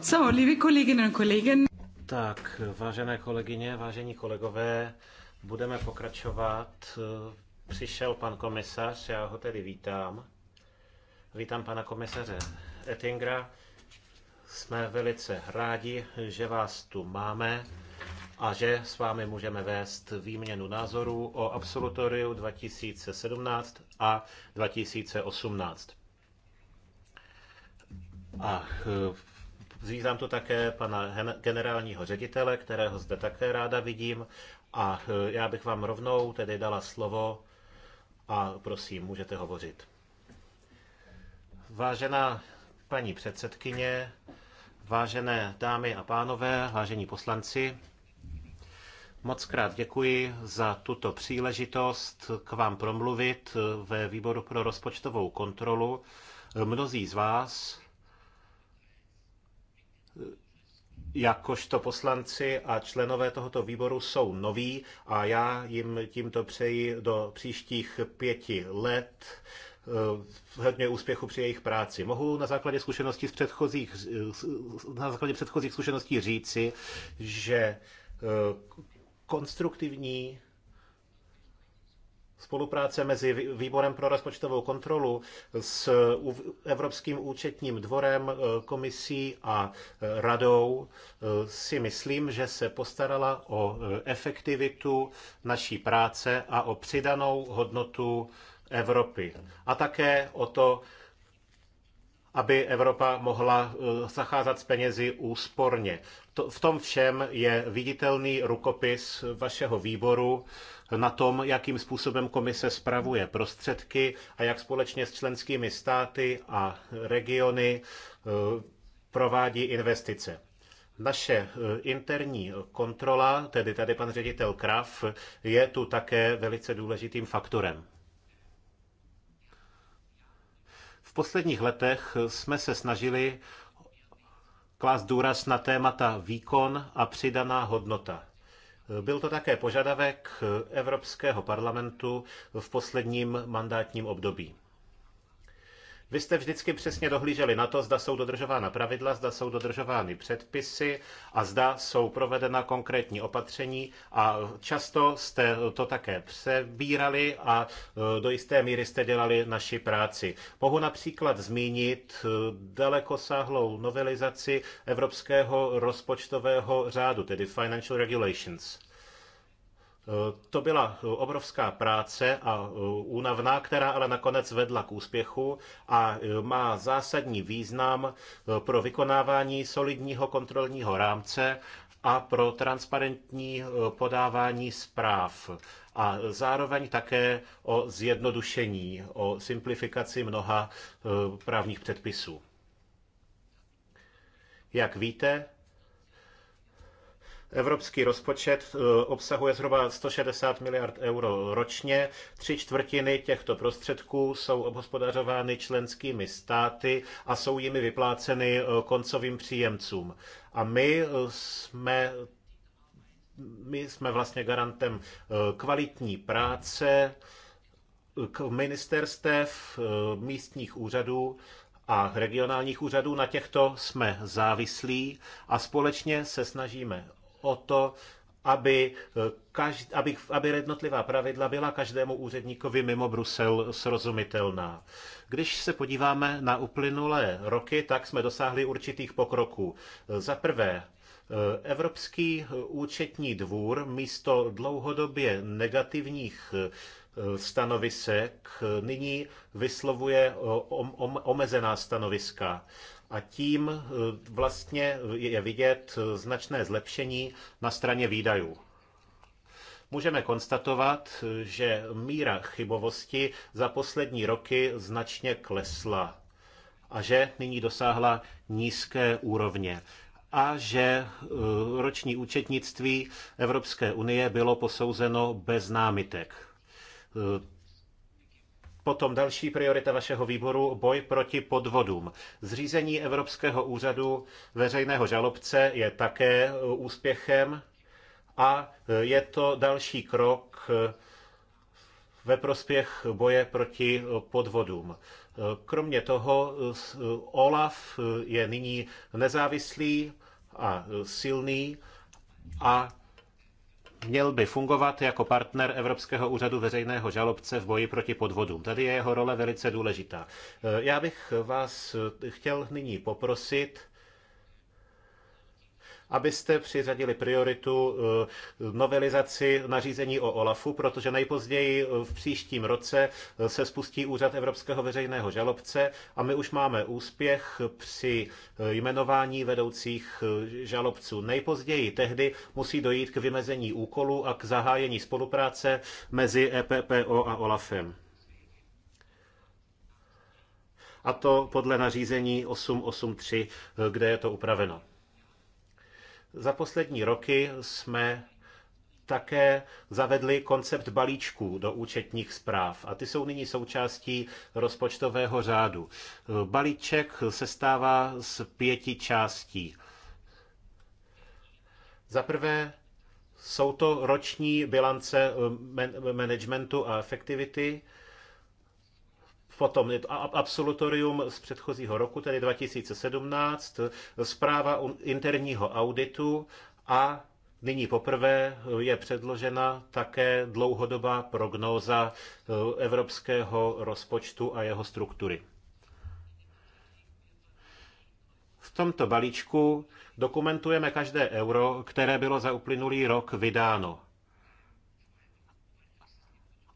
So, liebe kolegyně a kolegyně. Tak, vážené kolegyně, vážení kolegové, budeme pokračovat. Přišel pan komisař, já ho tedy vítám. Vítám pana komisaře Ettingera. Jsme velice rádi, že vás tu máme a že s vámi můžeme vést výměnu názorů o absolutoriu 2017 a 2018. A Vítám tu také pana generálního ředitele, kterého zde také ráda vidím. A e, já bych vám rovnou tedy dala slovo a prosím, můžete hovořit. Vážená paní předsedkyně, vážené dámy a pánové, vážení poslanci, Moc krát děkuji za tuto příležitost k vám promluvit ve výboru pro rozpočtovou kontrolu. Mnozí z vás jakožto poslanci a členové tohoto výboru jsou noví a já jim tímto přeji do příštích pěti let eh, hodně úspěchu při jejich práci. Mohu na základě zkušeností z předchozích, eh, na základě předchozích zkušeností říci, že eh, konstruktivní Spolupráce mezi Výborem pro rozpočtovou kontrolu s Evropským účetním dvorem, e, komisí a e, radou e, si myslím, že se postarala o efektivitu naší práce a o přidanou hodnotu Evropy. A také o to, aby Evropa mohla zacházet s penězi úsporně. To, v tom všem je viditelný rukopis vašeho výboru, na tom, jakým způsobem komise spravuje prostředky a jak společně s členskými státy a regiony eh, provádí investice. Naše eh, interní kontrola, tedy tady pan ředitel Kraf, je tu také velice důležitým faktorem. V posledních letech jsme se snažili klást důraz na témata výkon a přidaná hodnota. Byl to také požadavek Evropského parlamentu v posledním mandátním období. Vy jste vždycky přesně dohlíželi na to, zda jsou dodržována pravidla, zda jsou dodržovány předpisy a zda jsou provedena konkrétní opatření a často jste to také přebírali a e, do jisté míry jste dělali naši práci. Mohu například zmínit e, dalekosáhlou novelizaci evropského rozpočtového řádu, tedy Financial Regulations. To byla obrovská práce a únavná, která ale nakonec vedla k úspěchu a má zásadní význam pro vykonávání solidního kontrolního rámce a pro transparentní podávání zpráv a zároveň také o zjednodušení, o simplifikaci mnoha eh, právních předpisů. Jak víte, Evropský rozpočet eh, obsahuje zhruba 160 miliard euro ročně. Tři čtvrtiny těchto prostředků jsou obhospodařovány členskými státy a jsou jimi vypláceny eh, koncovým příjemcům. A my eh, jsme my jsme vlastně garantem kvalitní práce, ministerstev, místních úřadů a regionálních úřadů. Na těchto jsme závislí a společně se snažíme o to, aby, eh, každ aby, aby jednotlivá pravidla byla každému úředníkovi mimo Brusel srozumitelná. Když se podíváme na uplynulé roky, tak jsme dosáhli určitých pokroků. Eh, za prvé, eh, Evropský účetní dvůr místo dlouhodobě negativních stanovisek nyní vyslovuje omezená stanoviska a tím eh, vlastně je vidět eh, značné zlepšení na straně výdajů. Můžeme konstatovat, eh, že míra chybovosti za poslední roky značně klesla a že nyní dosáhla nízké úrovně a že roční účetnictví Evropské unie bylo posouzeno bez námitek. Potom další priorita vašeho výboru, boj proti podvodům. Zřízení Evropského úřadu veřejného žalobce je také uh, úspěchem a uh, je to další krok uh, ve prospěch boje proti podvodům. Kromě toho OLAF je nyní nezávislý a silný a měl by fungovat jako partner Evropského úřadu veřejného žalobce v boji proti podvodům. Tady je jeho role velice důležitá. E, já bych vás e, chtěl nyní poprosit, abyste přiřadili prioritu eh, novelizaci nařízení o OLAFu, protože nejpozději eh, v příštím roce eh, se spustí úřad Evropského veřejného žalobce a my už máme úspěch při jmenování vedoucích žalobců. Nejpozději tehdy musí dojít k vymezení úkolů a k zahájení spolupráce mezi EPPO a OLAFem a to podle nařízení 883, kde je to upraveno. Za poslední roky jsme také zavedli koncept balíčků do účetních zpráv a ty jsou nyní součástí rozpočtového řádu. Balíček se stává z pěti částí. Za prvé jsou to roční bilance eh, managementu a efektivity, Potom absolutorium z předchozího roku, tedy 2017, zpráva interního auditu a Nyní poprvé je předložena také dlouhodobá prognóza eh, evropského rozpočtu a jeho struktury. V tomto balíčku dokumentujeme každé euro, které bylo za uplynulý rok vydáno.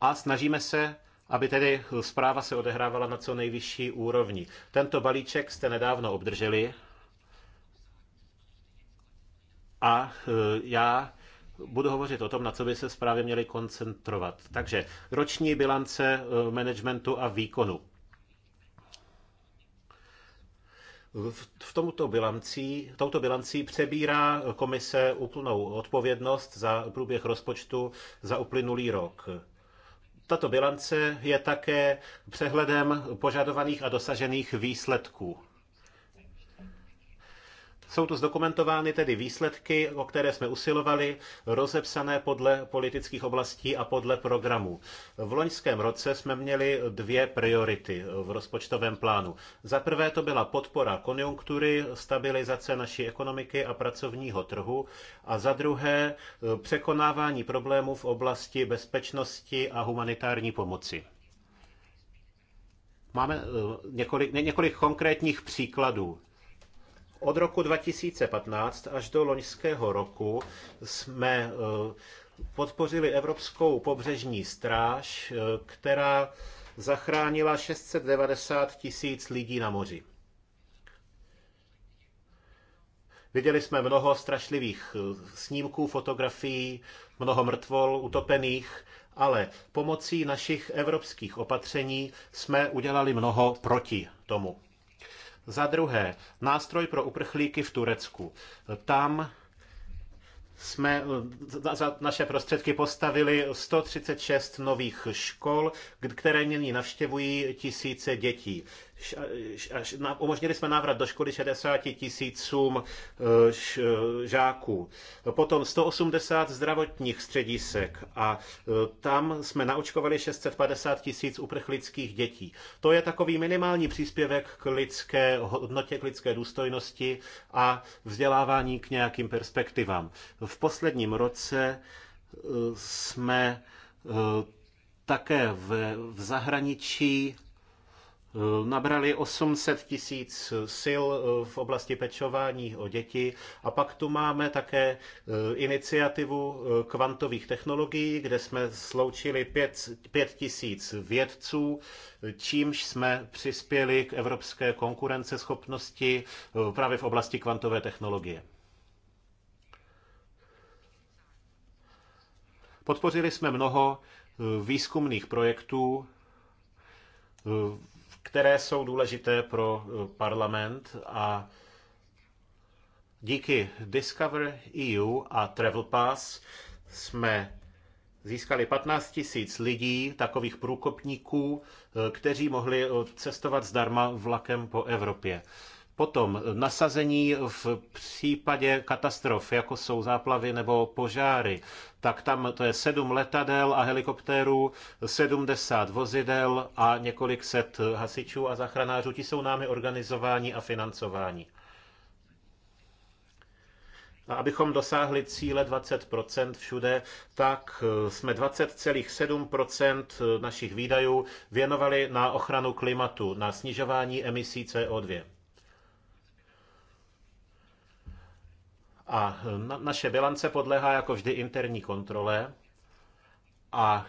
A snažíme se aby tedy zpráva se odehrávala na co nejvyšší úrovni. Tento balíček jste nedávno obdrželi a e, já budu hovořit o tom, na co by se zprávy měly koncentrovat. Takže roční bilance e, managementu a výkonu. V tomto bilancí, touto bilancí přebírá komise úplnou odpovědnost za průběh rozpočtu za uplynulý rok. Tato bilance je také přehledem požadovaných a dosažených výsledků. Jsou tu zdokumentovány tedy výsledky, o které jsme usilovali, rozepsané podle politických oblastí a podle programů. V loňském roce jsme měli dvě priority v rozpočtovém plánu. Za prvé to byla podpora konjunktury, stabilizace naší ekonomiky a pracovního trhu a za druhé e, překonávání problémů v oblasti bezpečnosti a humanitární pomoci. Máme e, několik, několik konkrétních příkladů. Od roku 2015 až do loňského roku jsme eh, podpořili Evropskou pobřežní stráž, eh, která zachránila 690 tisíc lidí na moři. Viděli jsme mnoho strašlivých eh, snímků, fotografií, mnoho mrtvol, utopených, ale pomocí našich evropských opatření jsme udělali mnoho proti tomu. Za druhé, nástroj pro uprchlíky v Turecku. Tam jsme eh, za naše prostředky postavili 136 nových škol, které nyní navštěvují tisíce dětí umožnili jsme návrat do školy 60 tisícům eh, eh, žáků. Potom 180 zdravotních středisek a eh, tam jsme naočkovali 650 tisíc uprchlických dětí. To je takový minimální příspěvek k lidské hodnotě, k lidské důstojnosti a vzdělávání k nějakým perspektivám. V posledním roce jsme také v, v zahraničí Eh, nabrali 800 tisíc sil eh, v oblasti pečování o děti a pak tu máme také eh, iniciativu kvantových technologií, kde jsme sloučili 5, 5 tisíc vědců, čímž jsme přispěli k evropské konkurenceschopnosti právě v oblasti kvantové technologie. Podpořili jsme mnoho výzkumných projektů které jsou důležité pro eh, parlament a díky Discover EU a Travel Pass jsme získali 15 tisíc lidí, takových průkopníků, eh, kteří mohli eh, cestovat zdarma vlakem po Evropě. Potom nasazení v případě katastrof, jako jsou záplavy nebo požáry, tak tam to je sedm letadel a helikoptérů, 70 vozidel a několik set hasičů a zachranářů. Ti jsou námi organizováni a financováni. A abychom dosáhli cíle 20% všude, tak eh, jsme 20,7% našich výdajů věnovali na ochranu klimatu, na snižování emisí CO2. A eh, na, naše bilance podléhá jako vždy interní kontrole a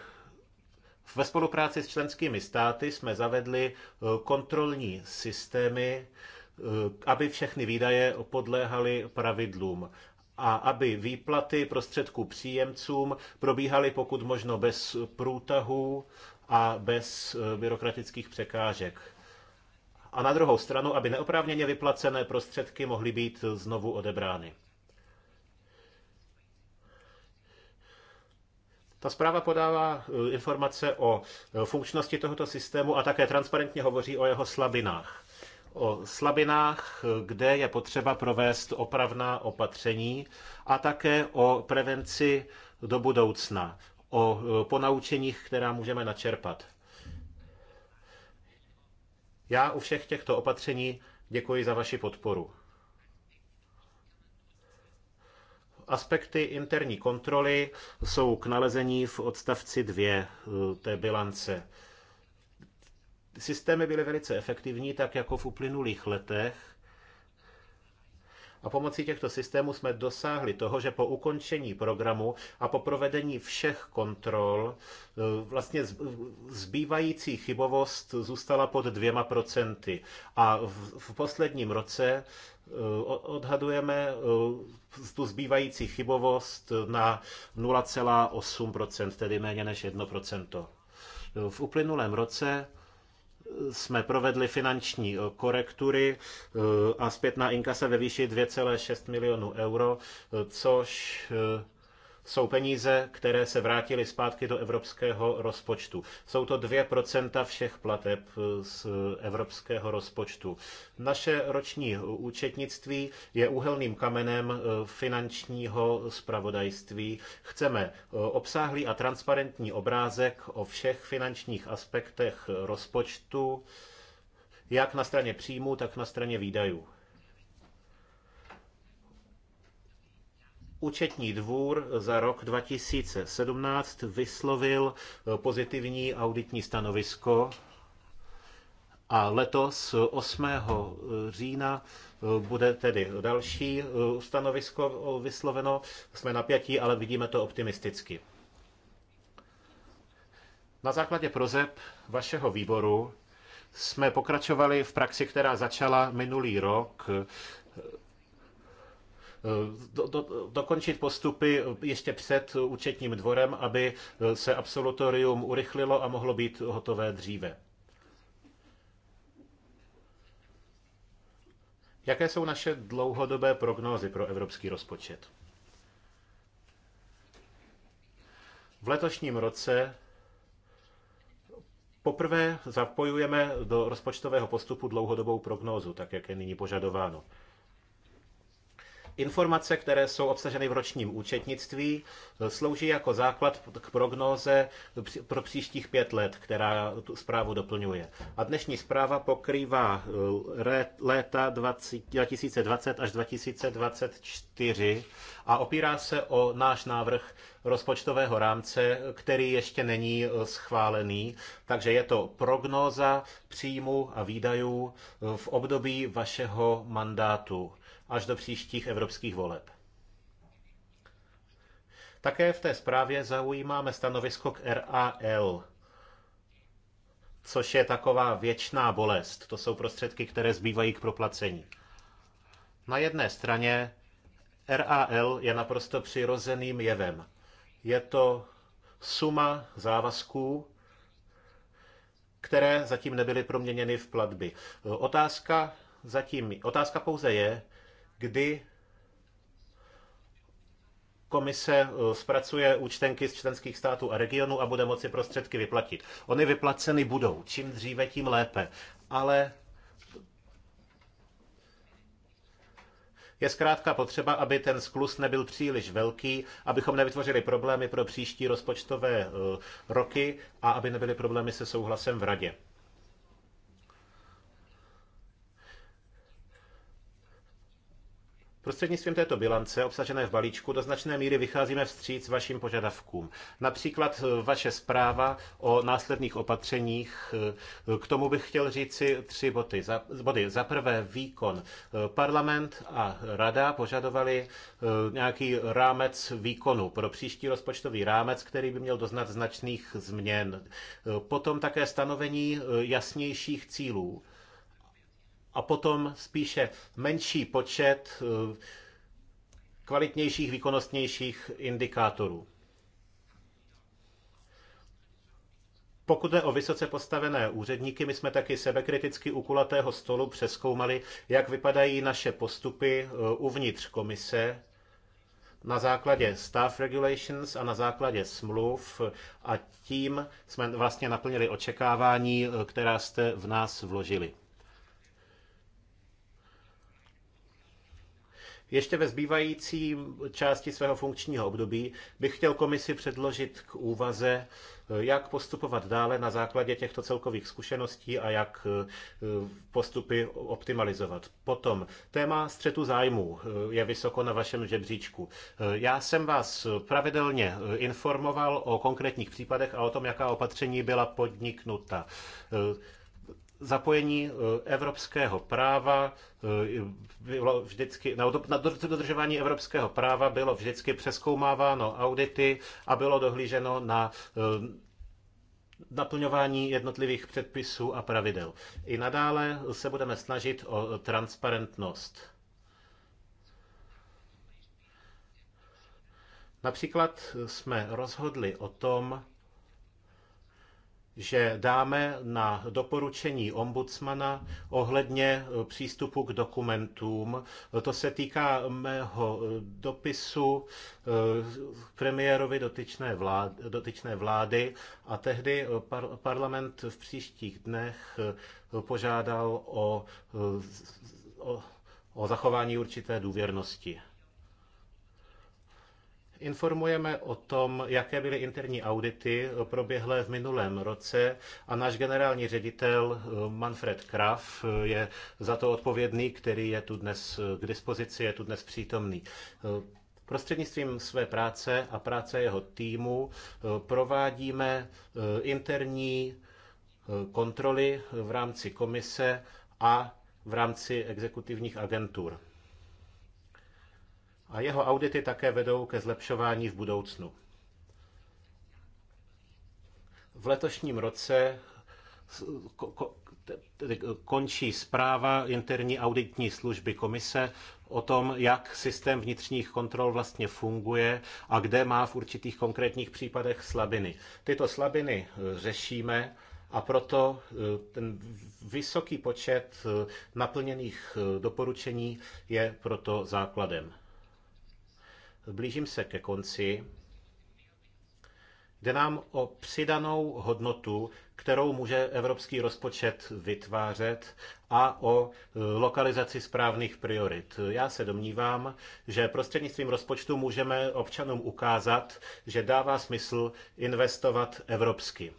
ve spolupráci s členskými státy jsme zavedli eh, kontrolní systémy, eh, aby všechny výdaje podléhaly pravidlům a aby výplaty prostředků příjemcům probíhaly pokud možno bez průtahů a bez byrokratických překážek. A na druhou stranu, aby neoprávněně vyplacené prostředky mohly být znovu odebrány. Ta zpráva podává eh, informace o eh, funkčnosti tohoto systému a také transparentně hovoří o jeho slabinách. O slabinách, eh, kde je potřeba provést opravná opatření a také o prevenci do budoucna, o ponaučeních, která můžeme načerpat. Já u všech těchto opatření děkuji za vaši podporu. Aspekty interní kontroly jsou k nalezení v odstavci 2 eh, té bilance. Systémy byly velice efektivní, tak jako v uplynulých letech a pomocí těchto systémů jsme dosáhli toho, že po ukončení programu a po provedení všech kontrol e, vlastně e, zbývající chybovost zůstala pod dvěma procenty. A v posledním roce e, odhadujeme tu zbývající chybovost na 0,8%, tedy méně než 1%. V uplynulém roce jsme provedli finanční eh, korektury eh, a zpětná inkasa ve výši 2,6 milionů euro, eh, což jsou peníze, které se vrátily zpátky do evropského rozpočtu. Jsou to 2% všech plateb eh, z evropského rozpočtu. Naše roční účetnictví je úhelným kamenem eh, finančního spravodajství. Chceme eh, obsáhlý a transparentní obrázek o všech finančních aspektech rozpočtu, jak na straně příjmů, tak na straně výdajů. Účetní dvůr za rok 2017 vyslovil eh, pozitivní auditní stanovisko a letos 8. Eh, eh, října bude tedy další stanovisko vysloveno. Jsme napjatí, ale vidíme to optimisticky. Na základě prozeb vašeho výboru jsme pokračovali v praxi, která začala minulý rok, do, do, dokončit postupy ještě před účetním dvorem, aby se absolutorium urychlilo a mohlo být hotové dříve. Jaké jsou naše dlouhodobé prognózy pro evropský rozpočet? V letošním roce poprvé zapojujeme do rozpočtového postupu dlouhodobou prognózu, tak jak je nyní požadováno. Informace, které jsou obsaženy v ročním účetnictví, slouží jako základ k prognóze pro příštích pět let, která tu zprávu doplňuje. A dnešní zpráva pokrývá eh, léta 2020 až 2024 a opírá se o náš návrh rozpočtového rámce, který ještě není eh, schválený. Takže je to prognóza příjmu a výdajů eh, v období vašeho mandátu až do příštích evropských voleb. Také v té zprávě zaujímáme stanovisko k RAL, což je taková věčná bolest. To jsou prostředky, které zbývají k proplacení. Na jedné straně RAL je naprosto přirozeným jevem. Je to suma závazků, které zatím nebyly proměněny v platby. Otázka, zatím, otázka pouze je, kdy komise eh, zpracuje účtenky z členských států a regionů a bude moci prostředky vyplatit. Ony vyplaceny budou, čím dříve, tím lépe. Ale Je zkrátka potřeba, aby ten sklus nebyl příliš velký, abychom nevytvořili problémy pro příští rozpočtové eh, roky a aby nebyly problémy se souhlasem v radě. Prostřednictvím této bilance obsažené v balíčku do značné míry vycházíme vstříc vašim požadavkům. Například e, vaše zpráva o následných opatřeních. E, k tomu bych chtěl říci tři body. Za, body. Za prvé výkon. E, parlament a rada požadovali nějaký rámec výkonu pro příští rozpočtový rámec, který by měl doznat značných změn. Potom také stanovení jasnějších cílů a potom spíše menší počet eh, kvalitnějších, výkonnostnějších indikátorů. Pokud jde o vysoce postavené úředníky, my jsme taky sebekriticky u kulatého stolu přeskoumali, jak vypadají naše postupy eh, uvnitř komise na základě staff regulations a na základě smluv eh, a tím jsme vlastně naplnili očekávání, která jste v nás vložili. Ještě ve zbývající části svého funkčního období bych chtěl komisi předložit k úvaze, eh, jak postupovat dále na základě těchto celkových zkušeností a jak eh, postupy optimalizovat. Potom téma střetu zájmů eh, je vysoko na vašem žebříčku. Já jsem vás pravidelně informoval o konkrétních případech a o tom, jaká opatření byla podniknuta zapojení e, evropského práva e, bylo vždycky, na, dodržování evropského práva bylo vždycky přeskoumáváno audity a bylo dohlíženo na e, naplňování jednotlivých předpisů a pravidel. I nadále se budeme snažit o transparentnost. Například jsme rozhodli o tom, že dáme na doporučení ombudsmana ohledně eh, přístupu k dokumentům. To se týká mého eh, dopisu eh, premiérovi dotyčné vlády, dotyčné vlády a tehdy parlament v příštích dnech požádal o, o, o zachování určité důvěrnosti. Informujeme o tom, jaké byly interní audity proběhlé v minulém roce a náš generální ředitel eh, Manfred Kraf eh, je za to odpovědný, který je tu dnes eh, k dispozici, je tu dnes přítomný. Prostřednictvím své práce a práce jeho týmu provádíme interní kontroly v rámci komise a v rámci exekutivních agentur. A jeho audity také vedou ke zlepšování v budoucnu. V letošním roce končí zpráva interní auditní služby komise o tom, jak systém vnitřních kontrol vlastně funguje a kde má v určitých konkrétních případech slabiny. Tyto slabiny eh, řešíme a proto eh, ten vysoký počet eh, naplněných doporučení je proto základem. Blížím se ke konci. Jde nám o přidanou hodnotu, kterou může evropský rozpočet vytvářet a o e, lokalizaci správných priorit. Já se domnívám, že prostřednictvím rozpočtu můžeme občanům ukázat, že dává smysl investovat evropsky.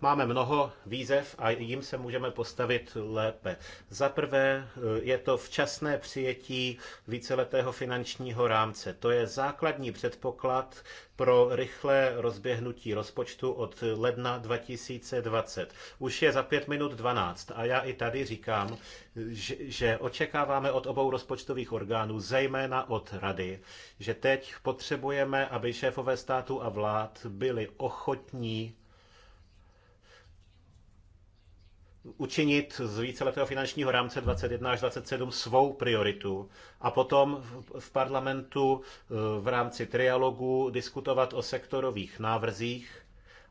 Máme mnoho výzev a jim se můžeme postavit lépe. Za prvé je to včasné přijetí víceletého finančního rámce. To je základní předpoklad pro rychlé rozběhnutí rozpočtu od ledna 2020. Už je za pět minut 12 a já i tady říkám, že očekáváme od obou rozpočtových orgánů, zejména od rady, že teď potřebujeme, aby šéfové států a vlád byli ochotní učinit z víceletého finančního rámce 21 až 27 svou prioritu a potom v parlamentu e, v rámci trialogu diskutovat o sektorových návrzích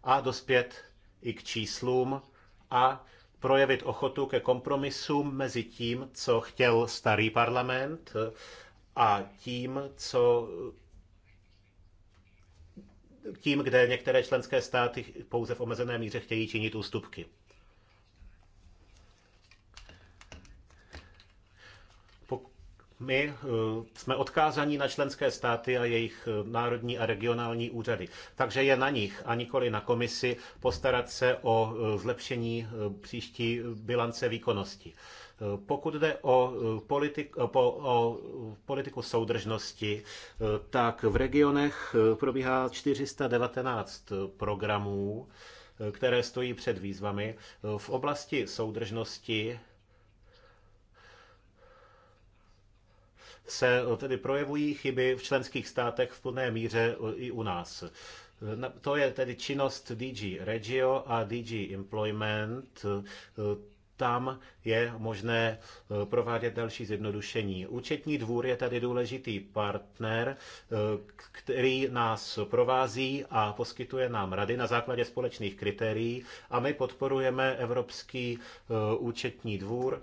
a dospět i k číslům a projevit ochotu ke kompromisům mezi tím, co chtěl starý parlament e, a tím, co e, tím, kde některé členské státy pouze v omezené míře chtějí činit ústupky. My eh, jsme odkázaní na členské státy a jejich eh, národní a regionální úřady. Takže je na nich a nikoli na komisi postarat se o eh, zlepšení příští bilance výkonnosti. Pokud jde o, politik, o, politiku soudržnosti, tak v regionech probíhá 419 programů, které stojí před výzvami. V oblasti soudržnosti se eh, tedy projevují chyby v členských státech v plné míře eh, i u nás. Eh, to je tedy činnost DG Regio a DG Employment. Tam je možné provádět další zjednodušení. Účetní dvůr je tady důležitý partner, který nás provází a poskytuje nám rady na základě společných kritérií a my podporujeme Evropský účetní dvůr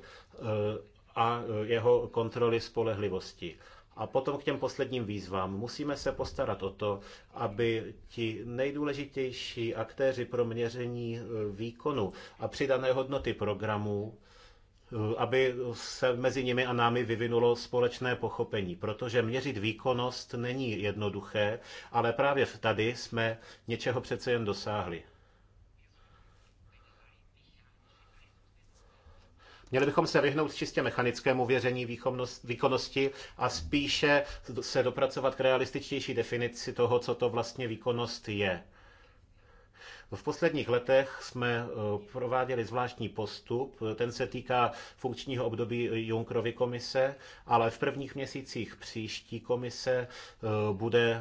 a e, jeho kontroly spolehlivosti. A potom k těm posledním výzvám. Musíme se postarat o to, aby ti nejdůležitější aktéři pro měření e, výkonu a přidané hodnoty programů e, aby se mezi nimi a námi vyvinulo společné pochopení, protože měřit výkonnost není jednoduché, ale právě tady jsme něčeho přece jen dosáhli. Měli bychom se vyhnout čistě mechanickému věření výkonnosti a spíše se dopracovat k realističtější definici toho, co to vlastně výkonnost je. V posledních letech jsme e, prováděli zvláštní postup, ten se týká funkčního období Junkrovy komise, ale v prvních měsících příští komise e, bude e,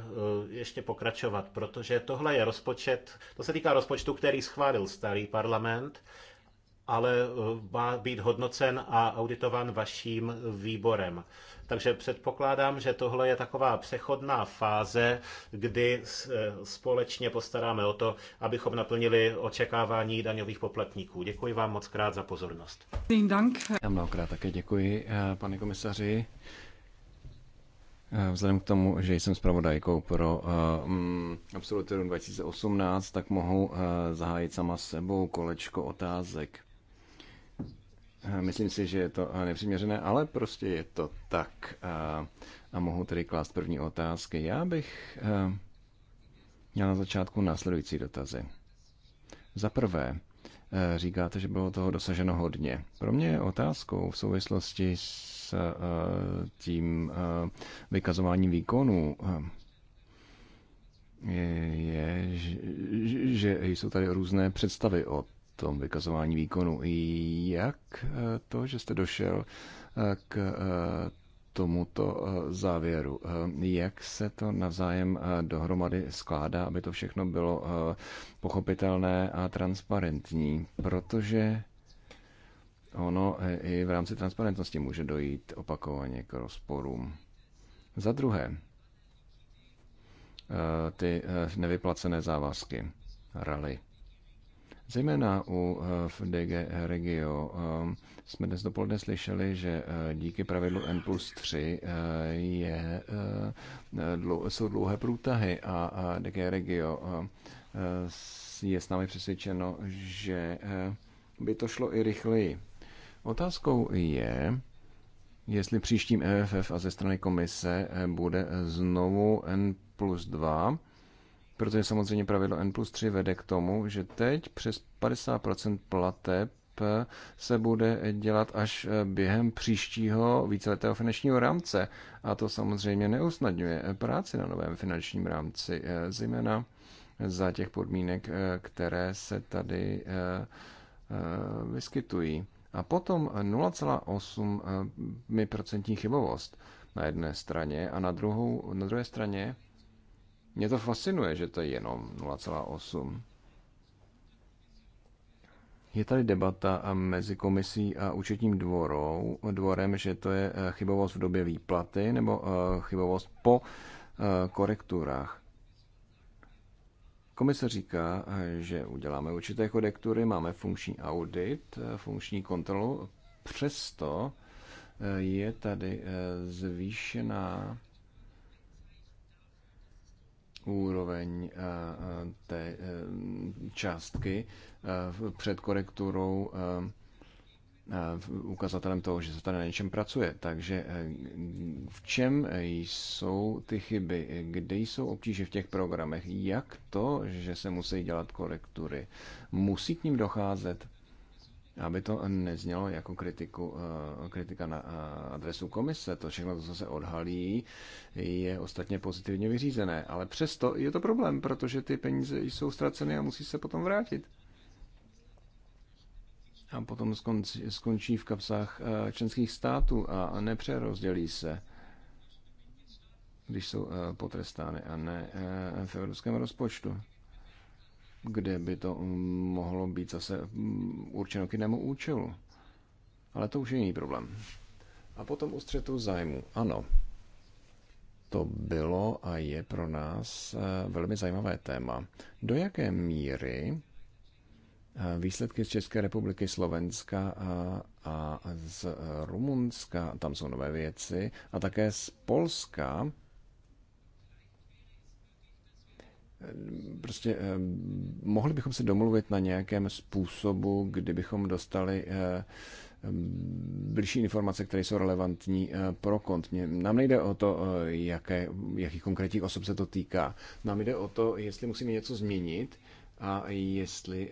ještě pokračovat, protože tohle je rozpočet, to se týká rozpočtu, který schválil starý parlament ale eh, má být hodnocen a auditován vaším výborem. Takže předpokládám, že tohle je taková přechodná fáze, kdy eh, společně postaráme o to, abychom naplnili očekávání daňových poplatníků. Děkuji vám moc krát za pozornost. Já mnohokrát také děkuji, eh, pane komisaři. Vzhledem k tomu, že jsem zpravodajkou pro uh, um, Absolutorium 2018, tak mohu uh, zahájit sama sebou kolečko otázek. Eh, myslím si, že je to eh, nepřiměřené, ale prostě je to tak. A, eh, a mohu tedy klást první otázky. Já bych měl na začátku následující dotazy. Za prvé, říkáte, že bylo toho dosaženo hodně. Pro mě je otázkou v souvislosti s tím vykazováním výkonů je, že jsou tady různé představy o tom vykazování výkonu. Jak eh, to, že jste došel eh, k eh, tomuto závěru? Jak se to navzájem dohromady skládá, aby to všechno bylo pochopitelné a transparentní? Protože ono i v rámci transparentnosti může dojít opakovaně k rozporům. Za druhé, ty nevyplacené závazky, rally. Zejména u FDG eh, Regio eh, jsme dnes dopoledne slyšeli, že eh, díky pravidlu N plus 3 je, jsou dlouhé průtahy a DG Regio je s námi přesvědčeno, že by to šlo i rychleji. Otázkou je, jestli příštím EFF a ze strany komise bude znovu N plus 2, Protože samozřejmě pravidlo N plus 3 vede k tomu, že teď přes 50% plateb se bude dělat až eh, během příštího víceletého finančního rámce. A to samozřejmě neusnadňuje práci na novém finančním rámci, eh, zejména za těch podmínek, eh, které se tady vyskytují. A potom 0,8% chybovost na jedné straně a na, druhou, na druhé straně mě to fascinuje, že to je jenom 0,8. Je tady debata mezi komisí a účetním dvorou, dvorem, že to je eh, chybovost v době výplaty nebo eh, chybovost po eh, korekturách. Komise říká, že uděláme určité korektury, máme funkční audit, funkční kontrolu, přesto je tady zvýšená úroveň eh, eh, té eh, částky před korekturou ukazatelem toho, že se tady na něčem pracuje. Takže v čem jsou ty chyby, kde jsou obtíže v těch programech, jak to, že se musí dělat korektury, musí k ním docházet? aby to neznělo jako kritiku, eh, kritika na eh, adresu komise. To všechno, co se odhalí, je ostatně pozitivně vyřízené. Ale přesto je to problém, protože ty peníze jsou ztraceny a musí se potom vrátit. A potom skončí, skončí v kapsách eh, členských států a nepřerozdělí se když jsou potrestány a ne v evropském rozpočtu kde by to mm, mohlo být zase mm, určeno k jinému účelu. Ale to už je jiný problém. A potom u střetu zájmu. Ano, to bylo a je pro nás eh, velmi zajímavé téma. Do jaké míry eh, výsledky z České republiky, Slovenska a, a z Rumunska, tam jsou nové věci, a také z Polska, Prostě eh, mohli bychom se domluvit na nějakém způsobu, kdybychom dostali eh, eh, blížší informace, které jsou relevantní pro kont. Nám nejde o to, jaké, jakých konkrétních osob se to týká. Nám jde o to, jestli musíme něco změnit a jestli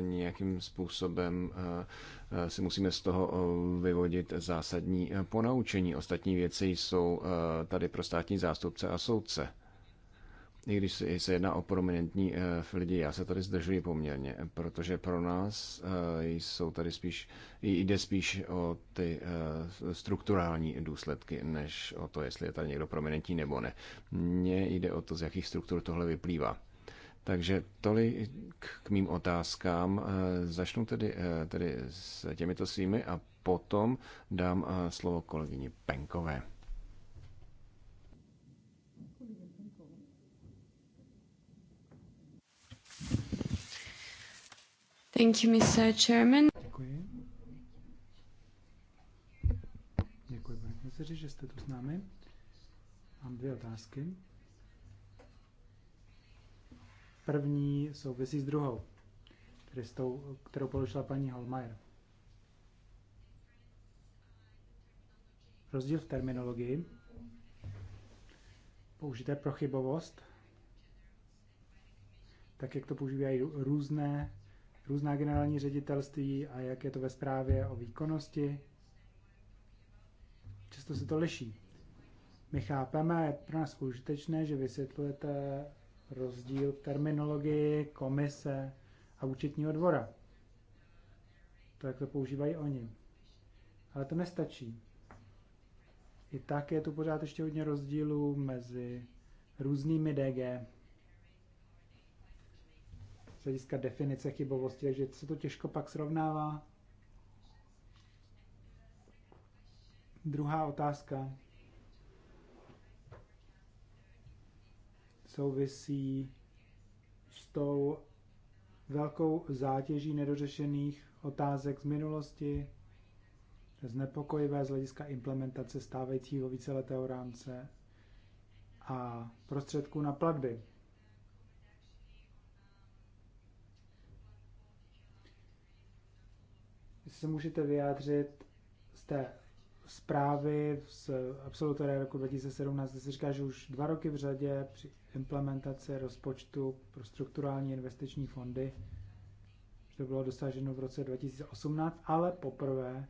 nějakým způsobem si musíme z toho vyvodit zásadní ponaučení. Ostatní věci jsou tady pro státní zástupce a soudce i když se jedná o prominentní eh, lidi, já se tady zdržuji poměrně, protože pro nás eh, jsou tady spíš, jde spíš o ty eh, strukturální důsledky, než o to, jestli je tady někdo prominentní nebo ne. Mně jde o to, z jakých struktur tohle vyplývá. Takže tolik k mým otázkám. Začnu tedy, tedy s těmito svými a potom dám slovo kolegyni Penkové. Thank you, Mr. Chairman. Děkuji. Děkuji, pane komisaři, že jste tu s námi. Mám dvě otázky. První souvisí s druhou, tedy kterou položila paní Holmajer. Rozdíl v terminologii, použité pro chybovost, tak jak to používají různé různá generální ředitelství a jak je to ve zprávě o výkonnosti. Často se to liší. My chápeme, je pro nás užitečné, že vysvětlujete rozdíl v terminologii komise a účetního dvora. To, jak to používají oni. Ale to nestačí. I tak je tu pořád ještě hodně rozdílů mezi různými DG, hlediska definice chybovosti, takže se to těžko pak srovnává. Druhá otázka souvisí s tou velkou zátěží nedořešených otázek z minulosti, nepokojivé z hlediska implementace stávajícího víceletého rámce a prostředků na platby. se můžete vyjádřit z té zprávy z absolutoria roku 2017, kde se říká, že už dva roky v řadě při implementaci rozpočtu pro strukturální investiční fondy, to bylo dosaženo v roce 2018, ale poprvé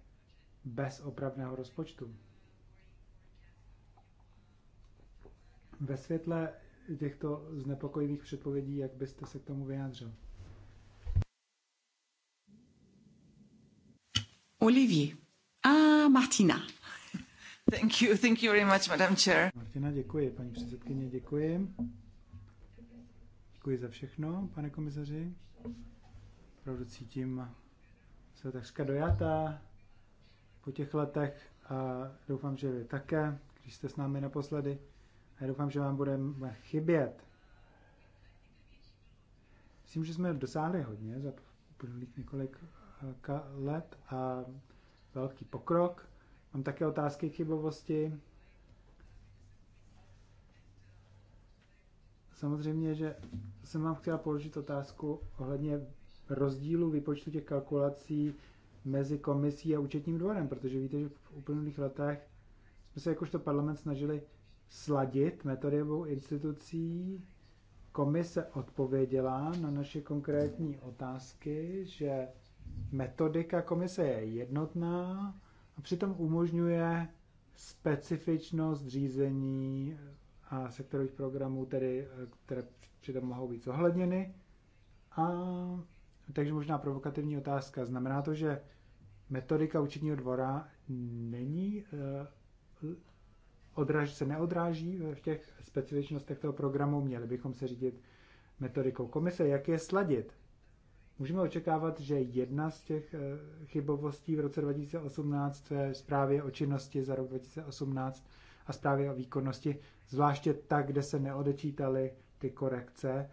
bez opravného rozpočtu. Ve světle těchto znepokojivých předpovědí, jak byste se k tomu vyjádřil? Olivier. A Martina. Thank you, thank you very much, Madam Chair. Martina, děkuji. Paní předsedkyně, děkuji. Děkuji za všechno, pane komisaři. Opravdu cítím se takřka dojata po těch letech a doufám, že vy také, když jste s námi naposledy. A doufám, že vám budeme chybět. Myslím, že jsme dosáhli hodně za uplynulých několik let a velký pokrok. Mám také otázky k chybovosti. Samozřejmě, že jsem vám chtěla položit otázku ohledně rozdílu výpočtu těch kalkulací mezi komisí a účetním dvorem, protože víte, že v uplynulých letech jsme se jakožto parlament snažili sladit metody obou institucí. Komise odpověděla na naše konkrétní otázky, že metodika komise je jednotná a přitom umožňuje specifičnost řízení a sektorových programů, tedy, které přitom mohou být zohledněny. A takže možná provokativní otázka. Znamená to, že metodika účetního dvora není eh, odraž, se neodráží v těch specifičnostech toho programu, měli bychom se řídit metodikou komise, jak je sladit. Můžeme očekávat, že jedna z těch eh, chybovostí v roce 2018 je zprávě o činnosti za rok 2018 a zprávě o výkonnosti, zvláště tak, kde se neodečítaly ty korekce,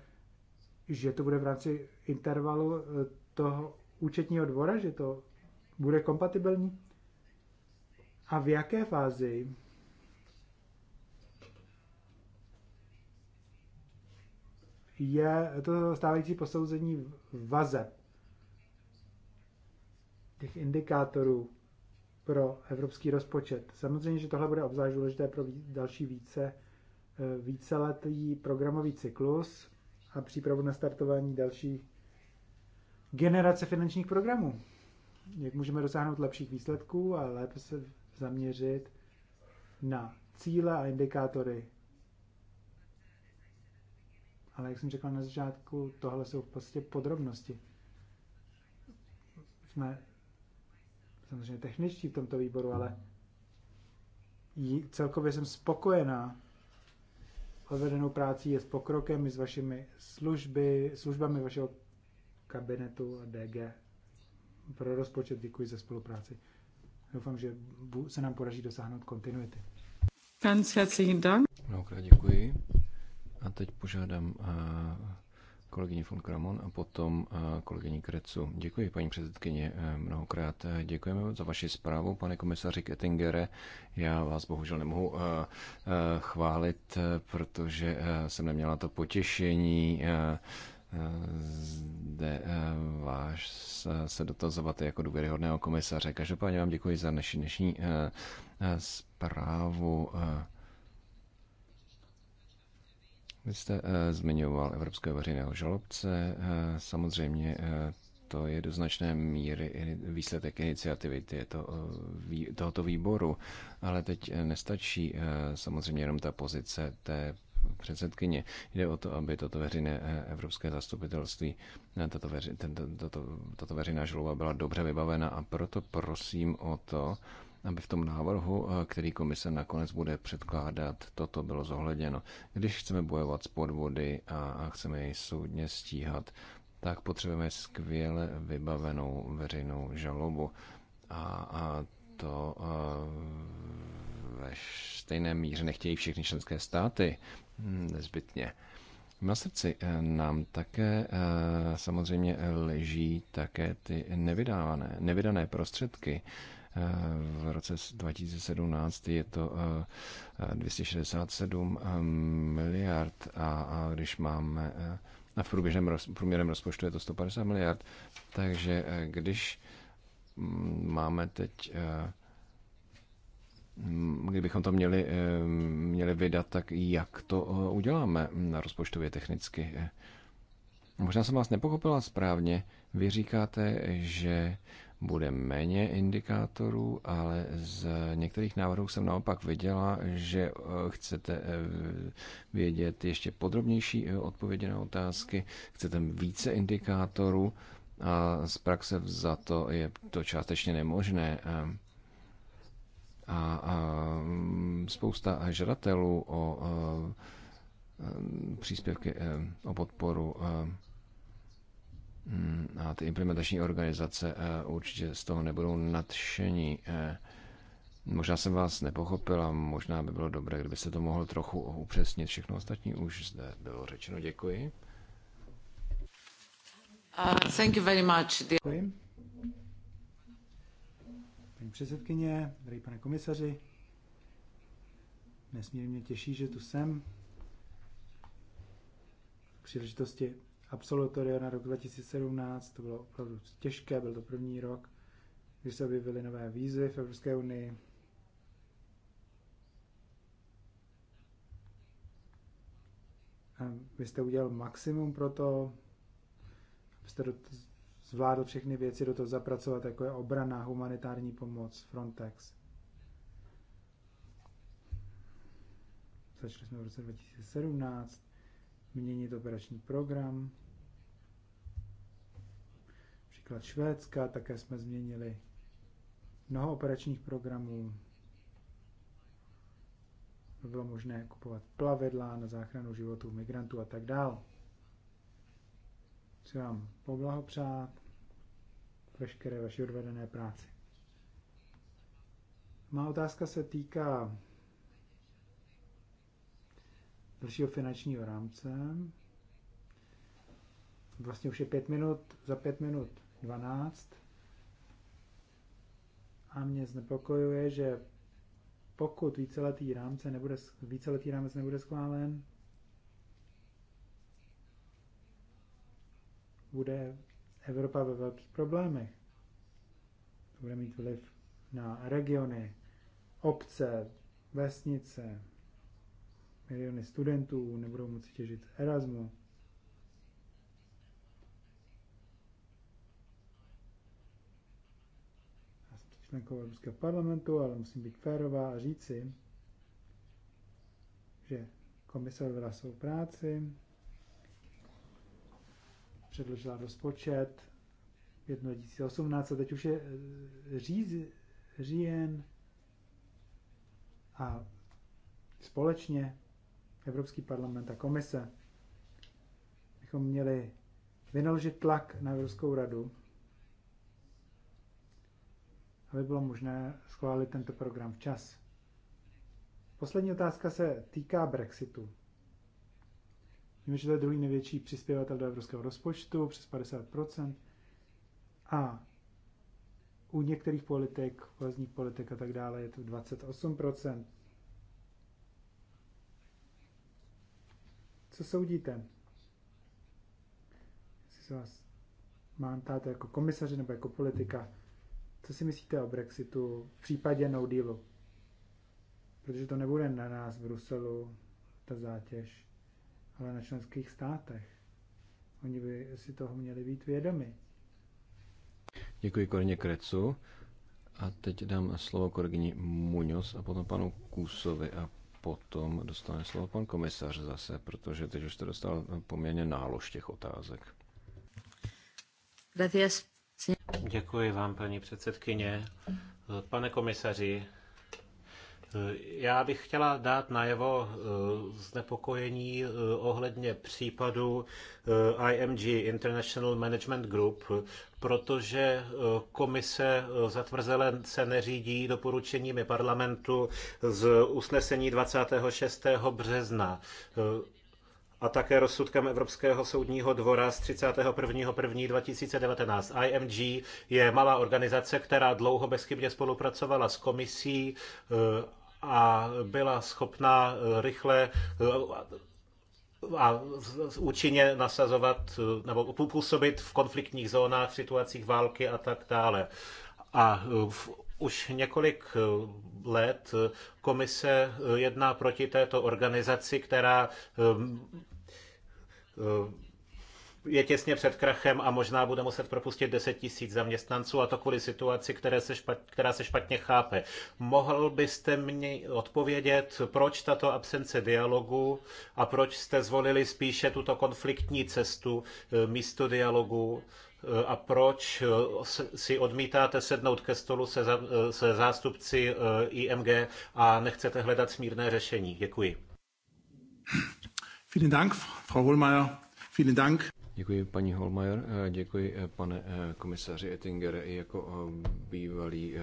že to bude v rámci intervalu eh, toho účetního dvora, že to bude kompatibilní? A v jaké fázi je to stávající posouzení vaze těch indikátorů pro evropský rozpočet. Samozřejmě, že tohle bude obzvlášť důležité pro další více, eh, víceletý programový cyklus a přípravu na startování další generace finančních programů. Jak můžeme dosáhnout lepších výsledků a lépe se zaměřit na cíle a indikátory ale jak jsem řekl na začátku, tohle jsou v podstatě podrobnosti. Jsme samozřejmě techničtí v tomto výboru, ale celkově jsem spokojená odvedenou práci je s pokrokem i s vašimi služby, službami vašeho kabinetu a DG. Pro rozpočet děkuji za spolupráci. Doufám, že se nám podaří dosáhnout kontinuity. Ganz herzlichen Dank. děkuji teď požádám eh, kolegyni von Kramon a potom eh, kolegyni Krecu. Děkuji, paní předsedkyně, eh, mnohokrát. Děkujeme za vaši zprávu, pane komisaři Kettingere. Já vás bohužel nemohu chválit, protože jsem neměla to potěšení zde váš se dotazovat jako důvěryhodného komisaře. Každopádně vám děkuji za naši dnešní zprávu. Vy jste eh, zmiňoval Evropského veřejného žalobce. Eh, samozřejmě eh, to je do značné míry výsledek iniciativy této tohoto výboru, ale teď nestačí samozřejmě jenom ta pozice té předsedkyně. Jde o to, aby toto veřejné evropské zastupitelství, tato, veři, tato, tato veřejná žaloba byla dobře vybavena a proto prosím o to, aby v tom návrhu, eh, který komise nakonec bude předkládat, toto bylo zohleděno. Když chceme bojovat s podvody a chceme jej soudně stíhat, tak potřebujeme skvěle vybavenou veřejnou žalobu. A, a to a, eh, ve stejné míře nechtějí všechny členské státy hm, nezbytně. Na srdci eh, nám také samozřejmě leží také ty nevydávané, nevydané prostředky, v roce 2017 je to 267 eh, eh, eh, miliard a když máme a v průběžném roz, průměrném rozpočtu je to 150 miliard, takže když mm, máme teď mm, kdybychom to měli, měli vydat, tak jak to uděláme na mm, rozpočtově technicky? Možná jsem vás nepochopila správně. Vy říkáte, že bude méně indikátorů, ale z některých návrhů jsem naopak viděla, že eh, chcete eh, vědět ještě podrobnější eh, odpovědi na otázky, chcete více indikátorů a z praxe za to je to částečně nemožné. A, a mm, spousta žadatelů o příspěvky o podporu Mm, a ty implementační organizace eh, určitě z toho nebudou nadšení. Eh. Možná jsem vás nepochopil, a možná by bylo dobré, kdyby se to mohlo trochu upřesnit. Všechno ostatní už zde bylo řečeno. Děkuji. Uh, thank you very much. Děkuji. Paní předsedkyně, drahý pane komisaři, nesmírně mě těší, že tu jsem. K příležitosti absolutoria na rok 2017, to bylo opravdu těžké, byl to první rok, kdy se objevily nové výzvy v Evropské unii. A vy jste udělal maximum pro to, abyste do zvládl všechny věci do toho zapracovat, jako je obrana, humanitární pomoc, Frontex. Začali jsme v roce 2017 měnit operační program. Příklad Švédska, také jsme změnili mnoho operačních programů. Bylo možné kupovat plavidla na záchranu životů migrantů a tak dál. Chci vám poblahopřát veškeré vaši odvedené práci. Má otázka se týká dalšího finančního rámce. Vlastně už je pět minut, za pět minut 12. A mě znepokojuje, že pokud víceletý, rámce nebude, víceletý rámec nebude schválen, bude Evropa ve velkých problémech. To bude mít vliv na regiony, obce, vesnice, miliony studentů nebudou moci těžit z Erasmu. Já jsem členkou Evropského parlamentu, ale musím být férová a říci, že komise odvedla svou práci, předložila rozpočet 2018 a teď už je eh, říz, říjen a společně Evropský parlament a komise, bychom měli vynaložit tlak na Evropskou radu, aby bylo možné schválit tento program včas. Poslední otázka se týká Brexitu. Víme, že to je druhý největší přispěvatel do evropského rozpočtu, přes 50%. A u některých politik, vlastních politik a tak dále je to 28%. Co soudíte? Jestli se vás mandáte jako komisaře nebo jako politika, co si myslíte o Brexitu v případě no dealu? Protože to nebude na nás v Bruselu, ta zátěž, ale na členských státech. Oni by si toho měli být vědomi. Děkuji Korně Krecu. A teď dám slovo kolegyni Muňos a potom panu Kusovi a potom dostane slovo pan komisař zase, protože teď už to dostal poměrně nálož těch otázek. Děkuji vám, paní předsedkyně. Pane komisaři, já bych chtěla dát najevo eh, znepokojení eh, ohledně případu eh, IMG International Management Group, protože komise zatvrzele se neřídí doporučeními parlamentu z usnesení 26. března a také rozsudkem Evropského soudního dvora z 31.1.2019. IMG je malá organizace, která dlouho bezchybně spolupracovala s komisí eh, a byla schopná eh, rychle eh, a účinně nasazovat nebo působit v konfliktních zónách, v situacích války a tak dále. A v, už několik let komise jedná proti této organizaci, která Eh, je těsně před krachem a možná bude muset propustit 10 tisíc zaměstnanců a to kvůli situaci, které se špat, která se špatně chápe. Mohl byste mi odpovědět, proč tato absence dialogu a proč jste zvolili spíše tuto konfliktní cestu eh, místo dialogu eh, a proč si odmítáte sednout ke stolu se, se zástupci IMG a nechcete hledat smírné řešení? Děkuji. Vielen Dank, Frau Vielen Dank. Děkuji, paní Holmajer, eh, děkuji, eh, pane eh, komisaři Ettinger, jako bývalý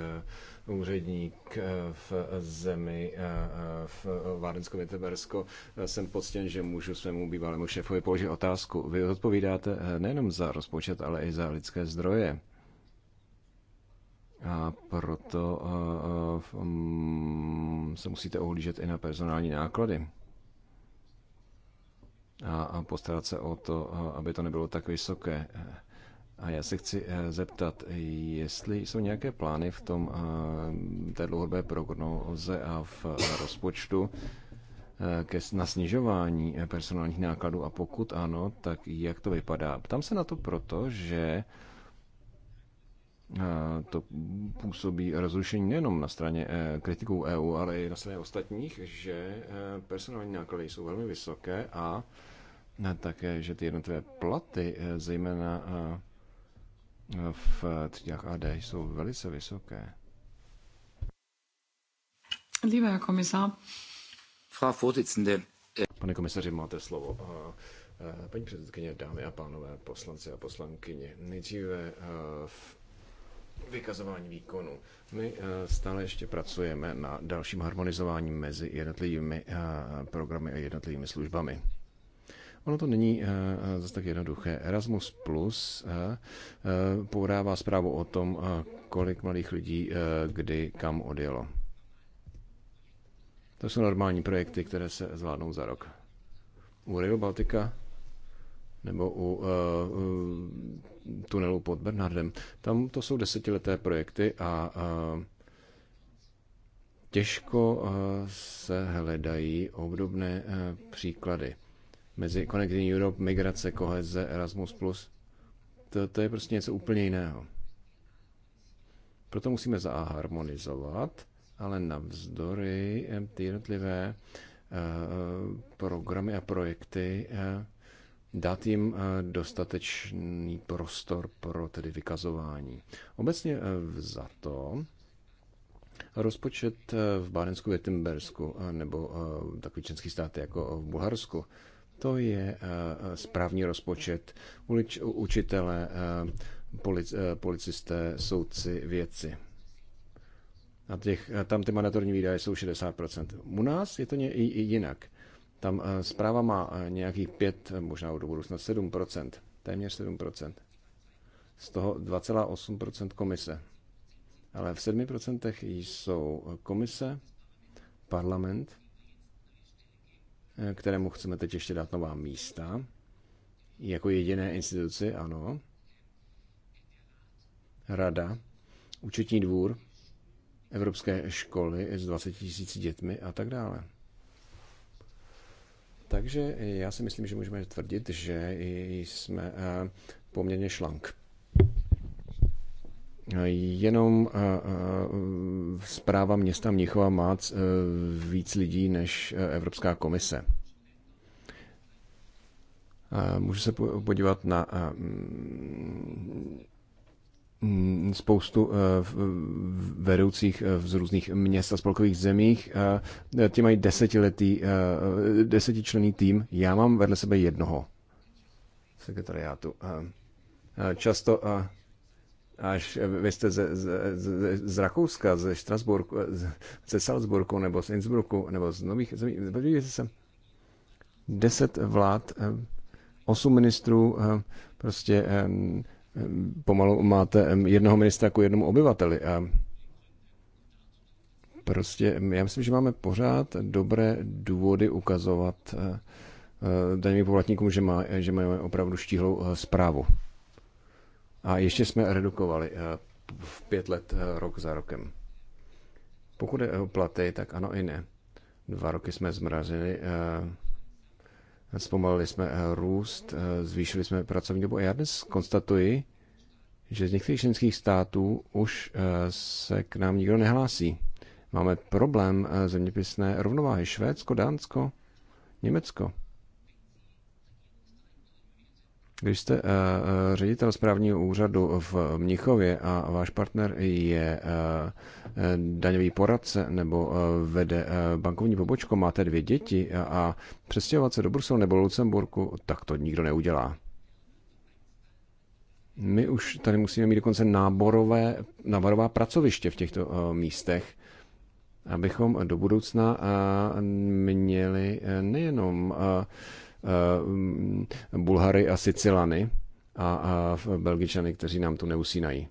úředník v zemi v Vádensko Větebersko. Jsem poctěn, že můžu svému bývalému šéfovi položit otázku. Vy odpovídáte nejenom za rozpočet, ale i za lidské zdroje. A proto mm, se musíte ohlížet i na personální náklady a postarat se o to, aby to nebylo tak vysoké. A já se chci e, zeptat, jestli jsou nějaké plány v tom e, té dlouhodobé prognóze a v e, rozpočtu ke, na snižování personálních nákladů a pokud ano, tak jak to vypadá? Ptám se na to proto, že to působí rozrušení nejenom na straně kritiků EU, ale i na straně ostatních, že personální náklady jsou velmi vysoké a také, že ty jednotlivé platy, eh, zejména eh, eh, v třídách AD, jsou velice vysoké. Lieber Herr Kommissar. Frau Vorsitzende. Äh, Pane komisaři, máte slovo. Paní předsedkyně, dámy a pánové, poslanci a poslankyně, nejdříve v vykazování výkonu. My stále ještě pracujeme na dalším harmonizování mezi jednotlivými programy a jednotlivými službami. Ono to není eh, eh, zase tak jednoduché. Erasmus Plus eh, podává zprávu o tom, kolik mladých lidí kdy kam odjelo. To jsou normální projekty, které se zvládnou za rok. U Rio Baltica nebo u uh, uh, tunelu pod Bernardem. Tam to jsou desetileté projekty a uh, těžko uh, se hledají obdobné uh, příklady mezi Connecting Europe, migrace, koheze, Erasmus+. To, to je prostě něco úplně jiného. Proto musíme zaharmonizovat, ale navzdory eh, ty jednotlivé eh, programy a projekty eh, dát jim dostatečný prostor pro tedy vykazování. Obecně za to rozpočet v Bárensku, Větimbersku nebo takový členský státy jako v Bulharsku to je eh, správní rozpočet, ulič, učitele, eh, polic, eh, policisté, soudci, věci. A těch, tam ty mandatorní výdaje jsou 60%. U nás je to ně, i, i jinak. Tam zpráva má nějakých 5, možná do budoucna 7%, téměř 7%. Z toho 2,8% komise. Ale v 7% jsou komise, parlament Eh, kterému chceme teď ještě dát nová místa, jako jediné instituci, ano. Rada, účetní dvůr, evropské školy s 20 tisíc dětmi a tak dále. Takže já si myslím, že můžeme tvrdit, že jsme eh, poměrně šlank. Jenom zpráva města Mnichova má e, víc lidí než e, Evropská komise. Můžu se podívat na mm, mm, spoustu e, vedoucích z různých měst a spolkových zemích. Ti mají desetiletý, desetičlený tým. Já mám vedle sebe jednoho sekretariátu. Často až vy jste z, z, z, z Rakouska, ze Strasburku, ze Salzburku nebo z Innsbrucku nebo z nových zemí. Podívejte se, deset vlád, eh, osm ministrů, eh, prostě eh, pomalu máte jednoho ministra jako jednomu obyvateli. A prostě já myslím, že máme pořád dobré důvody ukazovat daňovým poplatníkům, že, má, že mají opravdu štíhlou zprávu. A ještě jsme redukovali eh, v pět let eh, rok za rokem. Pokud je o platy, tak ano i ne. Dva roky jsme zmrazili, eh, zpomalili jsme růst, zvýšili jsme pracovní dobu. A já dnes konstatuji, že z některých členských států už se k nám nikdo nehlásí. Máme problém zeměpisné rovnováhy. Švédsko, Dánsko, Německo. Když jste eh, eh, ředitel správního úřadu v Mnichově a váš partner je eh, daňový poradce nebo vede bankovní pobočku, máte dvě děti a přestěhovat se do Bruselu nebo Lucemburku, tak to nikdo neudělá. My už tady musíme mít dokonce náborové, náborová pracoviště v těchto místech, abychom do budoucna měli nejenom Eh, mm, Bulhary a Sicilany a, a Belgičany, kteří nám tu neusínají.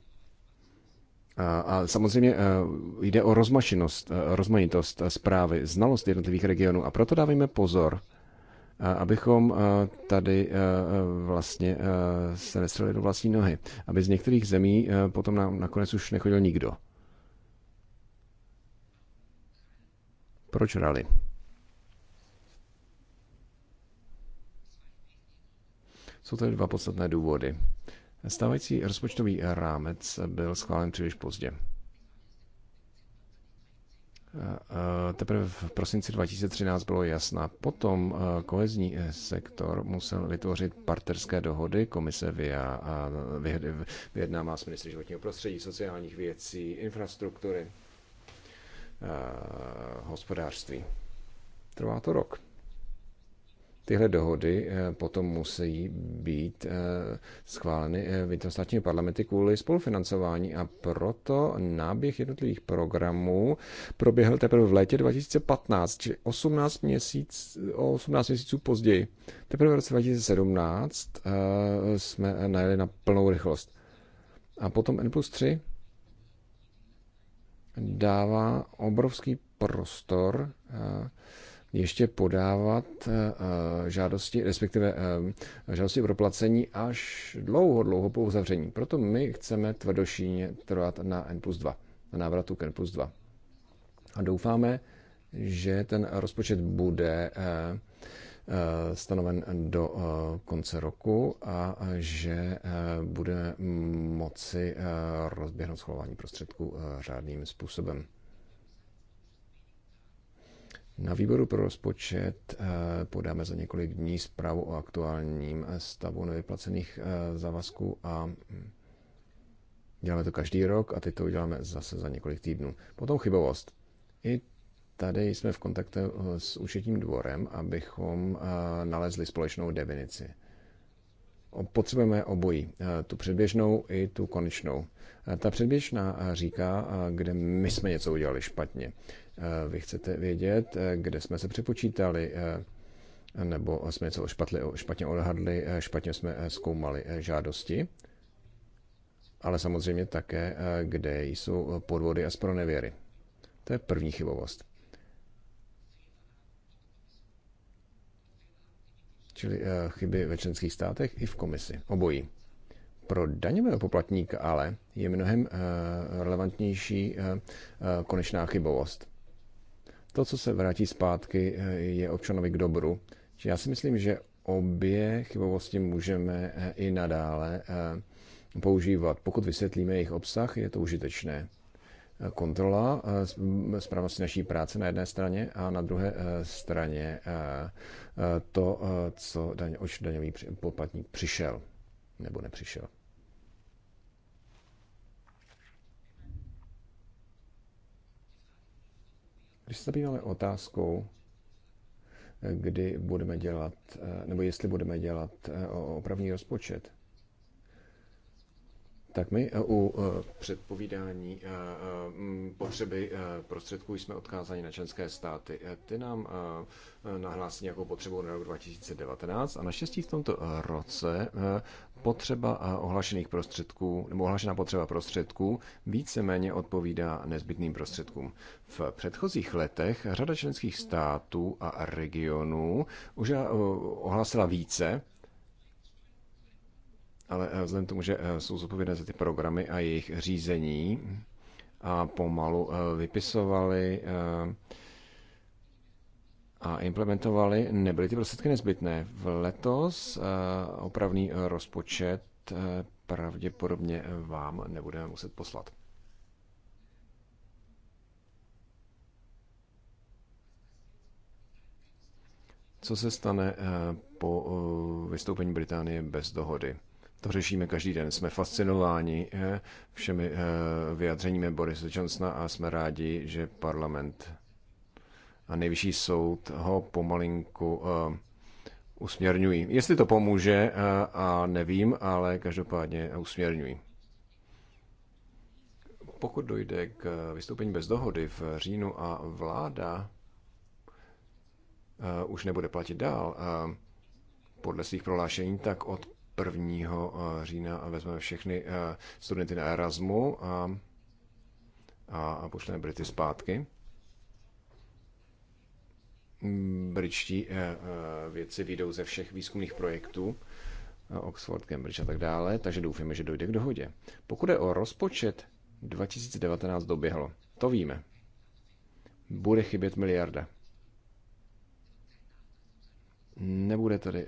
Eh, a samozřejmě eh, jde o rozmašenost, rozmanitost zprávy, znalost jednotlivých regionů a proto dávejme pozor, abychom tady vlastně se nestřelili do vlastní nohy, aby z některých zemí potom nám nakonec už nechodil nikdo. Proč rali? Jsou tady dva podstatné důvody. Stávající rozpočtový rámec byl schválen příliš pozdě. Teprve v prosinci 2013 bylo jasná. Potom kohezní sektor musel vytvořit partnerské dohody. Komise vyjednává s ministry životního prostředí, sociálních věcí, infrastruktury, hospodářství. Trvá to rok. Tyhle dohody eh, potom musí být eh, schváleny eh, vnitrostátními parlamenty kvůli spolufinancování a proto náběh jednotlivých programů proběhl teprve v létě 2015, čili 18, měsíc, 18 měsíců později. Teprve v roce 2017 jsme najeli na plnou rychlost. A potom N plus 3 dává obrovský prostor ještě podávat eh, eh, žádosti, respektive eh, žádosti o proplacení až dlouho, dlouho po uzavření. Proto my chceme tvrdošíně trvat na N plus 2, na návratu k N plus 2. A doufáme, že ten rozpočet bude stanoven do konce roku a že bude moci rozběhnout schování prostředků řádným způsobem. Na výboru pro rozpočet eh, podáme za několik dní zprávu o aktuálním eh, stavu nevyplacených eh, závazků a hm, děláme to každý rok a teď to uděláme zase za několik týdnů. Potom chybovost. I tady jsme v kontaktu s účetním dvorem, abychom nalezli společnou definici. Potřebujeme obojí, tu předběžnou i tu konečnou. Ta předběžná říká, kde my jsme něco udělali špatně. Eh, vy chcete vědět, eh, kde jsme se přepočítali, eh, nebo jsme něco špatli, špatně odhadli, špatně jsme zkoumali žádosti, ale samozřejmě také, kde jsou podvody a spronevěry. To je první chybovost. Čili chyby ve členských státech i v komisi. Obojí. Pro daňového poplatníka ale je mnohem relevantnější konečná chybovost to, co se vrátí zpátky, eh, je občanovi k dobru. Či já si myslím, že obě chybovosti můžeme eh, i nadále eh, používat. Pokud vysvětlíme jejich obsah, je to užitečné. Kontrola, správnosti naší práce na jedné straně a na druhé straně to, co daň, oč daňový poplatník přišel nebo nepřišel. Když se zabýváme otázkou, kdy budeme dělat, eh, nebo jestli budeme dělat eh, opravní rozpočet, tak my eh, u eh, předpovídání eh, potřeby prostředků jsme odkázáni na členské státy. Ty nám nahlásí nějakou potřebu na rok 2019 a naštěstí v tomto roce potřeba ohlašených prostředků, nebo ohlašená potřeba prostředků víceméně odpovídá nezbytným prostředkům. V předchozích letech řada členských států a regionů už ohlásila více, ale eh, vzhledem k tomu, že eh, jsou zodpovědné za ty programy a jejich řízení a pomalu eh, vypisovali a implementovali, nebyly ty prostředky nezbytné. V letos opravný rozpočet pravděpodobně vám nebudeme muset poslat. Co se stane po vystoupení Británie bez dohody? to řešíme každý den. Jsme fascinováni eh, všemi eh, vyjadřeními Borise Johnsona a jsme rádi, že parlament a nejvyšší soud ho pomalinku eh, usměrňují. Jestli to pomůže, a nevím, ale každopádně usměrňují. Pokud dojde k vystoupení bez dohody v říjnu a vláda už nebude platit dál podle svých prohlášení, tak od 1. Eh, října a vezmeme všechny eh, studenty na Erasmu a, a, a pošleme Brity zpátky. Mm, britští eh, věci vyjdou ze všech výzkumných projektů, Oxford, Cambridge a tak dále, takže doufáme, že dojde k dohodě. Pokud je o rozpočet, 2019 doběhlo. To víme. Bude chybět miliarda. Nebude tady eh,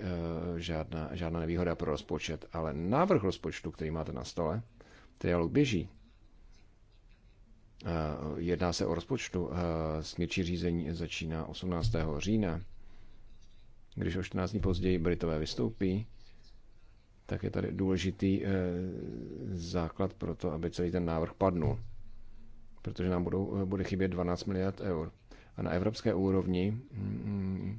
žádná, žádná nevýhoda pro rozpočet, ale návrh rozpočtu, který máte na stole, trialog běží. Eh, jedná se o rozpočtu. Eh, Směrčí řízení začíná 18. října. Když o 14 dní později Britové vystoupí, tak je tady důležitý základ pro to, aby celý ten návrh padnul. Protože nám budou, bude chybět 12 miliard eur. A na evropské úrovni mm, mm,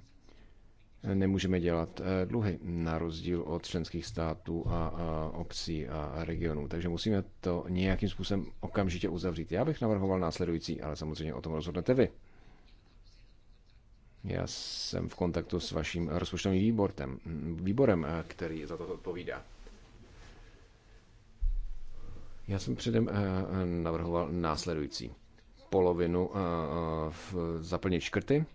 nemůžeme dělat eh, dluhy na rozdíl od členských států a, obcí a regionů. Takže musíme to nějakým způsobem okamžitě uzavřít. Já bych navrhoval následující, ale samozřejmě o tom rozhodnete vy. Já jsem v kontaktu s vaším rozpočtovým výborem, výborem eh, který za to odpovídá. Já jsem předem eh, navrhoval následující polovinu zaplnit škrty,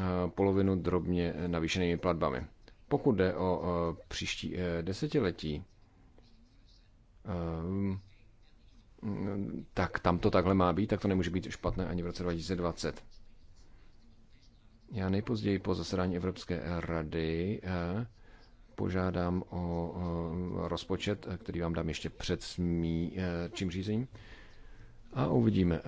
Eh, polovinu drobně navýšenými platbami. Pokud jde o eh, příští eh, desetiletí, tak tam to takhle má být, tak to nemůže být špatné ani v roce 2020. Já nejpozději po zasedání Evropské rady požádám o rozpočet, který vám dám ještě před smí, čím řízením. A uvidíme,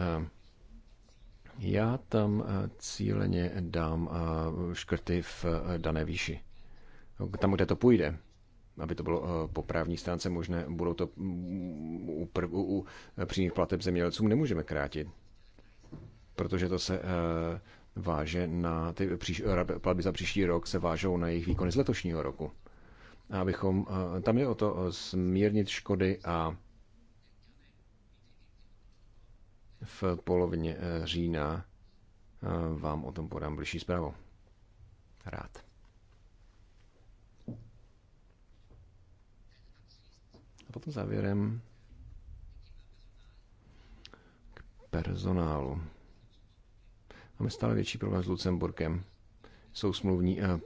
já tam eh, cíleně dám eh, škrty v eh, dané výši. Tam, kde to půjde, aby to bylo po právní stránce možné, budou to mm, u, prv, u přímých plateb zemědělcům nemůžeme krátit, protože to se váže na ty příš, platby za příští rok se vážou na jejich výkony z letošního roku. Abychom, tam je o to zmírnit škody a v polovině eh, října eh, vám o tom podám blížší zprávu. Rád. A potom závěrem k personálu. Máme stále větší problém s Lucemburkem. Jsou smluvní eh,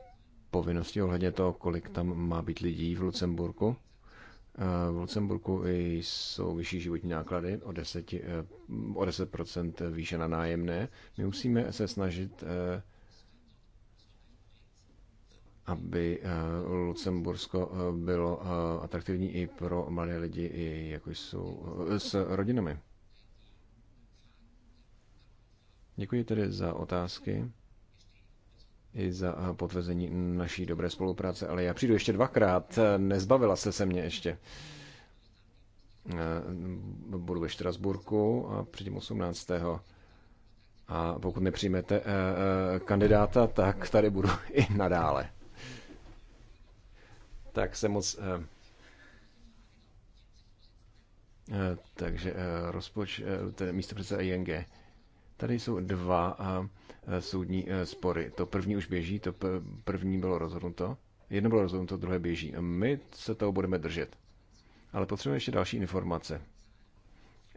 povinnosti ohledně toho, kolik tam má být lidí v Lucemburku. Eh, v Lucemburku jsou vyšší životní náklady o 10, eh, o 10 výše na nájemné. My musíme se snažit, eh, aby Lucembursko bylo atraktivní i pro mladé lidi, i jako jsou s rodinami. Děkuji tedy za otázky i za eh, potvrzení naší dobré spolupráce. Ale já přijdu ještě dvakrát, nezbavila se se mě ještě. Eh, budu ve Štrasburku a předtím 18. A pokud nepřijmete eh, kandidáta, tak tady budu i nadále. Tak se moc... Takže rozpoč, tedy místo předseda ING. Tady jsou dva e, soudní e, spory. To první už běží, to první bylo rozhodnuto. Jedno bylo rozhodnuto, druhé běží. My se toho budeme držet. Ale potřebujeme ještě další informace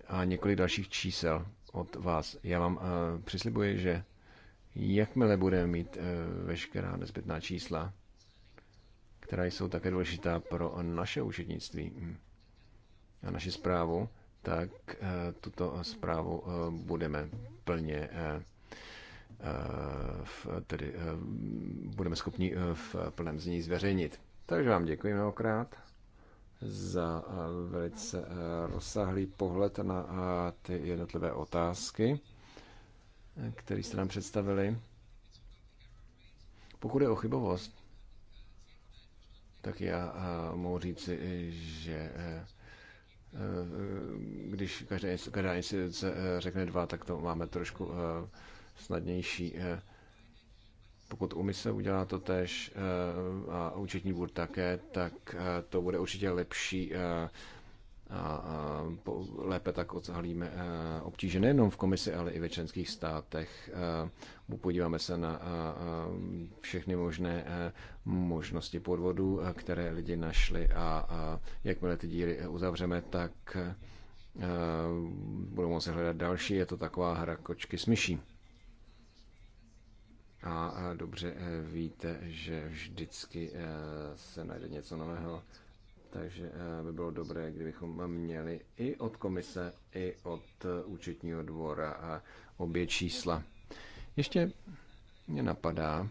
a několik dalších čísel od vás. Já vám e, přislibuji, že jakmile budeme mít veškerá nezbytná čísla, která jsou také důležitá pro naše účetnictví a naši zprávu, tak tuto zprávu budeme plně eh, eh, tedy eh, budeme schopni v plném znění zveřejnit. Takže vám děkuji mnohokrát za velice rozsáhlý pohled na ty jednotlivé otázky, které jste nám představili. Pokud je o chybovost, tak já mohu říci, že Eh, když každá, každá instituce eh, řekne dva, tak to máme trošku eh, snadnější. Pokud umise udělá to tež a účetní bůr také, tak to bude určitě lepší a lépe tak odhalíme e, obtíže nejenom v komisi, ale i ve členských státech. E, podíváme se na e, všechny možné možnosti podvodů, které lidi našli a jakmile ty díry uzavřeme, tak budou moci hledat další. Je to taková hra kočky s myší. A dobře víte, že vždycky se najde něco nového. Takže eh, by bylo dobré, kdybychom měli i od komise, i od eh, účetního dvora a eh, obě čísla. Ještě mě napadá,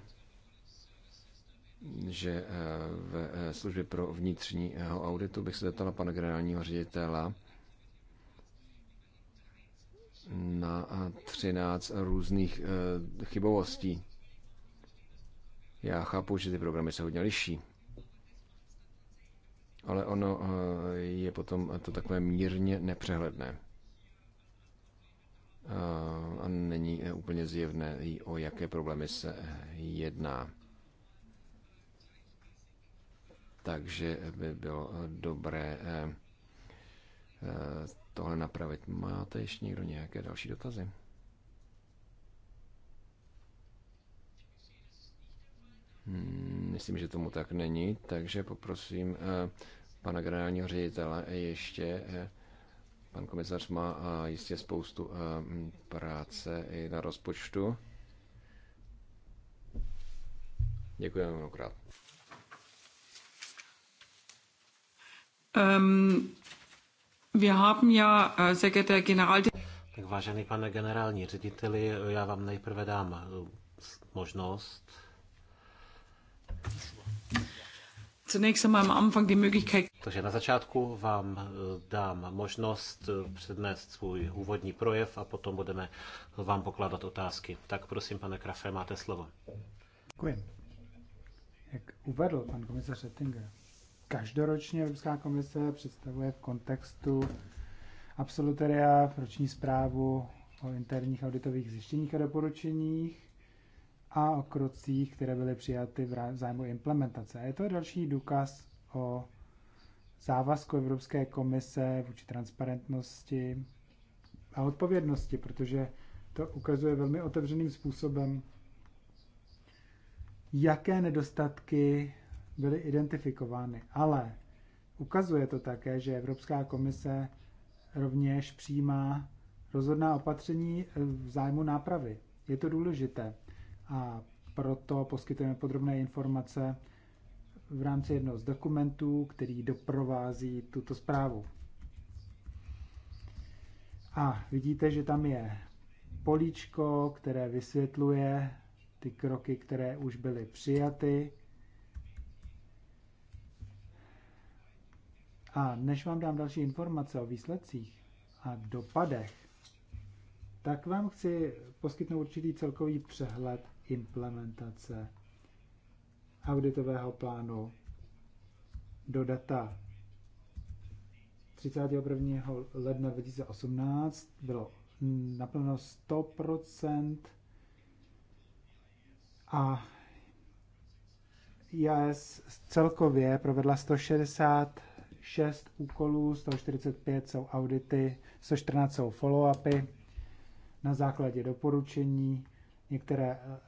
že ve službě pro vnitřního auditu bych se zeptala pana generálního ředitela na 13 různých chybovostí. Já chápu, že ty programy se hodně liší ale ono eh, je potom to takové mírně nepřehledné. Eh, a není eh, úplně zjevné, o jaké problémy se jedná. Takže by bylo dobré tohle napravit. Máte ještě někdo nějaké další dotazy? Hmm, myslím, že tomu tak není, takže poprosím pana generálního ředitele. Ještě eh, pan komisař má eh, jistě spoustu eh, práce i na rozpočtu. Děkujeme mnohokrát. Um, wir haben ja, sehr General... Tak vážený pane generální řediteli, já vám nejprve dám možnost zunächst einmal am Anfang die Möglichkeit. Takže na začátku vám eh, dám možnost eh, přednést svůj úvodní projev a potom budeme vám pokládat otázky. Tak prosím, pane Krafe, máte slovo. Děkuji. Jak uvedl pan komisař Rettinger, každoročně Evropská komise představuje v kontextu absolutoria roční zprávu o interních auditových zjištěních a doporučeních a o krocích, které byly přijaty v zájmu implementace. A je to další důkaz o závazku Evropské komise vůči transparentnosti a odpovědnosti, protože to ukazuje velmi otevřeným způsobem, jaké nedostatky byly identifikovány. Ale ukazuje to také, že Evropská komise rovněž přijímá rozhodná opatření v zájmu nápravy. Je to důležité a proto poskytujeme podrobné informace v rámci jednoho z dokumentů, který doprovází tuto zprávu. A vidíte, že tam je políčko, které vysvětluje ty kroky, které už byly přijaty. A než vám dám další informace o výsledcích a dopadech, tak vám chci poskytnout určitý celkový přehled implementace auditového plánu do data 31. ledna 2018 bylo naplno 100% a IAS celkově provedla 166 úkolů, 145 jsou audity, 114 jsou follow-upy na základě doporučení některé eh,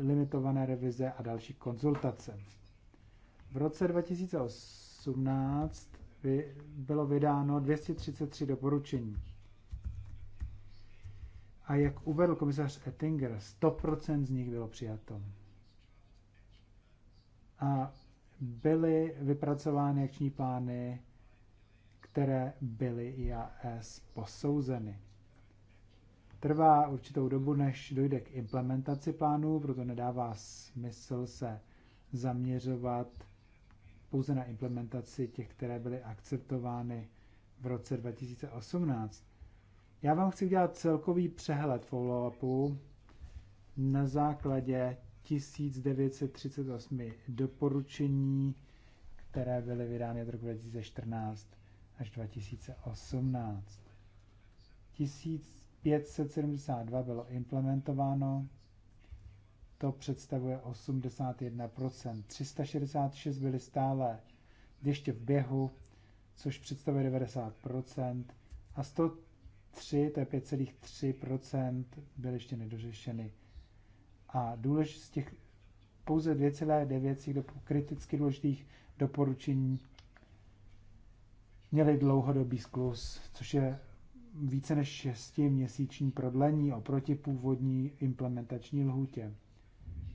limitované revize a další konzultace. V roce 2018 bylo vydáno 233 doporučení. A jak uvedl komisař Ettinger, 100% z nich bylo přijato. A byly vypracovány akční plány, které byly IAS posouzeny. Trvá určitou dobu, než dojde k implementaci plánu, proto nedává smysl se zaměřovat pouze na implementaci těch, které byly akceptovány v roce 2018. Já vám chci udělat celkový přehled follow-upu na základě 1938 doporučení, které byly vydány od roku 2014 až 2018. 1000 572 bylo implementováno, to představuje 81%. 366 byly stále ještě v běhu, což představuje 90%. A 103, to je 5,3%, byly ještě nedořešeny. A důlež, z těch pouze 2,9 kriticky důležitých doporučení měli dlouhodobý sklus, což je více než šestiměsíční prodlení oproti původní implementační lhůtě.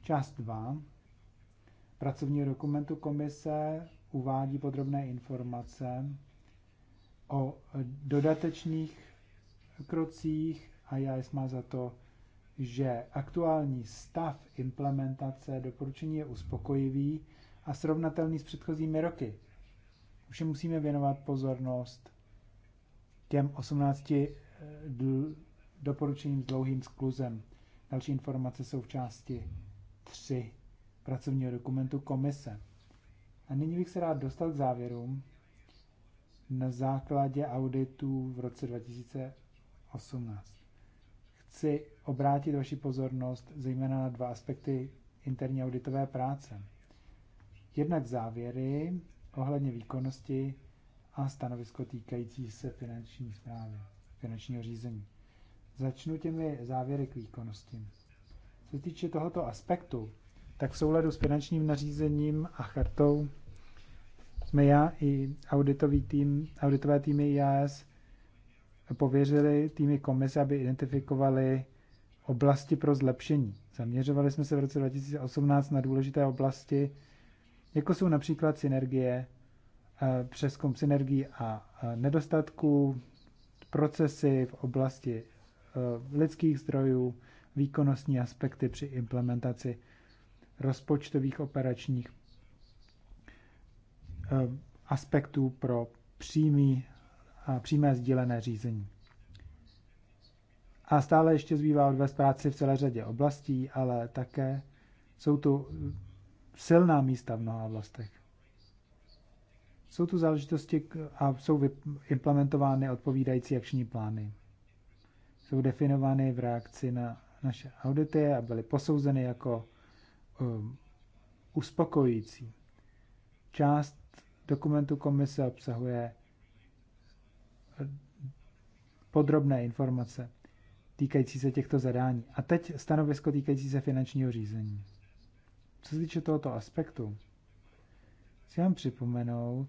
Část 2 pracovní dokumentu komise uvádí podrobné informace o dodatečných krocích a já má za to, že aktuální stav implementace doporučení je uspokojivý a srovnatelný s předchozími roky. Už musíme věnovat pozornost těm 18 eh, doporučením s dlouhým skluzem. Další informace jsou v části 3 pracovního dokumentu komise. A nyní bych se rád dostal k závěrům na základě auditů v roce 2018. Chci obrátit vaši pozornost zejména na dva aspekty interní auditové práce. Jednak závěry ohledně výkonnosti a stanovisko týkající se finanční zprávy, finančního řízení. Začnu těmi závěry k výkonnosti. Co se týče tohoto aspektu, tak v souladu s finančním nařízením a chartou jsme já i auditový tým, auditové týmy IAS pověřili týmy komise, aby identifikovali oblasti pro zlepšení. Zaměřovali jsme se v roce 2018 na důležité oblasti, jako jsou například synergie Eh, přeskum synergií a eh, nedostatků, procesy v oblasti eh, lidských zdrojů, výkonnostní aspekty při implementaci rozpočtových operačních aspektů pro přímý, a přímé sdílené řízení. A stále ještě zbývá odvést práci v celé řadě oblastí, ale také jsou tu silná místa v mnoha oblastech. Jsou tu záležitosti a jsou implementovány odpovídající akční plány. Jsou definovány v reakci na naše audity a byly posouzeny jako um, uspokojící. Část dokumentu komise obsahuje eh, podrobné informace týkající se těchto zadání. A teď stanovisko týkající se finančního řízení. Co se týče tohoto aspektu, chci vám připomenout,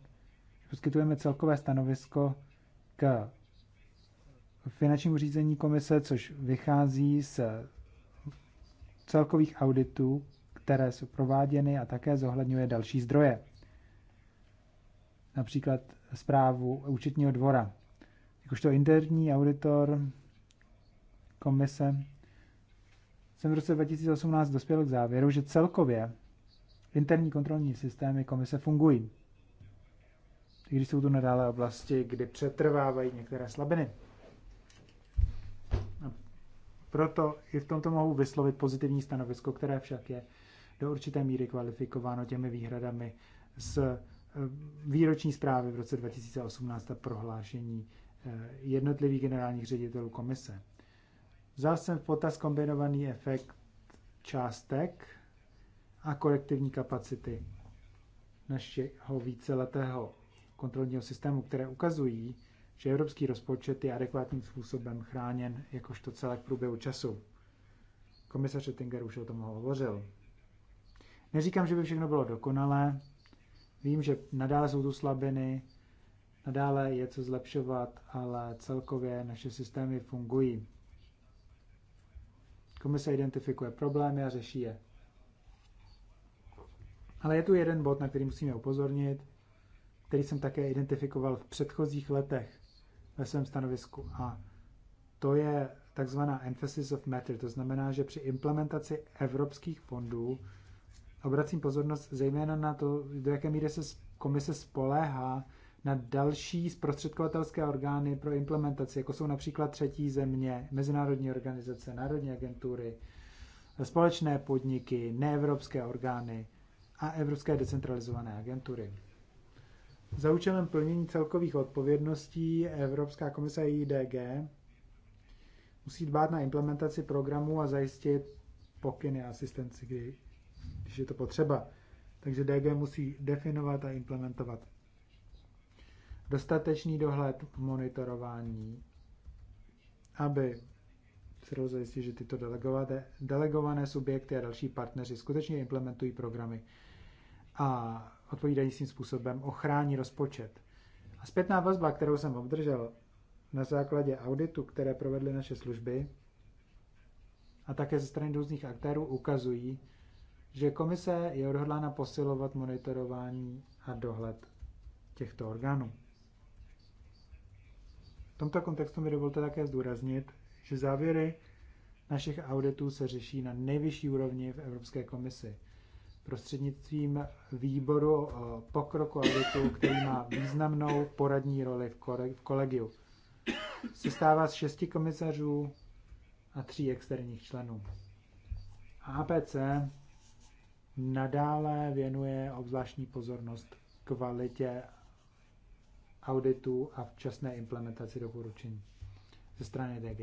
poskytujeme celkové stanovisko k finančnímu řízení komise, což vychází z celkových auditů, které jsou prováděny a také zohledňuje další zdroje. Například zprávu účetního dvora. Jakožto interní auditor komise jsem v roce 2018 dospěl k závěru, že celkově interní kontrolní systémy komise fungují i když jsou tu nadále oblasti, kdy přetrvávají některé slabiny. A proto i v tomto mohu vyslovit pozitivní stanovisko, které však je do určité míry kvalifikováno těmi výhradami z eh, výroční zprávy v roce 2018 a prohlášení eh, jednotlivých generálních ředitelů komise. Vzal jsem v potaz kombinovaný efekt částek a kolektivní kapacity našeho víceletého kontrolního systému, které ukazují, že evropský rozpočet je adekvátním způsobem chráněn jakožto celek průběhu času. Komisař Oettinger už o tom hovořil. Neříkám, že by všechno bylo dokonalé. Vím, že nadále jsou tu slabiny, nadále je co zlepšovat, ale celkově naše systémy fungují. Komise identifikuje problémy a řeší je. Ale je tu jeden bod, na který musíme upozornit, který jsem také identifikoval v předchozích letech ve svém stanovisku. A to je takzvaná emphasis of matter, to znamená, že při implementaci evropských fondů obracím pozornost zejména na to, do jaké míry se komise spoléhá na další zprostředkovatelské orgány pro implementaci, jako jsou například třetí země, mezinárodní organizace, národní agentury, společné podniky, neevropské orgány a evropské decentralizované agentury. Za účelem plnění celkových odpovědností Evropská komise IDG musí dbát na implementaci programů a zajistit pokyny a asistenci, kdy, když je to potřeba. Takže DG musí definovat a implementovat dostatečný dohled, monitorování, aby se dalo zajistit, že tyto delegované, delegované subjekty a další partneři skutečně implementují programy a odpovídajícím způsobem ochrání rozpočet. A zpětná vazba, kterou jsem obdržel na základě auditu, které provedly naše služby, a také ze strany různých aktérů ukazují, že komise je odhodlána posilovat monitorování a dohled těchto orgánů. V tomto kontextu mi dovolte také zdůraznit, že závěry našich auditů se řeší na nejvyšší úrovni v Evropské komisi – prostřednictvím výboru eh, pokroku auditu, který má významnou poradní roli v kolegiu. Sestává z šesti komisařů a tří externích členů. APC nadále věnuje obzvláštní pozornost kvalitě auditu a včasné implementaci doporučení ze strany DG.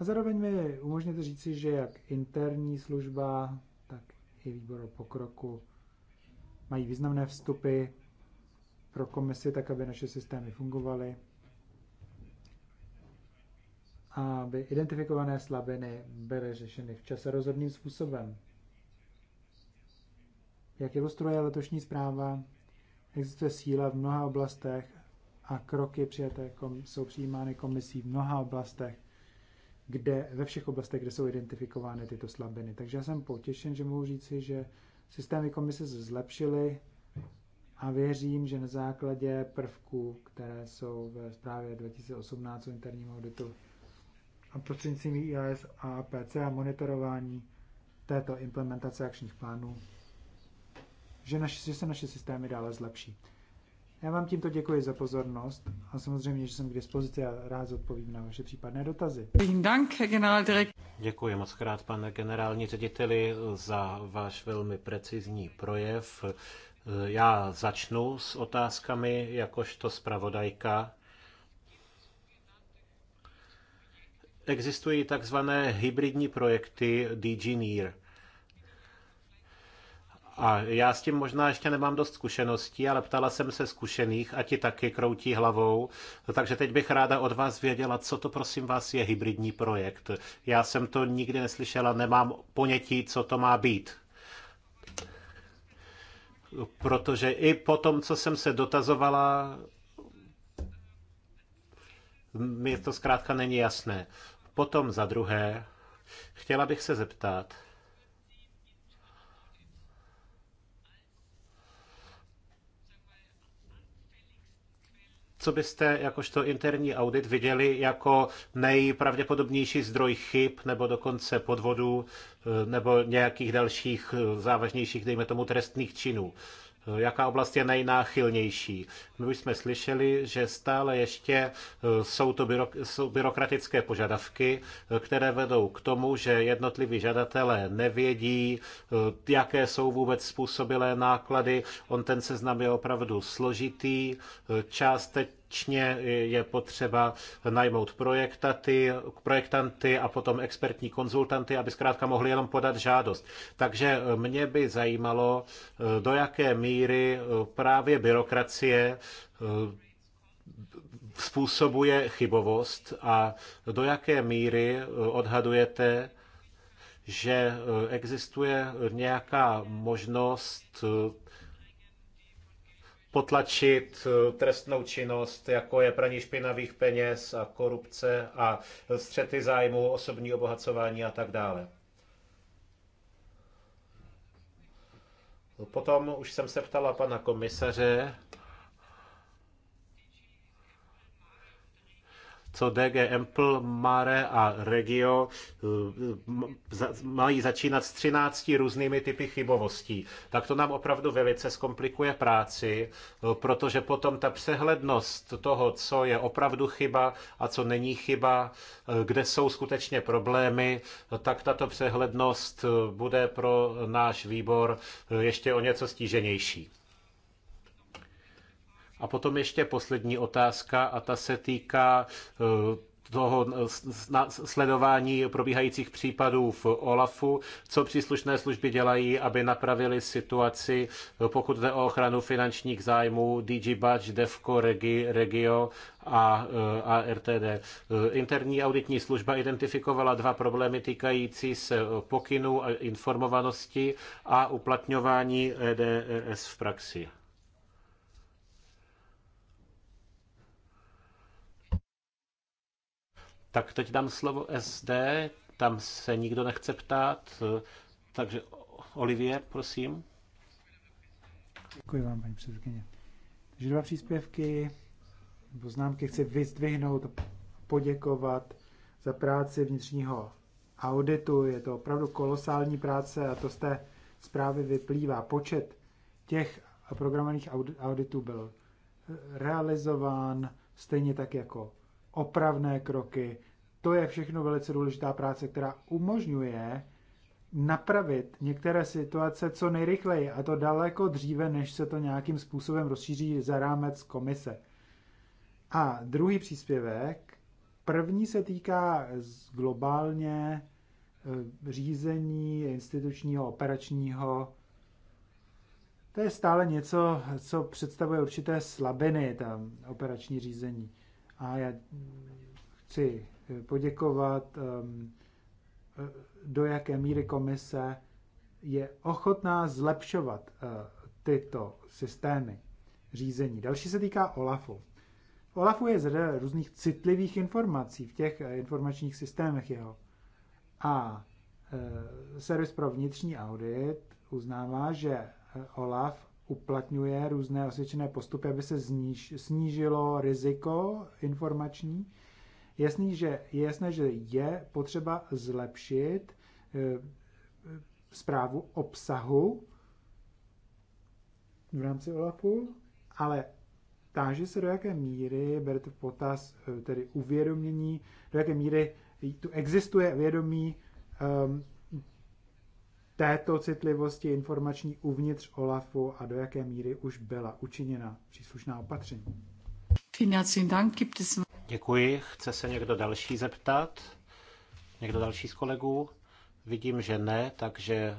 A zároveň mi umožněte říci, že jak interní služba, i výboru pokroku mají významné vstupy pro komisi, tak aby naše systémy fungovaly, a aby identifikované slabiny byly řešeny včas a rozhodným způsobem. Jak ilustruje letošní zpráva, existuje síla v mnoha oblastech a kroky přijaté kom- jsou přijímány komisí v mnoha oblastech kde, ve všech oblastech, kde jsou identifikovány tyto slabiny. Takže já jsem potěšen, že mohu říci, že systémy komise se zlepšily a věřím, že na základě prvků, které jsou ve zprávě 2018 o interním auditu a prostřednictvím IAS a PC a monitorování této implementace akčních plánů, že, naši, že se naše systémy dále zlepší. Já vám tímto děkuji za pozornost a samozřejmě, že jsem k dispozici a rád odpovím na vaše případné dotazy. Děkuji moc krát, pane generální řediteli, za váš velmi precizní projev. Já začnu s otázkami jakožto zpravodajka. Existují takzvané hybridní projekty DG NIR – a já s tím možná ještě nemám dost zkušeností, ale ptala jsem se zkušených a ti taky kroutí hlavou. Takže teď bych ráda od vás věděla, co to prosím vás je hybridní projekt. Já jsem to nikdy neslyšela, nemám ponětí, co to má být protože i po tom, co jsem se dotazovala, mi to zkrátka není jasné. Potom za druhé, chtěla bych se zeptat, co byste jakožto interní audit viděli jako nejpravděpodobnější zdroj chyb nebo dokonce podvodů eh, nebo nějakých dalších eh, závažnějších, dejme tomu, trestných činů? Eh, jaká oblast je nejnáchylnější. My už jsme slyšeli, že stále ještě jsou to byro, jsou byrokratické požadavky, které vedou k tomu, že jednotliví žadatelé nevědí, jaké jsou vůbec způsobilé náklady. On ten seznam je opravdu složitý. teď čně je potřeba najmout projektaty, projektanty a potom expertní konzultanty, aby zkrátka mohli jenom podat žádost. Takže mě by zajímalo, do jaké míry právě byrokracie eh, způsobuje chybovost a do jaké míry eh, odhadujete, že eh, existuje nějaká možnost potlačit eh, trestnou činnost, jako je praní špinavých peněz a korupce a střety zájmu, osobní obohacování a tak dále. Potom už jsem se ptala pana komisaře, co DG Empl, Mare a Regio eh, mají začínat s 13 různými typy chybovostí. Tak to nám opravdu velice zkomplikuje práci, eh, protože potom ta přehlednost toho, co je opravdu chyba a co není chyba, eh, kde jsou skutečně problémy, tak tato přehlednost bude pro náš výbor ještě o něco stíženější. A potom ještě poslední otázka a ta se týká eh, toho eh, sledování probíhajících případů v OLAFu, co příslušné služby dělají, aby napravili situaci, eh, pokud jde o ochranu finančních zájmů DG Batch, DEFCO, Regi, Regio a, a RTD. Interní auditní služba identifikovala dva problémy týkající se pokynů a informovanosti a uplatňování EDS e v praxi. Tak teď dám slovo SD, tam se nikdo nechce ptát, takže Olivier, prosím. Děkuji vám, paní předsedkyně. Takže dva příspěvky, poznámky chci vyzdvihnout, poděkovat za práci vnitřního auditu. Je to opravdu kolosální práce a to z té zprávy vyplývá. Počet těch programovaných auditů byl realizován stejně tak jako opravné kroky. To je všechno velice důležitá práce, která umožňuje napravit některé situace co nejrychleji a to daleko dříve, než se to nějakým způsobem rozšíří za rámec komise. A druhý příspěvek, první se týká globálně eh, řízení institučního, operačního. To je stále něco, co představuje určité slabiny, tam operační řízení. A já mm, chci eh, poděkovat, ehm, eh, do jaké míry komise je ochotná zlepšovat eh, tyto systémy řízení. Další se týká OLAFu. V OLAFu je zde různých citlivých informací v těch informačních systémech jeho. A servis pro vnitřní audit uznává, že OLAF uplatňuje různé osvědčené postupy, aby se zníž, snížilo riziko informační. Jasný, že, je jasné, že je potřeba zlepšit zprávu eh, obsahu v rámci OLAPu, ale táže se, do jaké míry berete v potaz eh, tedy uvědomění, do jaké míry tu existuje vědomí ehm, této citlivosti informační uvnitř OLAFu a do jaké míry už byla učiněna příslušná opatření. Děkuji. Chce se někdo další zeptat? Někdo další z kolegů? Vidím, že ne, takže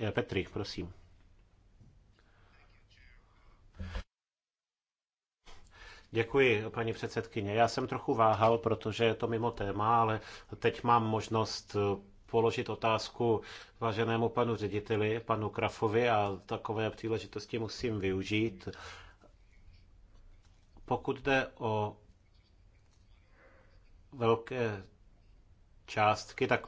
eh, Petri, prosím. Děkuji, paní předsedkyně. Já jsem trochu váhal, protože je to mimo téma, ale teď mám možnost eh, položit otázku váženému panu řediteli, panu Krafovi a takové příležitosti musím využít. Pokud jde o velké částky, tak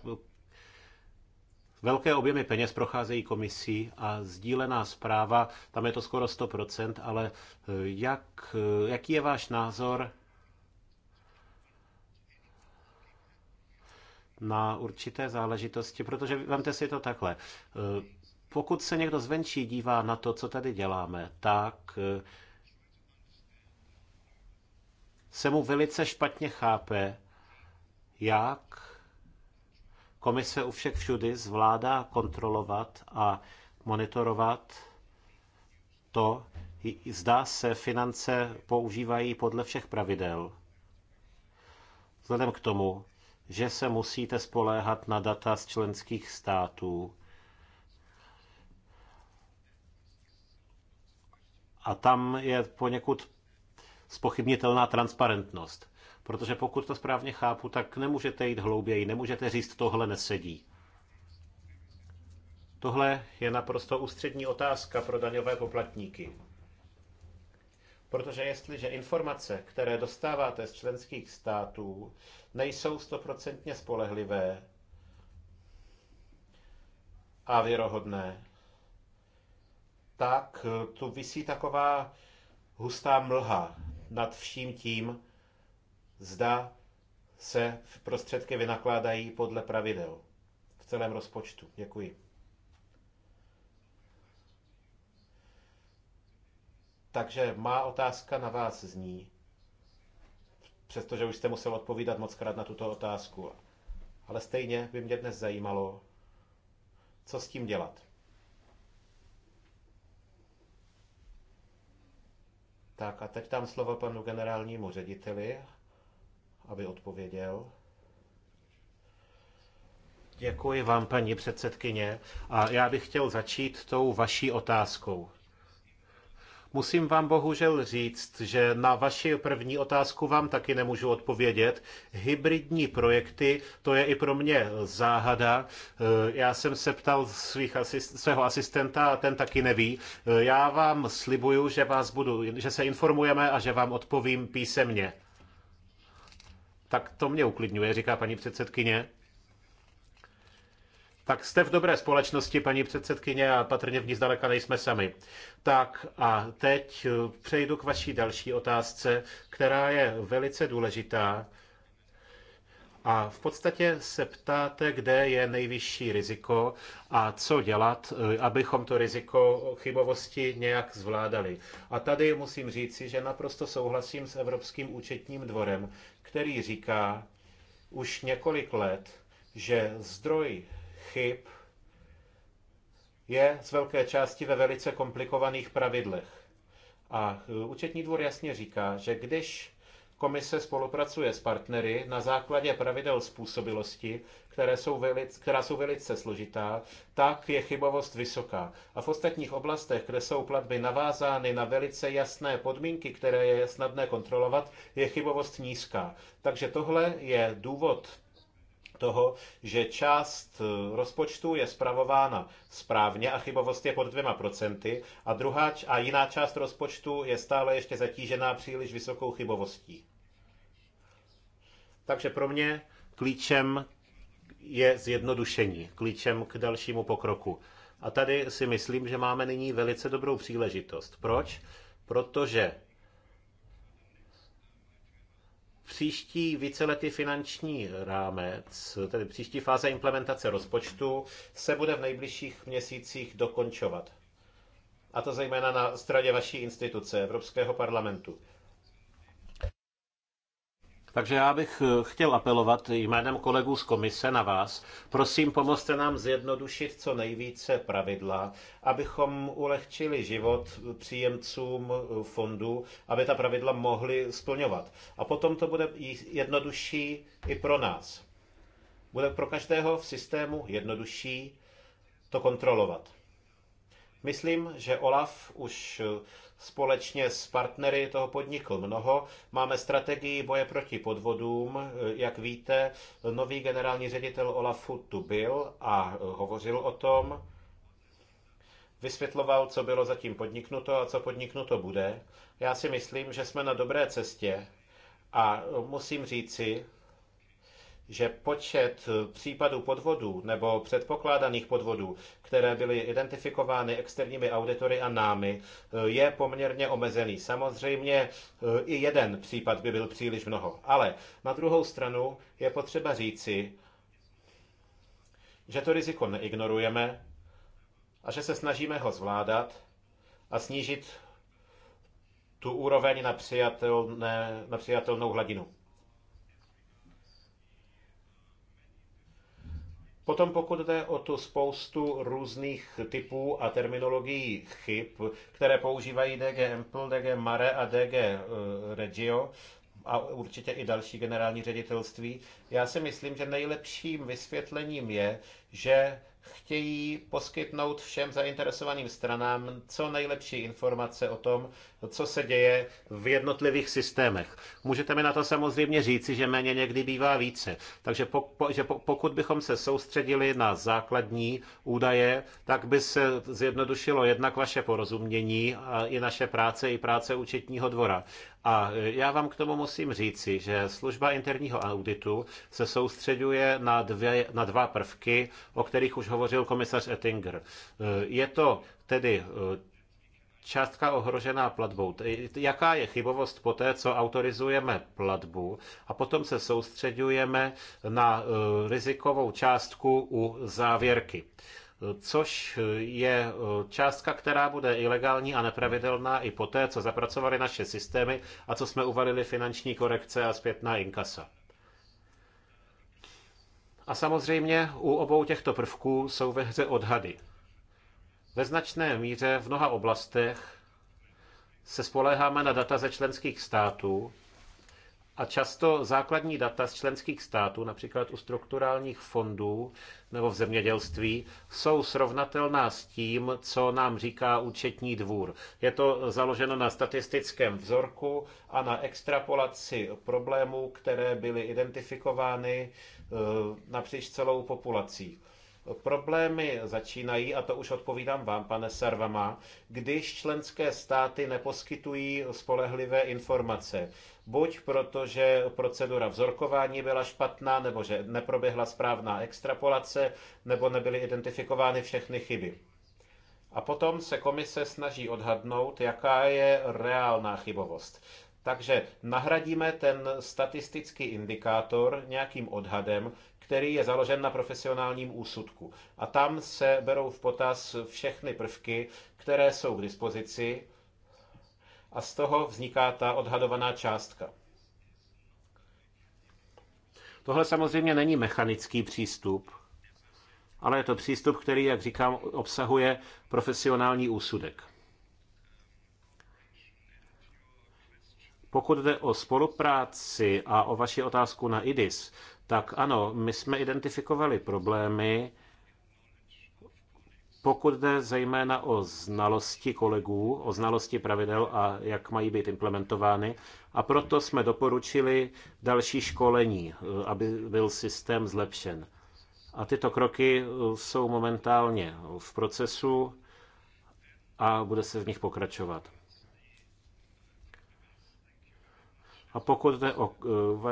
Velké objemy peněz procházejí komisí a sdílená zpráva, tam je to skoro 100%, ale jak, jaký je váš názor na určité záležitosti, protože vemte si to takhle. Eh, pokud se někdo zvenčí dívá na to, co tady děláme, tak eh, se mu velice špatně chápe, jak komise u všech všudy zvládá kontrolovat a monitorovat to, zdá se, finance používají podle všech pravidel. Vzhledem k tomu, že se musíte spoléhat na data z členských států. A tam je poněkud spochybnitelná transparentnost. Protože pokud to správně chápu, tak nemůžete jít hlouběji, nemůžete říct, tohle nesedí. Tohle je naprosto ústřední otázka pro daňové poplatníky. Protože jestliže informace, které dostáváte z členských států, nejsou stoprocentně spolehlivé a věrohodné, tak eh, tu visí taková hustá mlha nad vším tím, zda se prostředky vynakládají podle pravidel v celém rozpočtu. Děkuji. Takže má otázka na vás zní, přestože už jste musel odpovídat moc krát na tuto otázku, ale stejně by mě dnes zajímalo, co s tím dělat. Tak a teď dám slovo panu generálnímu řediteli, aby odpověděl. Děkuji vám, paní předsedkyně. A já bych chtěl začít tou vaší otázkou. Musím vám bohužel říct, že na vaši první otázku vám taky nemůžu odpovědět. Hybridní projekty, to je i pro mě záhada. Eh, já jsem se ptal svých asist, svého asistenta a ten taky neví. Eh, já vám slibuju, že vás budu, že se informujeme a že vám odpovím písemně. Tak to mě uklidňuje, říká paní předsedkyně. Tak jste v dobré společnosti, paní předsedkyně, a patrně v ní zdaleka nejsme sami. Tak a teď eh, přejdu k vaší další otázce, která je velice důležitá. A v podstatě se ptáte, kde je nejvyšší riziko a co dělat, eh, abychom to riziko chybovosti nějak zvládali. A tady musím říci, že naprosto souhlasím s Evropským účetním dvorem, který říká už několik let, že zdroj chyb je z velké části ve velice komplikovaných pravidlech. A e, účetní dvůr jasně říká, že když komise spolupracuje s partnery na základě pravidel způsobilosti, které jsou velice, která jsou velice složitá, tak je chybovost vysoká. A v ostatních oblastech, kde jsou platby navázány na velice jasné podmínky, které je snadné kontrolovat, je chybovost nízká. Takže tohle je důvod toho, že část eh, rozpočtu je spravována správně a chybovost je pod dvěma procenty a, druhá, a jiná část rozpočtu je stále ještě zatížená příliš vysokou chybovostí. Takže pro mě klíčem je zjednodušení, klíčem k dalšímu pokroku. A tady si myslím, že máme nyní velice dobrou příležitost. Proč? Protože Příští víceletý finanční rámec, tedy příští fáze implementace rozpočtu, se bude v nejbližších měsících dokončovat. A to zejména na straně vaší instituce, Evropského parlamentu. Takže já bych eh, chtěl apelovat jménem kolegů z komise na vás. Prosím, pomozte nám zjednodušit co nejvíce pravidla, abychom ulehčili život příjemcům eh, fondů, aby ta pravidla mohli splňovat. A potom to bude jednodušší i pro nás. Bude pro každého v systému jednodušší to kontrolovat. Myslím, že Olaf už eh, společně s partnery toho podnikl mnoho. Máme strategii boje proti podvodům. Jak víte, nový generální ředitel Olafu tu byl a hovořil o tom. Vysvětloval, co bylo zatím podniknuto a co podniknuto bude. Já si myslím, že jsme na dobré cestě a musím říci, že počet eh, případů podvodů nebo předpokládaných podvodů, které byly identifikovány externími auditory a námi, eh, je poměrně omezený. Samozřejmě eh, i jeden případ by byl příliš mnoho. Ale na druhou stranu je potřeba říci, že to riziko neignorujeme a že se snažíme ho zvládat a snížit tu úroveň na, na přijatelnou hladinu. Potom pokud jde o tu spoustu různých typů a terminologií chyb, které používají DG Ample, DG Mare a DG eh, Regio, a určitě i další generální ředitelství, já si myslím, že nejlepším vysvětlením je, že chtějí poskytnout všem zainteresovaným stranám co nejlepší informace o tom, co se děje v jednotlivých systémech. Můžete mi na to samozřejmě říci, že méně někdy bývá více. Takže po, po, že po, pokud bychom se soustředili na základní údaje, tak by se zjednodušilo jednak vaše porozumění a i naše práce, i práce účetního dvora. A já vám k tomu musím říci, že služba interního auditu se soustředuje na, dvě, na dva prvky, o kterých už hovořil komisař Ettinger. Je to tedy částka ohrožená platbou. Jaká je chybovost po té, co autorizujeme platbu a potom se soustředujeme na e, rizikovou částku u závěrky což je e, částka, která bude ilegální a nepravidelná i poté, co zapracovali naše systémy a co jsme uvalili finanční korekce a zpětná inkasa. A samozřejmě u obou těchto prvků jsou ve hře odhady. Ve značné míře v mnoha oblastech se spoléháme na data ze členských států a často základní data z členských států, například u strukturálních fondů nebo v zemědělství, jsou srovnatelná s tím, co nám říká účetní dvůr. Je to založeno na statistickém vzorku a na extrapolaci problémů, které byly identifikovány eh, napříč celou populací. Problémy začínají, a to už odpovídám vám, pane Sarvama, když členské státy neposkytují spolehlivé informace. Buď protože procedura vzorkování byla špatná, nebo že neproběhla správná extrapolace, nebo nebyly identifikovány všechny chyby. A potom se komise snaží odhadnout, jaká je reálná chybovost. Takže nahradíme ten statistický indikátor nějakým odhadem, který je založen na profesionálním úsudku. A tam se berou v potaz všechny prvky, které jsou k dispozici a z toho vzniká ta odhadovaná částka. Tohle samozřejmě není mechanický přístup, ale je to přístup, který, jak říkám, obsahuje profesionální úsudek. Pokud jde o spolupráci a o vaši otázku na IDIS, tak ano, my jsme identifikovali problémy, pokud jde zejména o znalosti kolegů, o znalosti pravidel a jak mají být implementovány, a proto jsme doporučili další školení, eh, aby byl systém zlepšen. A tyto kroky eh, jsou momentálně v procesu a bude se v nich pokračovat. A pokud jde o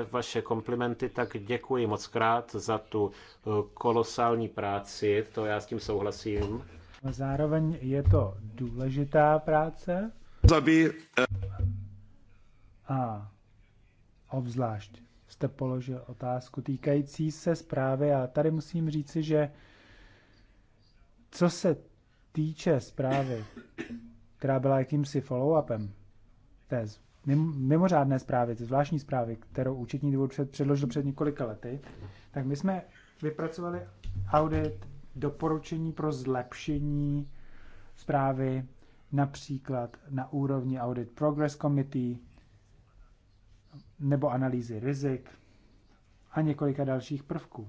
eh, vaše komplimenty, tak děkuji moc krát za tu eh, kolosální práci, to já s tím souhlasím. Zároveň je to důležitá práce. Zabí. Eh, a obzvlášť jste položil otázku týkající se zprávy a tady musím říci, že co se týče zprávy, která byla jakýmsi follow-upem té mimořádné zprávy, ty zvláštní zprávy, kterou účetní před, předložil před několika lety, tak my jsme vypracovali audit doporučení pro zlepšení zprávy například na úrovni Audit Progress Committee nebo analýzy rizik a několika dalších prvků.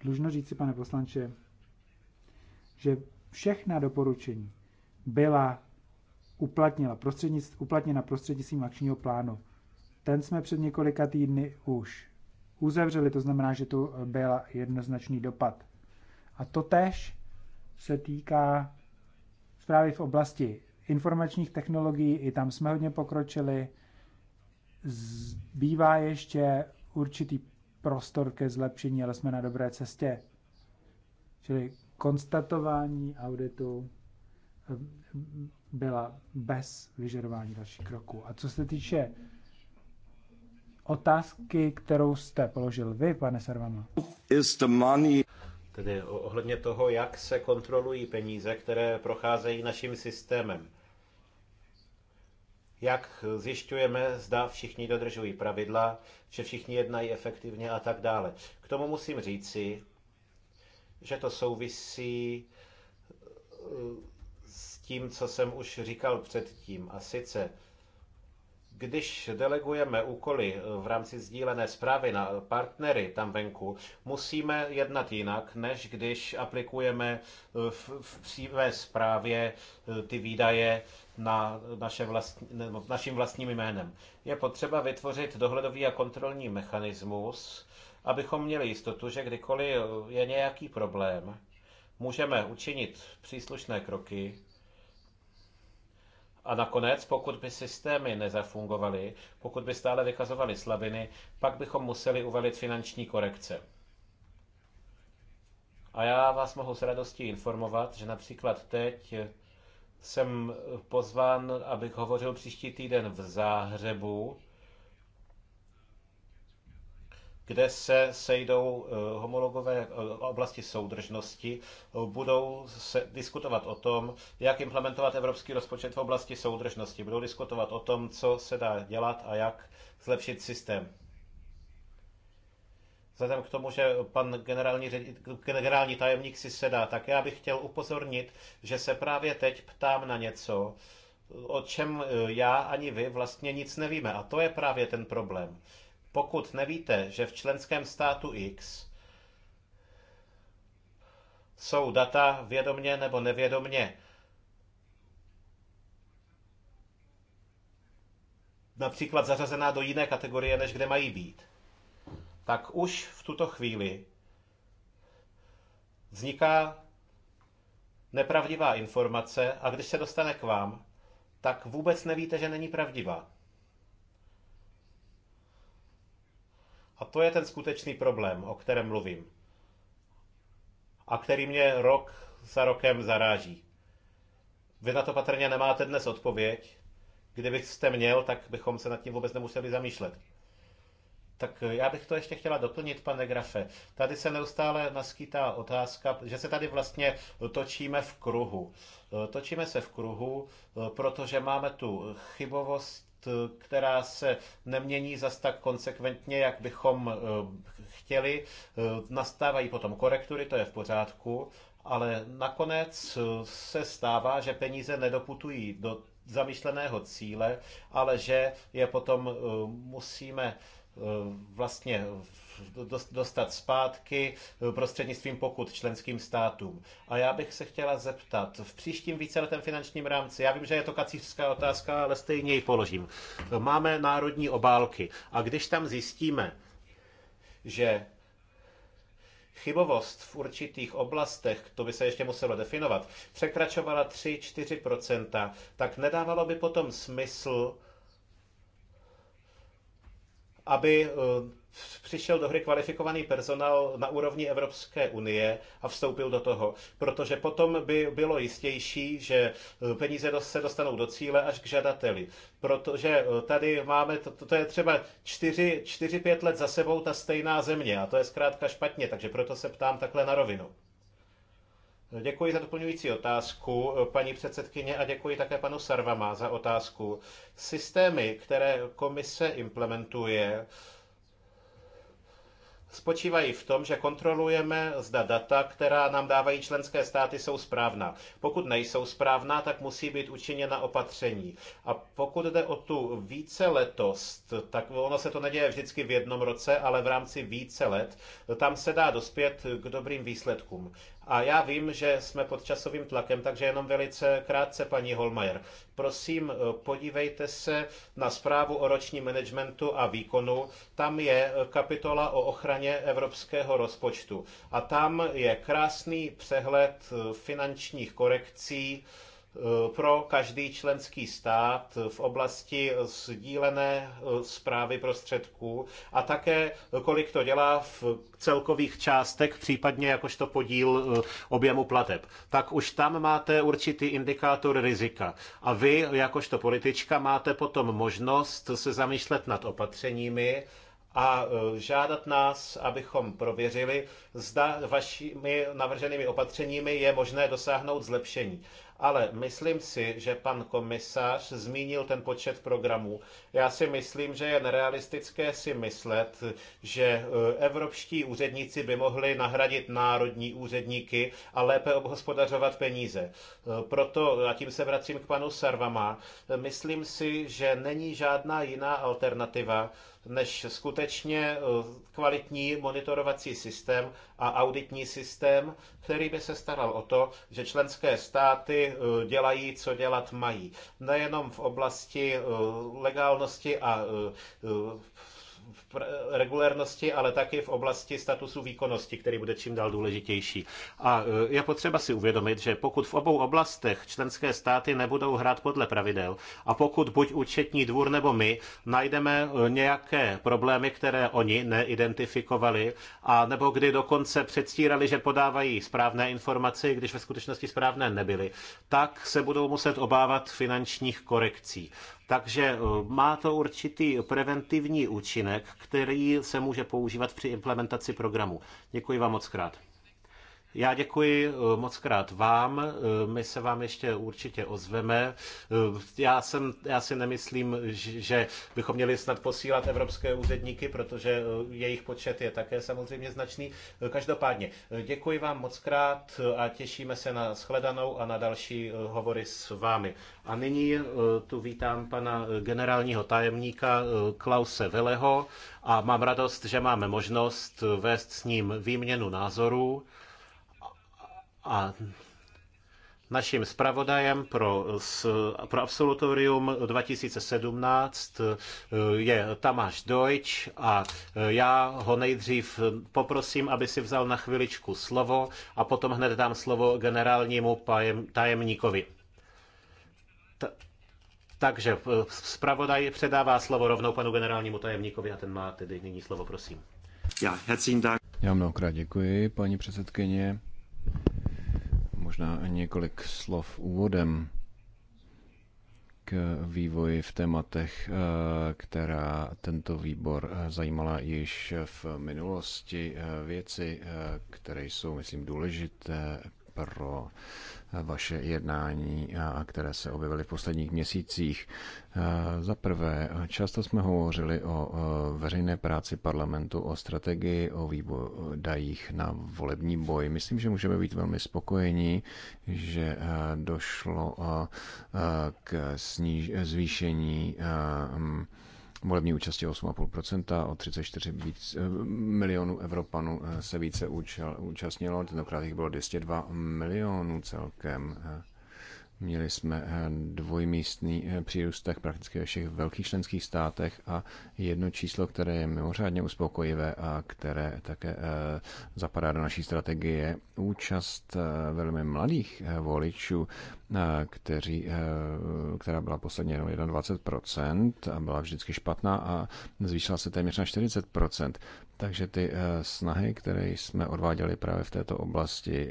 Dlužno si, pane poslanče, že všechna doporučení byla uplatnila prostřednic, uplatněna prostřednictvím akčního plánu. Ten jsme před několika týdny už uzavřeli, to znamená, že tu eh, byl jednoznačný dopad. A to tež se týká zprávy v oblasti informačních technologií, i tam jsme hodně pokročili. Zbývá ještě určitý prostor ke zlepšení, ale jsme na dobré cestě. Čili konstatování auditu byla bez vyžadování dalších kroků. A co se týče otázky, kterou jste položil vy, pane Servama. Is the money... Tedy ohledně toho, jak se kontrolují peníze, které procházejí naším systémem. Jak zjišťujeme, zda všichni dodržují pravidla, že všichni jednají efektivně a tak dále. K tomu musím říci, že to souvisí tím, co jsem už říkal předtím. A sice, když delegujeme úkoly eh, v rámci sdílené zprávy na partnery tam venku, musíme jednat jinak, než když aplikujeme eh, v, v přímé zprávě eh, ty výdaje na naše vlastní, no, naším vlastním jménem. Je potřeba vytvořit dohledový a kontrolní mechanismus, abychom měli jistotu, že kdykoliv je nějaký problém, můžeme učinit příslušné kroky a nakonec, pokud by systémy nezafungovaly, pokud by stále vykazovaly slabiny, pak bychom museli uvalit finanční korekce. A já vás mohu s radostí informovat, že například teď jsem pozván, abych hovořil příští týden v Záhřebu kde se sejdou eh, homologové eh, oblasti soudržnosti, eh, budou se diskutovat o tom, jak implementovat evropský rozpočet v oblasti soudržnosti. Budou diskutovat o tom, co se dá dělat a jak zlepšit systém. Vzhledem k tomu, že pan generální, generální tajemník si sedá, tak já bych chtěl upozornit, že se právě teď ptám na něco, o čem já ani vy vlastně nic nevíme. A to je právě ten problém. Pokud nevíte, že v členském státu X jsou data vědomně nebo nevědomně například zařazená do jiné kategorie, než kde mají být, tak už v tuto chvíli vzniká nepravdivá informace a když se dostane k vám, tak vůbec nevíte, že není pravdivá. A to je ten skutečný problém, o kterém mluvím. A který mě rok za rokem zaráží. Vy na to patrně nemáte dnes odpověď. Kdybyste měl, tak bychom se nad tím vůbec nemuseli zamýšlet. Tak já bych to ještě chtěla doplnit, pane Grafe. Tady se neustále naskýtá otázka, že se tady vlastně točíme v kruhu. Točíme se v kruhu, protože máme tu chybovost která se nemění zas tak konsekventně, jak bychom eh, chtěli. Eh, nastávají potom korektury, to je v pořádku, ale nakonec eh, se stává, že peníze nedoputují do zamýšleného cíle, ale že je potom musíme vlastně dostat zpátky prostřednictvím pokud členským státům. A já bych se chtěla zeptat, v příštím víceletém finančním rámci, já vím, že je to kacířská otázka, ale stejně ji položím. Máme národní obálky a když tam zjistíme, že chybovost v určitých oblastech, to by se ještě muselo definovat, překračovala 3-4%, tak nedávalo by potom smysl, aby eh, přišel do hry kvalifikovaný personál na úrovni Evropské unie a vstoupil do toho, protože potom by bylo jistější, že eh, peníze se dostanou do cíle až k žadateli. Protože eh, tady máme, to, to je třeba 4-5 let za sebou ta stejná země a to je zkrátka špatně, takže proto se ptám takhle na rovinu. Eh, děkuji za doplňující otázku, paní předsedkyně, a děkuji také panu Sarvama za otázku. Systémy, které komise implementuje, spočívají v tom, že kontrolujeme, zda data, která nám dávají členské státy, jsou správná. Pokud nejsou správná, tak musí být učiněna opatření. A pokud jde o tu víceletost, tak ono se to neděje vždycky v jednom roce, ale v rámci více let, tam se dá dospět k dobrým výsledkům. A já vím, že jsme pod časovým tlakem, takže jenom velice krátce, paní Holmajer. Prosím, eh, podívejte se na zprávu o ročním managementu a výkonu. Tam je eh, kapitola o ochraně evropského rozpočtu. A tam je krásný přehled eh, finančních korekcí, Eh, pro každý členský stát v oblasti sdílené zprávy eh, prostředků a také eh, kolik to dělá v celkových částek, případně jakožto podíl objemu plateb. Tak už tam máte určitý indikátor rizika. A vy, jakožto politička, máte potom možnost se zamýšlet nad opatřeními, a žádat nás, abychom prověřili, zda vašimi navrženými opatřeními je možné dosáhnout zlepšení ale myslím si, že pan komisař zmínil ten počet programů. Já si myslím, že je nerealistické si myslet, že e, evropští úředníci by mohli nahradit národní úředníky a lépe obhospodařovat peníze. E, proto, a tím se vracím k panu Sarvama, e, myslím si, že není žádná jiná alternativa, než skutečně eh, kvalitní monitorovací systém a auditní systém, který by se staral o to, že členské státy eh, dělají, co dělat mají. Nejenom v oblasti eh, legálnosti a v regulérnosti, ale taky v oblasti statusu výkonnosti, který bude čím dál důležitější. A e, je potřeba si uvědomit, že pokud v obou oblastech členské státy nebudou hrát podle pravidel a pokud buď účetní dvůr nebo my najdeme e, nějaké problémy, které oni neidentifikovali, a nebo kdy dokonce předstírali, že podávají správné informace, když ve skutečnosti správné nebyly, tak se budou muset obávat finančních korekcí. Takže eh, má to určitý preventivní účinek, který se může používat při implementaci programu. Děkuji vám moc krát. Já děkuji eh, moc krát vám, eh, my se vám ještě určitě ozveme. Eh, já, jsem, já si nemyslím, že bychom měli snad posílat evropské úředníky, protože jejich počet je také samozřejmě značný. Každopádně děkuji vám moc krát a těšíme se na shledanou a na další hovory s vámi. A nyní tu vítám pana generálního tajemníka Klause Veleho a mám radost, že máme možnost vést s ním výměnu názorů. A Naším zpravodajem pro, pro absolutorium 2017 eh, je Tamáš Dojč a eh, já ho nejdřív poprosím, aby si vzal na chviličku slovo a potom hned dám slovo generálnímu tajemníkovi. Ta, takže eh, zpravodaj předává slovo rovnou panu generálnímu tajemníkovi a ten má tedy nyní slovo, prosím. Já, herzlichen Dank. Já mnohokrát děkuji, paní předsedkyně. Možná několik slov úvodem k vývoji v tématech, eh, která tento výbor eh, zajímala již v minulosti. Eh, věci, které jsou, myslím, důležité pro vaše jednání, které se objevily v posledních měsících. Za prvé, často jsme hovořili o veřejné práci parlamentu, o strategii, o výdajích na volební boj. Myslím, že můžeme být velmi spokojeni, že došlo k sníž, zvýšení volební účasti 8,5%, o 34 víc, eh, milionů Evropanů eh, se více účel, účastnilo, tentokrát jich bylo 202 milionů celkem. Eh. Měli jsme eh, dvojmístný eh, přírůstek prakticky ve všech velkých členských státech a jedno číslo, které je mimořádně uspokojivé a které také eh, zapadá do naší strategie, účast velmi mladých voličů, kteří, která byla posledně jenom 21% a byla vždycky špatná a zvýšila se téměř na 40%. Takže ty snahy, které jsme odváděli právě v této oblasti,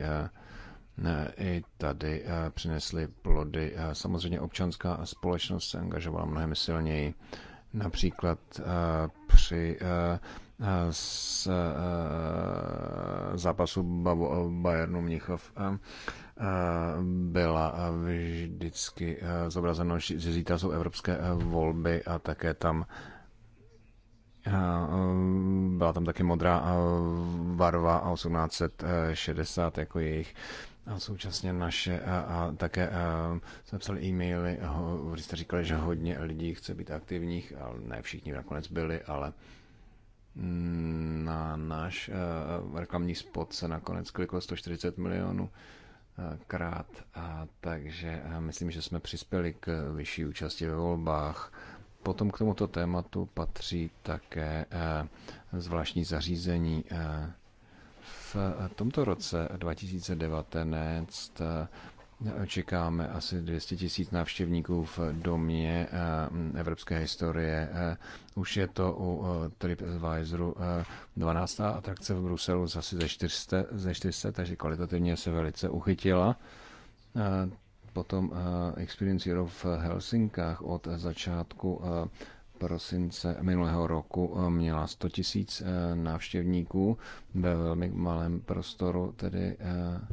i tady eh, přinesly plody. Eh, samozřejmě občanská společnost se angažovala mnohem silněji, například eh, při z zápasu Bayernu Mnichov byla vždycky zobrazena, že zítra jsou evropské volby a také tam byla tam taky modrá barva a 1860 jako jejich a současně naše a, a také a, jsme psali e-maily, vy jste říkali, že hodně lidí chce být aktivních, ale ne všichni nakonec byli, ale na náš reklamní spot se nakonec kliklo 140 milionů krát, a takže a myslím, že jsme přispěli k vyšší účasti ve volbách. Potom k tomuto tématu patří také zvláštní zařízení v tomto roce 2019 eh, Čekáme asi 200 tisíc návštěvníků v domě eh, evropské historie. Eh, už je to u TripAdvisoru 12. atrakce v Bruselu zase ze 400, ze 400 takže kvalitativně se velice uchytila. Potom Experience Europe v Helsinkách od začátku prosince minulého roku eh, měla 100 tisíc eh, návštěvníků ve velmi malém prostoru, tedy eh,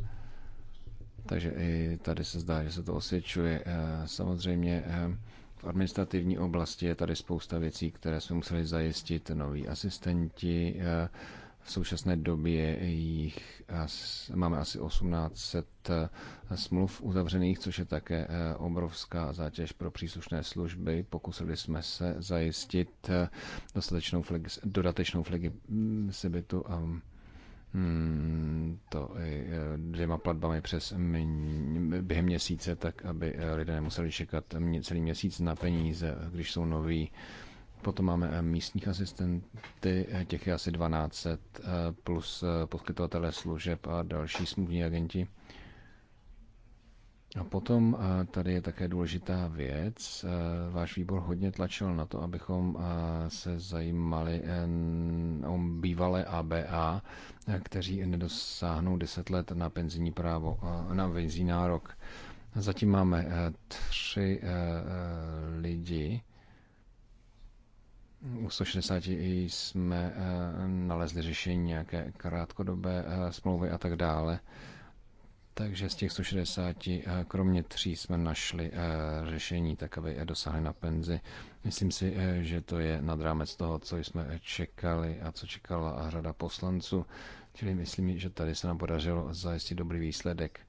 takže i tady se zdá, že se to osvědčuje. Samozřejmě v administrativní oblasti je tady spousta věcí, které jsme museli zajistit, noví asistenti, v současné době jich asi, máme asi 1800 eh, smluv uzavřených, což je také eh, obrovská zátěž pro příslušné služby. Pokusili jsme se zajistit eh, dostatečnou flex, dodatečnou flexibilitu mm, a Hmm, to i dvěma platbami přes během měsíce, tak aby lidé nemuseli čekat celý měsíc na peníze, když jsou noví Potom máme eh, místních asistenty, eh, těch je asi 1200, eh, plus poskytovatele služeb a další smluvní agenti. A potom tady je také důležitá věc. Váš výbor hodně tlačil na to, abychom se zajímali o bývalé ABA, kteří nedosáhnou 10 let na penzijní právo, na penzijní nárok. Zatím máme tři lidi, u 160 jsme eh, nalezli řešení nějaké krátkodobé eh, smlouvy a tak dále. Takže z těch 160, eh, kromě tří, jsme našli řešení, tak aby dosáhli na penzi. Myslím si, že to je nad rámec toho, co jsme čekali a co čekala řada poslanců. Čili myslím, že tady se nám podařilo zajistit dobrý výsledek.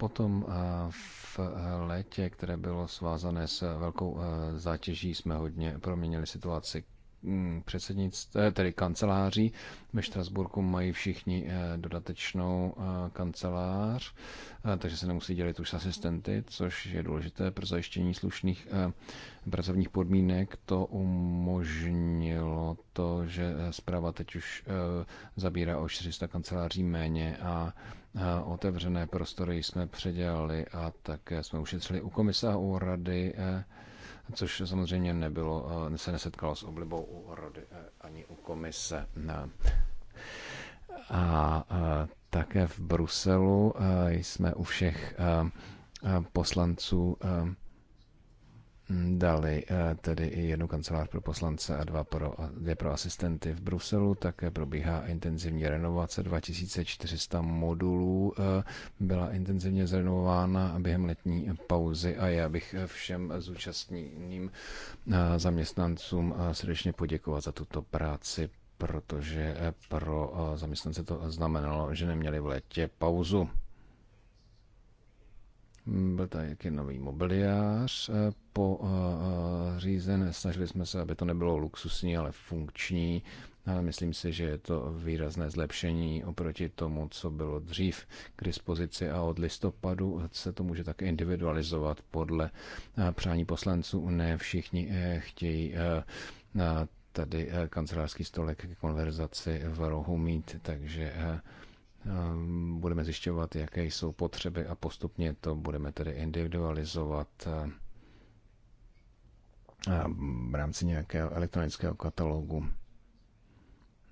Potom eh, v eh, létě, které bylo svázané s velkou eh, zátěží, jsme hodně proměnili situaci mm, předsednictví, tedy kanceláří. Ve Štrasburku mají všichni dodatečnou kancelář, takže se nemusí dělit už s asistenty, což je důležité pro zajištění slušných pracovních podmínek. To umožnilo to, že zpráva teď už zabírá o 400 kanceláří méně a Eh, otevřené prostory jsme předělali a také jsme ušetřili u komisa u rady, eh, což samozřejmě nebylo, eh, se nesetkalo s oblibou u rady ani u komise. A také v Bruselu jsme u všech poslanců dali eh, tedy i jednu kancelář pro poslance a dva pro, dvě pro asistenty v Bruselu. Také probíhá intenzivní renovace 2400 modulů. Eh, byla intenzivně zrenovována během letní pauzy a já bych eh, všem zúčastněným zaměstnancům srdečně poděkovat za tuto práci protože pro zaměstnance to znamenalo, že neměli v létě pauzu. Byl tady jaký nový mobiliář eh, pořízen. Eh, eh, Snažili jsme se, aby to nebylo luxusní, ale funkční. Ale myslím si, že je to výrazné zlepšení oproti tomu, co bylo dřív k dispozici a od listopadu se to může také individualizovat podle přání poslanců. Ne všichni chtějí tady kancelářský stolek k konverzaci v rohu mít, takže Ehm, budeme zjišťovat, jaké jsou potřeby a postupně to budeme tedy individualizovat eh, ehm, v rámci nějakého elektronického katalogu.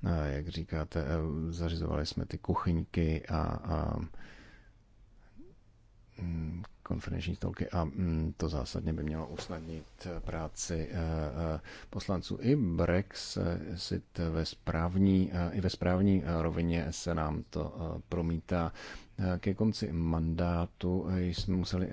A jak říkáte, eh, zařizovali jsme ty kuchyňky a, a mm, konferenční stolky a mm, to zásadně by mělo usnadnit eh, práci eh, eh, poslanců. I Brexit ve správní, i ve správní rovině se nám to promítá. Ke konci mandátu jsme museli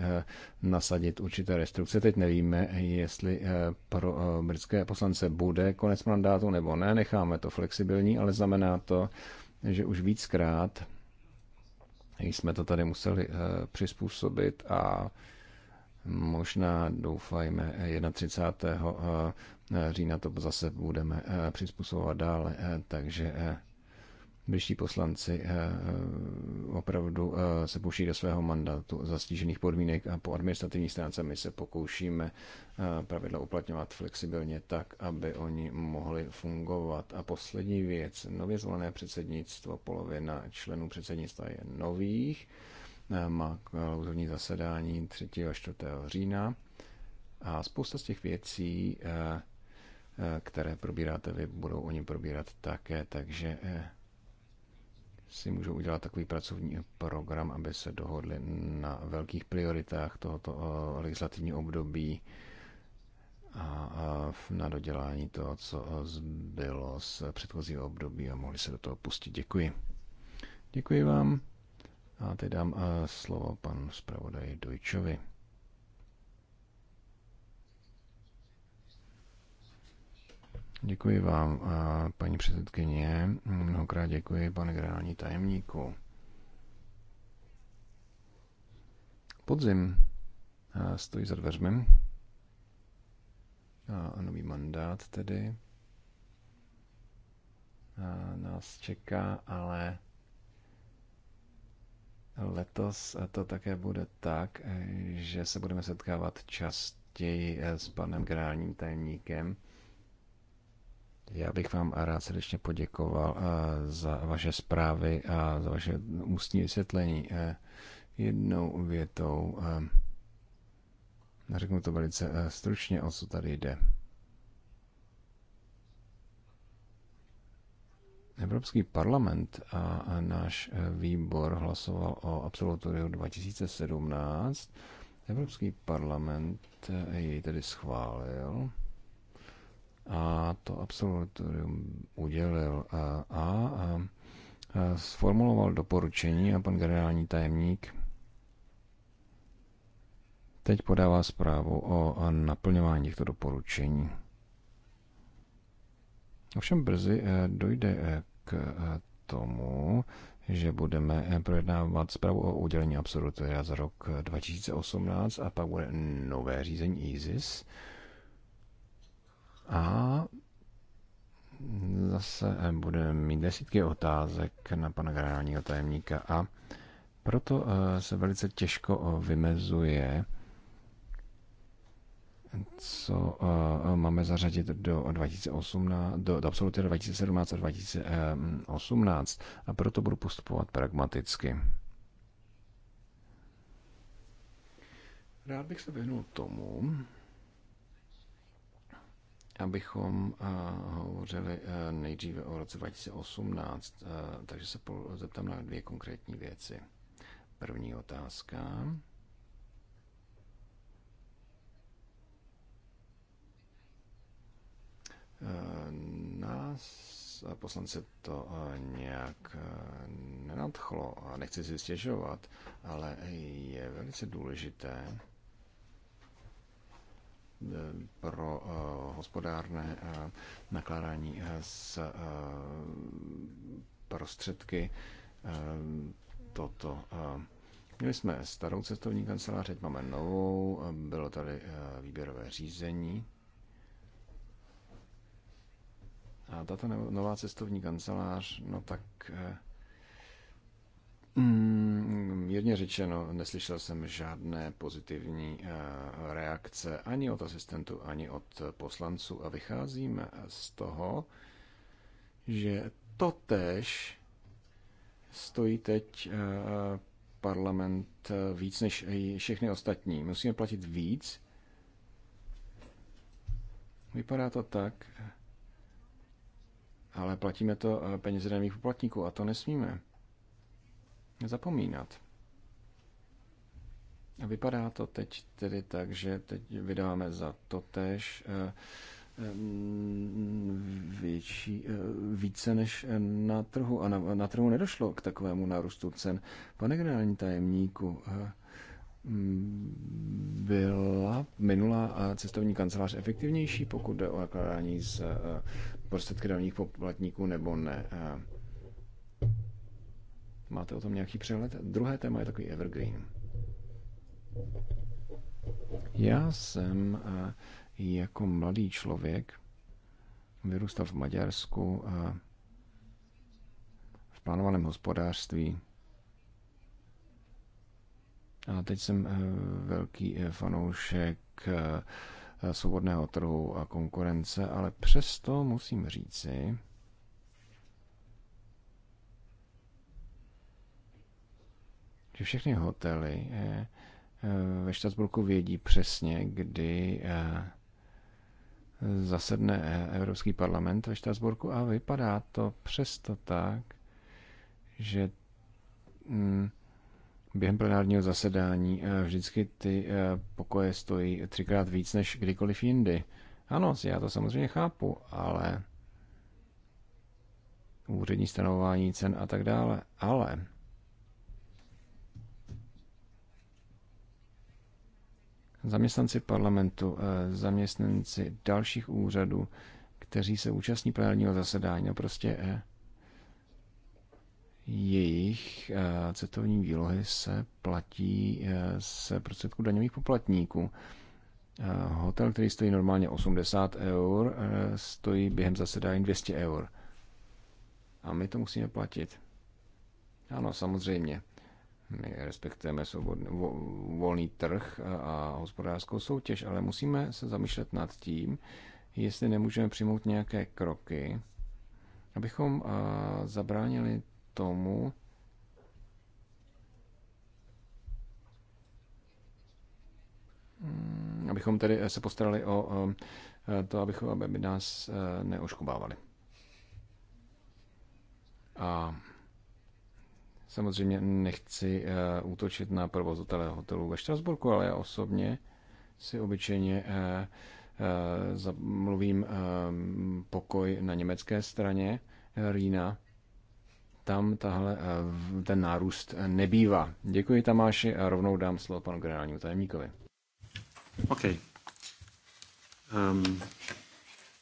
nasadit určité restrikce. Teď nevíme, jestli pro britské poslance bude konec mandátu nebo ne. Necháme to flexibilní, ale znamená to, že už víckrát jsme to tady museli eh, přizpůsobit a možná doufajme eh, 31. Eh, října to zase budeme přizpůsobovat dále, takže bližší poslanci eh, eh, opravdu eh, se pouští do svého mandátu za stížených podmínek a po administrativní stránce my se pokoušíme pravidla uplatňovat flexibilně tak, aby oni mohli fungovat. A poslední věc, nově zvolené předsednictvo, polovina členů předsednictva je nových, má klauzovní zasedání 3. a 4. října a spousta z těch věcí, které probíráte vy, budou oni probírat také, takže si můžou udělat takový pracovní program, aby se dohodli na velkých prioritách tohoto eh, legislativního období a na dodělání toho, co eh, zbylo z předchozího období a mohli se do toho pustit. Děkuji. Děkuji vám. A teď dám eh, slovo panu zpravodaji Dojčovi. Děkuji vám, paní předsedkyně. Mnohokrát děkuji, pane generální tajemníku. Podzim stojí za dveřmi. A nový mandát tedy a nás čeká, ale letos to také bude tak, e, že se budeme setkávat častěji e, s panem generálním tajemníkem já bych vám rád srdečně poděkoval eh, za vaše zprávy a za vaše ústní vysvětlení. Eh, jednou větou, eh, řeknu to velice stručně, o co tady jde. Evropský parlament a náš výbor hlasoval o absolutoriu 2017. Evropský parlament jej tedy schválil a to absolutorium udělil a, a, a sformuloval doporučení a pan generální tajemník teď podává zprávu o naplňování těchto doporučení. Ovšem brzy eh, dojde eh, k eh, tomu, že budeme projednávat zprávu o udělení absolutoria za rok 2018 a pak bude nové řízení ISIS a zase eh, bude mít desítky otázek na pana generálního tajemníka a proto eh, se velice těžko eh, vymezuje, co máme zařadit do 2018, do, do absoluty 2017 a 2018 a proto budu postupovat pragmaticky. Rád bych se vyhnul tomu, abychom eh, hovořili eh, nejdříve o roce 2018, eh, takže se zeptám na dvě konkrétní věci. První otázka. Nás poslance to nějak nenadchlo a nechci si stěžovat, ale je velice důležité, Eh, pro eh, hospodárné eh, nakládání s prostředky toto. Měli jsme starou cestovní kancelář, teď máme novou, bylo tady výběrové řízení. A tato nová cestovní kancelář, no tak Mm, mírně řečeno, neslyšel jsem žádné pozitivní eh, reakce ani od asistentů, ani od poslanců a vycházím z toho, že totež stojí teď eh, parlament eh, víc než všechny ostatní. Musíme platit víc. Vypadá to tak, ale platíme to peníze daných poplatníků a to nesmíme zapomínat. A vypadá to teď tedy tak, že teď vydáme za to tež eh, eh, větší, eh, více než na trhu. A na, na trhu nedošlo k takovému nárůstu cen. Pane generální tajemníku, mm, byla minulá cestovní kancelář efektivnější, pokud jde o nakládání z prostředky daných poplatníků nebo ne? Máte o tom nějaký přehled? Druhé téma je takový evergreen. Já jsem eh, jako mladý člověk vyrůstal v Maďarsku eh, v plánovaném hospodářství. A teď jsem eh, velký fanoušek svobodného trhu a konkurence, ale přesto musím říci, že všechny hotely eh, eh, ve Štatsburku vědí přesně, kdy eh, zasedne Evropský parlament ve Štatsburku a vypadá to přesto tak, že hm, během plenárního zasedání vždycky ty pokoje stojí třikrát víc než kdykoliv jindy. Ano, já to samozřejmě chápu, ale úřední stanovování cen a tak dále. Ale zaměstnanci parlamentu, eh, zaměstnanci dalších úřadů, kteří se účastní plenárního zasedání, no prostě eh, jejich eh, cetovní výlohy se platí z prostředků daňových poplatníků. Hotel, který stojí normálně 80 eur, stojí během zasedání 200 eur. A my to musíme platit. Ano, samozřejmě. My respektujeme svobodný, vo, volný trh a hospodářskou soutěž, ale musíme se zamýšlet nad tím, jestli nemůžeme přijmout nějaké kroky, abychom zabránili tomu, mm, abychom tedy se postarali o to, abychom, aby nás e, neoškubávali. A Samozřejmě nechci uh, útočit na provozitele hotelu ve Štrasburku, ale já osobně si obyčejně uh, uh, zamluvím uh, pokoj na německé straně Rýna. Tam tahle, uh, ten nárůst nebývá. Děkuji Tamáši a rovnou dám slovo panu generálnímu tajemníkovi. OK. Um,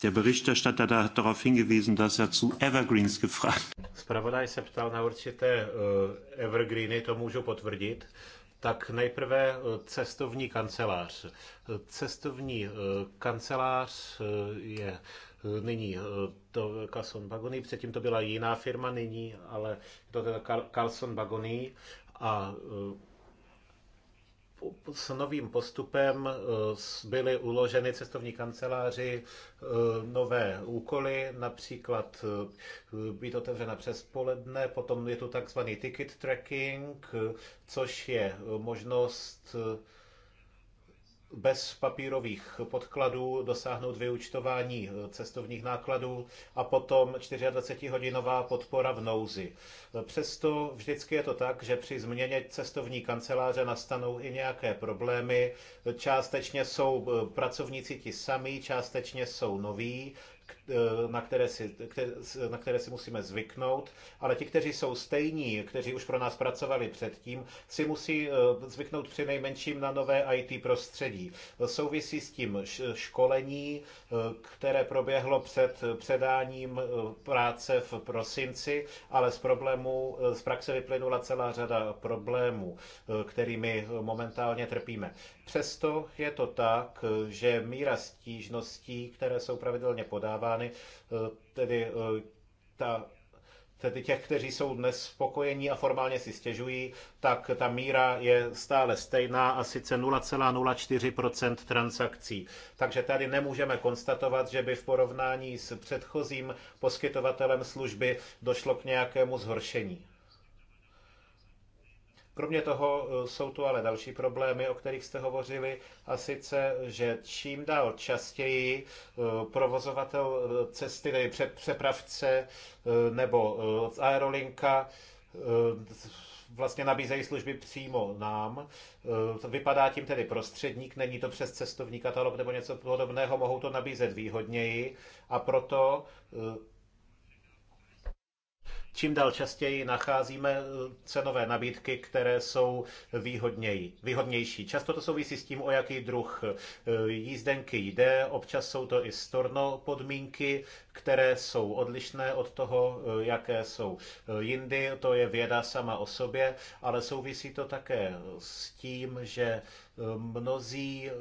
Der Berichterstatter da hat darauf hingewiesen, dass er zu Evergreens gefragt. Spravodaj se ptal na určité uh, Evergreeny, to můžu potvrdit. Tak nejprve uh, cestovní kancelář. Cestovní uh, kancelář uh, je nyní to Carlson Bagony, předtím to byla jiná firma nyní, ale to je Carlson Bagony a uh, s novým postupem eh, byly uloženy cestovní kanceláři eh, nové úkoly, například eh, být otevřena přes poledne, potom je tu takzvaný ticket tracking, což je možnost bez papírových podkladů dosáhnout vyučtování eh, cestovních nákladů a potom 24-hodinová podpora v nouzi. Eh, přesto vždycky je to tak, že při změně cestovní kanceláře nastanou i nějaké problémy. Eh, částečně jsou pracovníci ti samí, částečně jsou noví Eh, na které, si, na které si musíme zvyknout, ale ti, kteří jsou stejní, kteří už pro nás pracovali předtím, si musí eh, zvyknout při nejmenším na nové IT prostředí. Souvisí s tím školení, eh, které proběhlo před předáním práce v prosinci, ale z, problémů, z praxe vyplynula celá řada problémů, kterými momentálně trpíme. Přesto je to tak, že míra stížností, které jsou pravidelně podávány, eh, tedy eh, ta tedy těch, kteří jsou dnes spokojení a formálně si stěžují, tak ta míra je stále stejná a sice 0,04 transakcí. Takže tady nemůžeme konstatovat, že by v porovnání s předchozím poskytovatelem služby došlo k nějakému zhoršení. Kromě toho e, jsou tu ale další problémy, o kterých jste hovořili, a sice, že čím dál častěji e, provozovatel e, cesty, tedy přepravce nebo aerolinka vlastně nabízejí služby přímo nám. Vypadá tím tedy prostředník, není to přes cestovní katalog nebo něco podobného, mohou to nabízet výhodněji a proto čím dál častěji nacházíme eh, cenové nabídky, které jsou výhodněji, výhodnější. Často to souvisí s tím, o jaký druh eh, jízdenky jde, občas jsou to i storno podmínky, které jsou odlišné od toho, eh, jaké jsou jindy. To je věda sama o sobě, ale souvisí to také s tím, že mnozí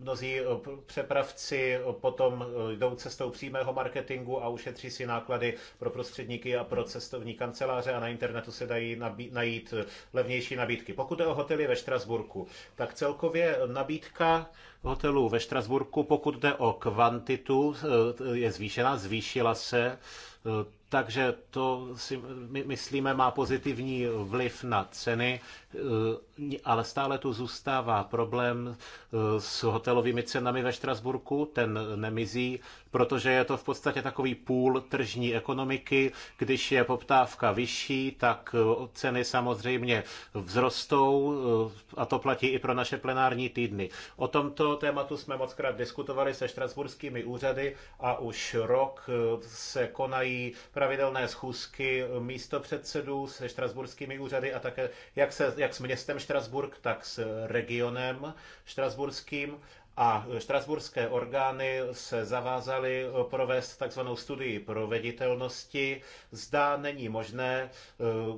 Mnozí eh, přepravci eh, potom eh, jdou cestou přímého marketingu a ušetří si náklady pro prostředníky a pro cestovní kanceláře a na internetu se dají najít levnější nabídky. Pokud jde o hotely ve Štrasburku, tak celkově nabídka hotelů ve Štrasburku, pokud jde o kvantitu, je zvýšená, zvýšila se takže to si my myslíme má pozitivní vliv na ceny, e, ale stále tu zůstává problém e, s hotelovými cenami ve Štrasburku, ten nemizí, protože je to v podstatě takový půl tržní ekonomiky. Když je poptávka vyšší, tak e, ceny samozřejmě vzrostou a to platí i pro naše plenární týdny. O tomto tématu jsme mockrát diskutovali se štrasburskými úřady a už rok se konají právě pravidelné schůzky místopředsedů se štrasburskými úřady a také jak, se, jak s městem Štrasburg, tak s regionem štrasburským. A štrasburské orgány se zavázaly provést takzvanou studii proveditelnosti. Zda není možné eh,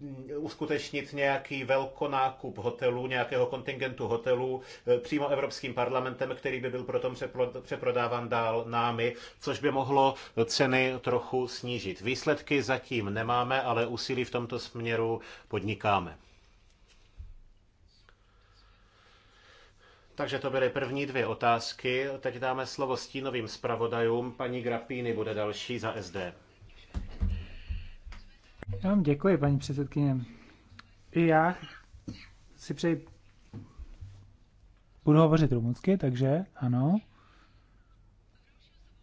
Mm, uskutečnit nějaký velkonákup hotelů, nějakého kontingentu hotelů eh, přímo Evropským parlamentem, který by byl potom přeprodáván dál námi, což by mohlo ceny trochu snížit. Výsledky zatím nemáme, ale úsilí v tomto směru podnikáme. Takže to byly první dvě otázky. Teď dáme slovo stínovým zpravodajům. Paní Grapíny bude další za SD. Já vám děkuji, paní předsedkyně. I já si přeji... Budu hovořit rumunsky, takže ano.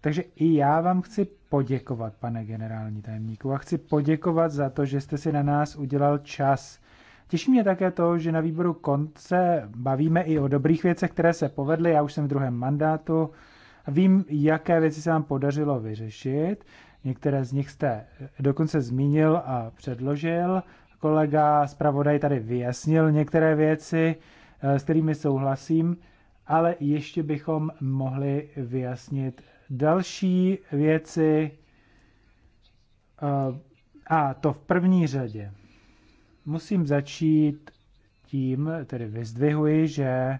Takže i já vám chci poděkovat, pane generální tajemníku, a chci poděkovat za to, že jste si na nás udělal čas. Těší mě také to, že na výboru konce bavíme i o dobrých věcech, které se povedly. Já už jsem v druhém mandátu. Vím, jaké věci se vám podařilo vyřešit Některé z nich jste dokonce zmínil a předložil. Kolega zpravodaj tady vyjasnil některé věci, eh, s kterými souhlasím, ale ještě bychom mohli vyjasnit další věci. Eh, a to v první řadě. Musím začít tím, tedy vyzdvihuji, že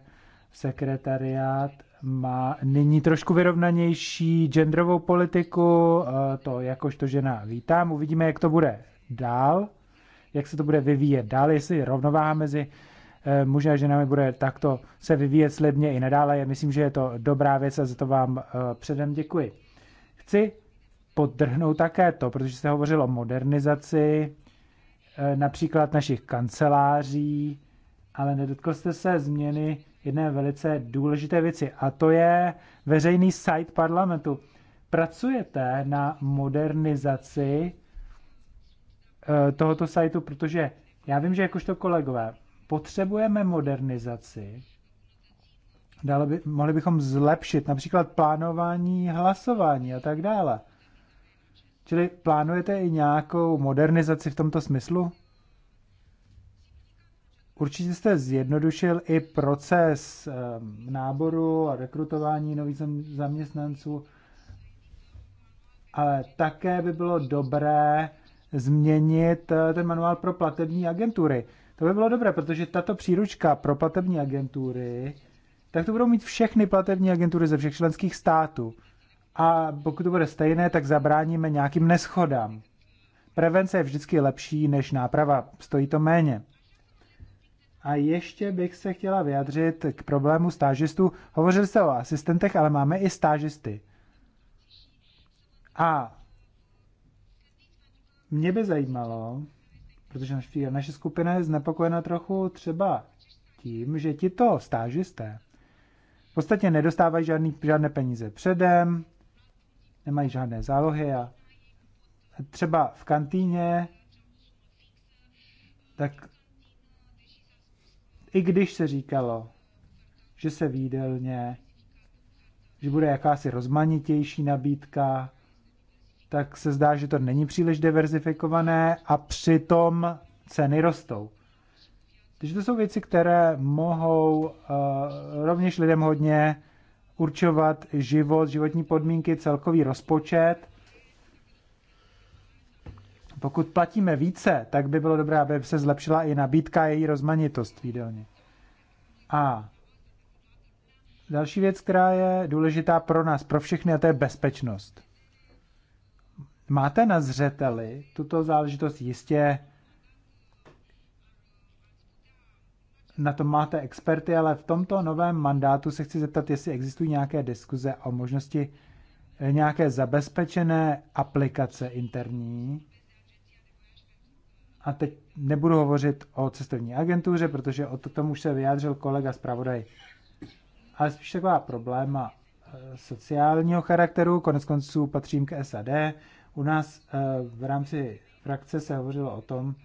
sekretariát má nyní trošku vyrovnanější genderovou politiku, eh, to jakožto žena vítám, uvidíme, jak to bude dál, jak se to bude vyvíjet dál, jestli rovnováha mezi eh, muži a ženami bude takto se vyvíjet slibně i nadále. Já myslím, že je to dobrá věc a za to vám eh, předem děkuji. Chci podtrhnout také to, protože jste hovořil o modernizaci například našich kanceláří, ale nedotkl jste se změny jedné velice důležité věci, a to je veřejný site parlamentu. Pracujete na modernizaci eh, tohoto sajtu, protože já vím, že jakožto kolegové, potřebujeme modernizaci, dále by, mohli bychom zlepšit například plánování hlasování a tak dále. Čili plánujete i nějakou modernizaci v tomto smyslu? Určitě jste zjednodušil i proces ehm, náboru a rekrutování nových zaměstnanců, ale také by bylo dobré změnit eh, ten manuál pro platební agentury. To by bylo dobré, protože tato příručka pro platební agentury, tak to budou mít všechny platební agentury ze všech členských států. A pokud to bude stejné, tak zabráníme nějakým neschodám. Prevence je vždycky lepší než náprava, stojí to méně. A ještě bych se chtěla vyjadřit k problému stážistů. Hovořili jste o asistentech, ale máme i stážisty. A mě by zajímalo, protože naše, naše skupina je znepokojena trochu třeba tím, že to stážisté v podstatě nedostávají žádný, žádné peníze předem, nemají žádné zálohy a třeba v kantýně, tak i když se říkalo, že se výdelně, že bude jakási rozmanitější nabídka, tak se zdá, že to není příliš diverzifikované a přitom ceny rostou. Takže to jsou věci, které mohou uh, rovněž lidem hodně určovat život, životní podmínky, celkový rozpočet pokud platíme více, tak by bylo dobré, aby se zlepšila i nabídka a její rozmanitost v jídelně. A další věc, která je důležitá pro nás, pro všechny, a to je bezpečnost. Máte na zřeteli tuto záležitost jistě na to máte experty, ale v tomto novém mandátu se chci zeptat, jestli existují nějaké diskuze o možnosti nějaké zabezpečené aplikace interní, a teď nebudu hovořit o cestovní agentuře, protože o to tomu už se vyjádřil kolega zpravodaj. Ale spíš taková probléma eh, sociálního charakteru, konec konců patřím k SAD. U nás eh, v rámci frakce se hovořilo o tom,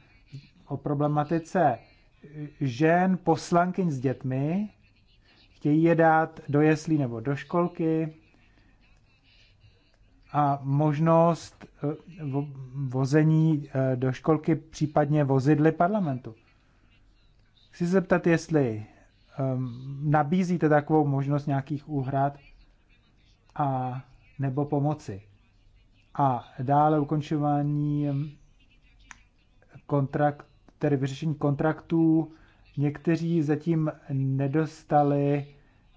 o problematice žen, poslankyň s dětmi, chtějí je dát do jeslí nebo do školky, a možnost eh, vození eh, do školky, případně vozidly parlamentu. Chci se zeptat, jestli ehm, nabízíte takovou možnost nějakých úhrad a nebo pomoci. A dále ukončování ehm, kontrakt, tedy vyřešení kontraktů. Někteří zatím nedostali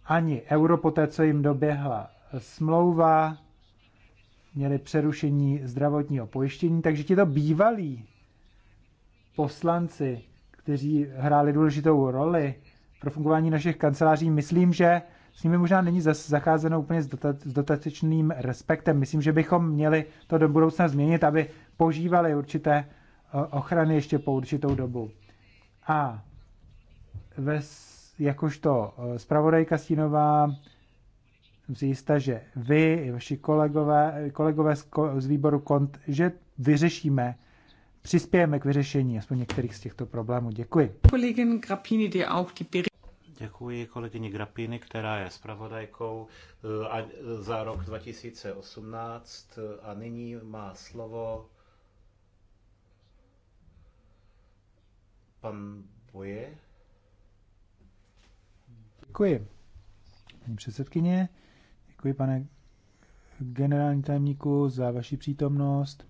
ani euro po té, co jim doběhla smlouva měli přerušení zdravotního pojištění, takže ti to bývalí poslanci, kteří hráli důležitou roli pro fungování našich kanceláří, myslím, že s nimi možná není zacházeno úplně s, dotat, s dotatečným respektem. Myslím, že bychom měli to do budoucna změnit, aby požívali určité eh, ochrany ještě po určitou dobu. A ve, jakožto eh, zpravodajka stínová jsem si jistá, že vy i vaši kolegové, kolegové z, z výboru KONT, že vyřešíme, přispějeme k vyřešení aspoň některých z těchto problémů. Děkuji. Děkuji kolegyni Grapini, která je zpravodajkou eh, eh, za rok 2018 eh, a nyní má slovo pan Boje. Děkuji, paní předsedkyně. Děkuji, pane generální tajemníku, za vaši přítomnost.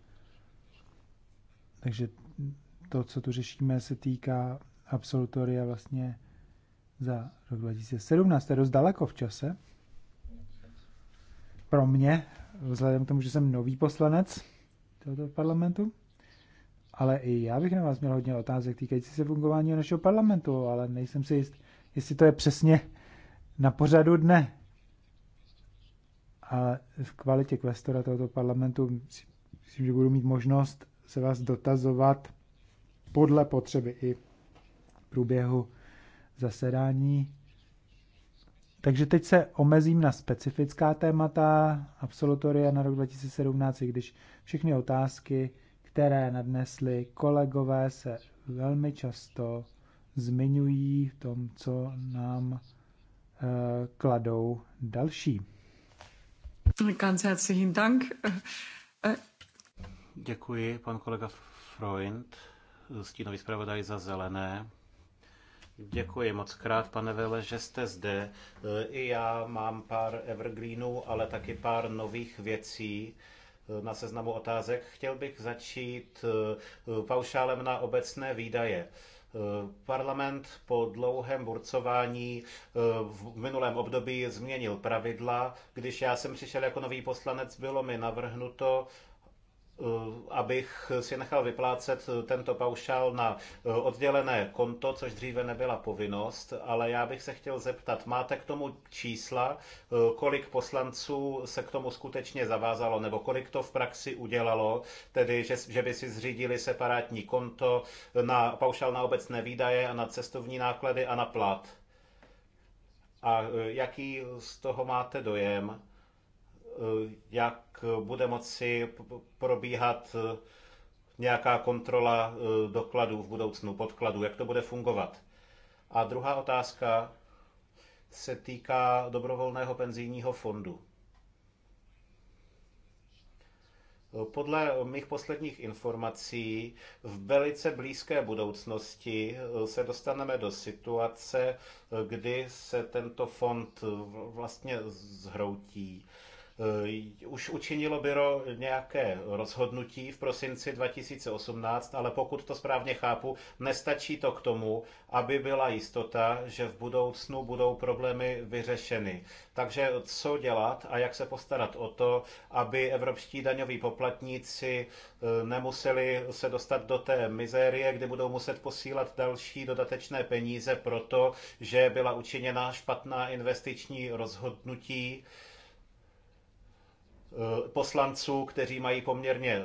Takže to, co tu řešíme, se týká absolutoria vlastně za rok 2017. To je dost daleko v čase. Pro mě, vzhledem k tomu, že jsem nový poslanec tohoto parlamentu. Ale i já bych na vás měl hodně otázek týkající se fungování našeho parlamentu, ale nejsem si jist, jestli to je přesně na pořadu dne. A v kvalitě kvestora tohoto parlamentu myslím, že budu mít možnost se vás dotazovat podle potřeby i v průběhu zasedání. Takže teď se omezím na specifická témata absolutoria na rok 2017, i když všechny otázky, které nadnesli kolegové, se velmi často zmiňují v tom, co nám e, kladou další. Ganz herzlichen Dank. Äh, äh, Děkuji, pan kolega Freund, stínový zpravodaj za zelené. Děkuji moc krát, pane Vele, že jste zde. I já mám pár evergreenů, ale taky pár nových věcí na seznamu otázek. Chtěl bych začít eh, paušálem na obecné výdaje. Eh, parlament po dlouhém burcování eh, v minulém období změnil pravidla. Když já jsem přišel jako nový poslanec, bylo mi navrhnuto, Eh, abych si nechal vyplácet eh, tento paušál na eh, oddělené konto, což dříve nebyla povinnost, ale já bych se chtěl zeptat, máte k tomu čísla, kolik poslanců se k tomu skutečně zavázalo, nebo kolik to v praxi udělalo, tedy že, že by si zřídili separátní konto na paušál na obecné výdaje a na cestovní náklady a na plat? A jaký z toho máte dojem? Eh, jak bude moci probíhat eh, nějaká kontrola eh, dokladů v budoucnu, podkladů, jak to bude fungovat. A druhá otázka se týká dobrovolného penzijního fondu. Podle mých posledních informací v velice blízké budoucnosti se dostaneme do situace, kdy se tento fond vlastně zhroutí Eh, už učinilo byro nějaké rozhodnutí v prosinci 2018, ale pokud to správně chápu, nestačí to k tomu, aby byla jistota, že v budoucnu budou problémy vyřešeny. Takže co dělat a jak se postarat o to, aby evropští daňoví poplatníci eh, nemuseli se dostat do té mizérie, kdy budou muset posílat další dodatečné peníze proto, že byla učiněna špatná investiční rozhodnutí, Eh, poslanců, kteří mají poměrně eh,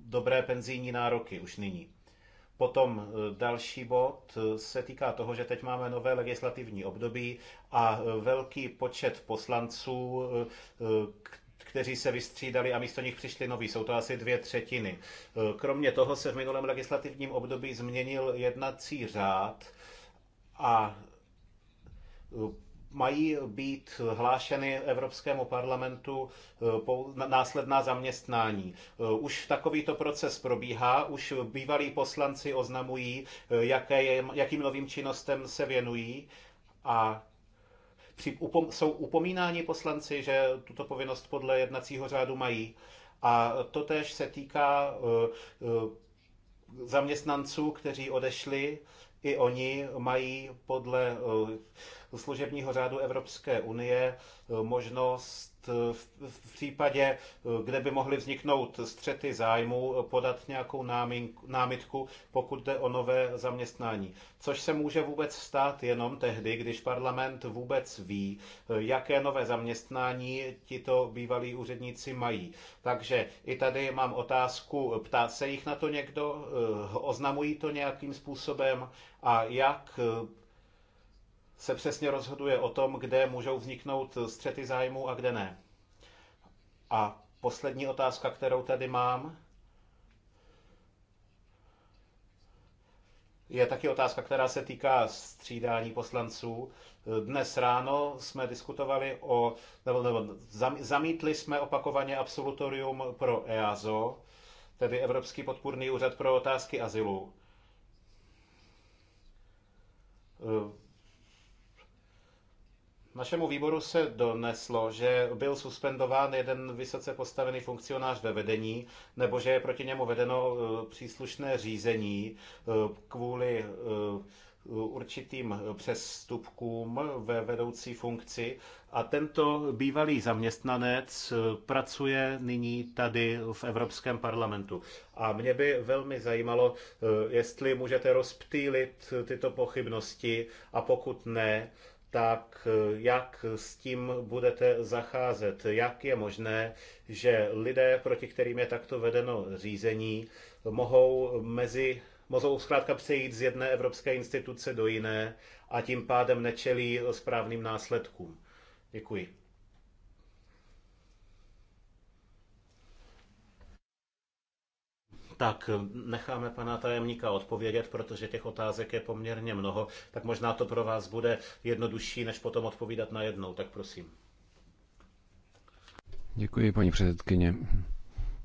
dobré penzijní nároky už nyní. Potom eh, další bod se týká toho, že teď máme nové legislativní období a velký počet poslanců, kteří se vystřídali a místo nich přišli noví. Jsou to asi dvě třetiny. Kromě toho se v minulém legislativním období změnil jednací řád a mají být hlášeny Evropskému parlamentu eh, následná zaměstnání. Eh, už takovýto proces probíhá, už bývalí poslanci oznamují, eh, jaké je, jakým novým činnostem se věnují a při, upom, jsou upomínáni poslanci, že tuto povinnost podle jednacího řádu mají. A to tež se týká zaměstnanců, kteří odešli, i oni mají podle služebního řádu Evropské unie e, možnost e, v případě, e, kde by mohly vzniknout střety zájmu, podat nějakou námitku, pokud jde o nové zaměstnání. Což se může vůbec stát jenom tehdy, když parlament vůbec ví, jaké nové zaměstnání tito bývalí úředníci mají. Takže i tady mám otázku, ptá se jich na to někdo, oznamují to nějakým způsobem a jak se přesně rozhoduje o tom, kde můžou vzniknout střety zájmů a kde ne. A poslední otázka, kterou tady mám, je taky otázka, která se týká střídání poslanců. Dnes ráno jsme diskutovali o, nebo, nebo zamítli jsme opakovaně absolutorium pro EASO, tedy Evropský podpůrný úřad pro otázky azylu. Našemu výboru se doneslo, že byl suspendován jeden vysoce postavený funkcionář ve vedení, nebo že je proti němu vedeno e, příslušné řízení e, kvůli e, určitým přestupkům ve vedoucí funkci a tento bývalý zaměstnanec pracuje nyní tady v Evropském parlamentu. A mě by velmi zajímalo, jestli můžete rozptýlit tyto pochybnosti a pokud ne, tak eh, jak s tím budete zacházet? Jak je možné, že lidé, proti kterým je takto vedeno řízení, mohou mezi mohou zkrátka přejít z jedné evropské instituce do jiné a tím pádem nečelí správným následkům. Děkuji. Tak necháme pana tajemníka odpovědět, protože těch otázek je poměrně mnoho, tak možná to pro vás bude jednodušší, než potom odpovídat na jednou. Tak prosím. Děkuji, paní předsedkyně.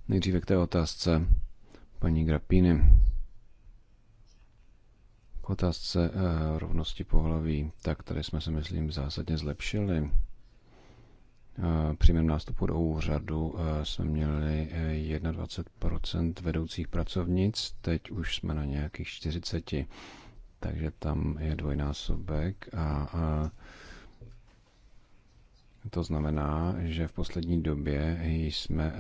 Nejdříve k té otázce paní Grapíny. K otázce eh, rovnosti pohlaví, tak tady jsme se, myslím, zásadně zlepšili. Eh, mém nástupu do úřadu eh, jsme měli 21% eh, vedoucích pracovnic, teď už jsme na nějakých 40, takže tam je dvojnásobek a to znamená, že v poslední době jsme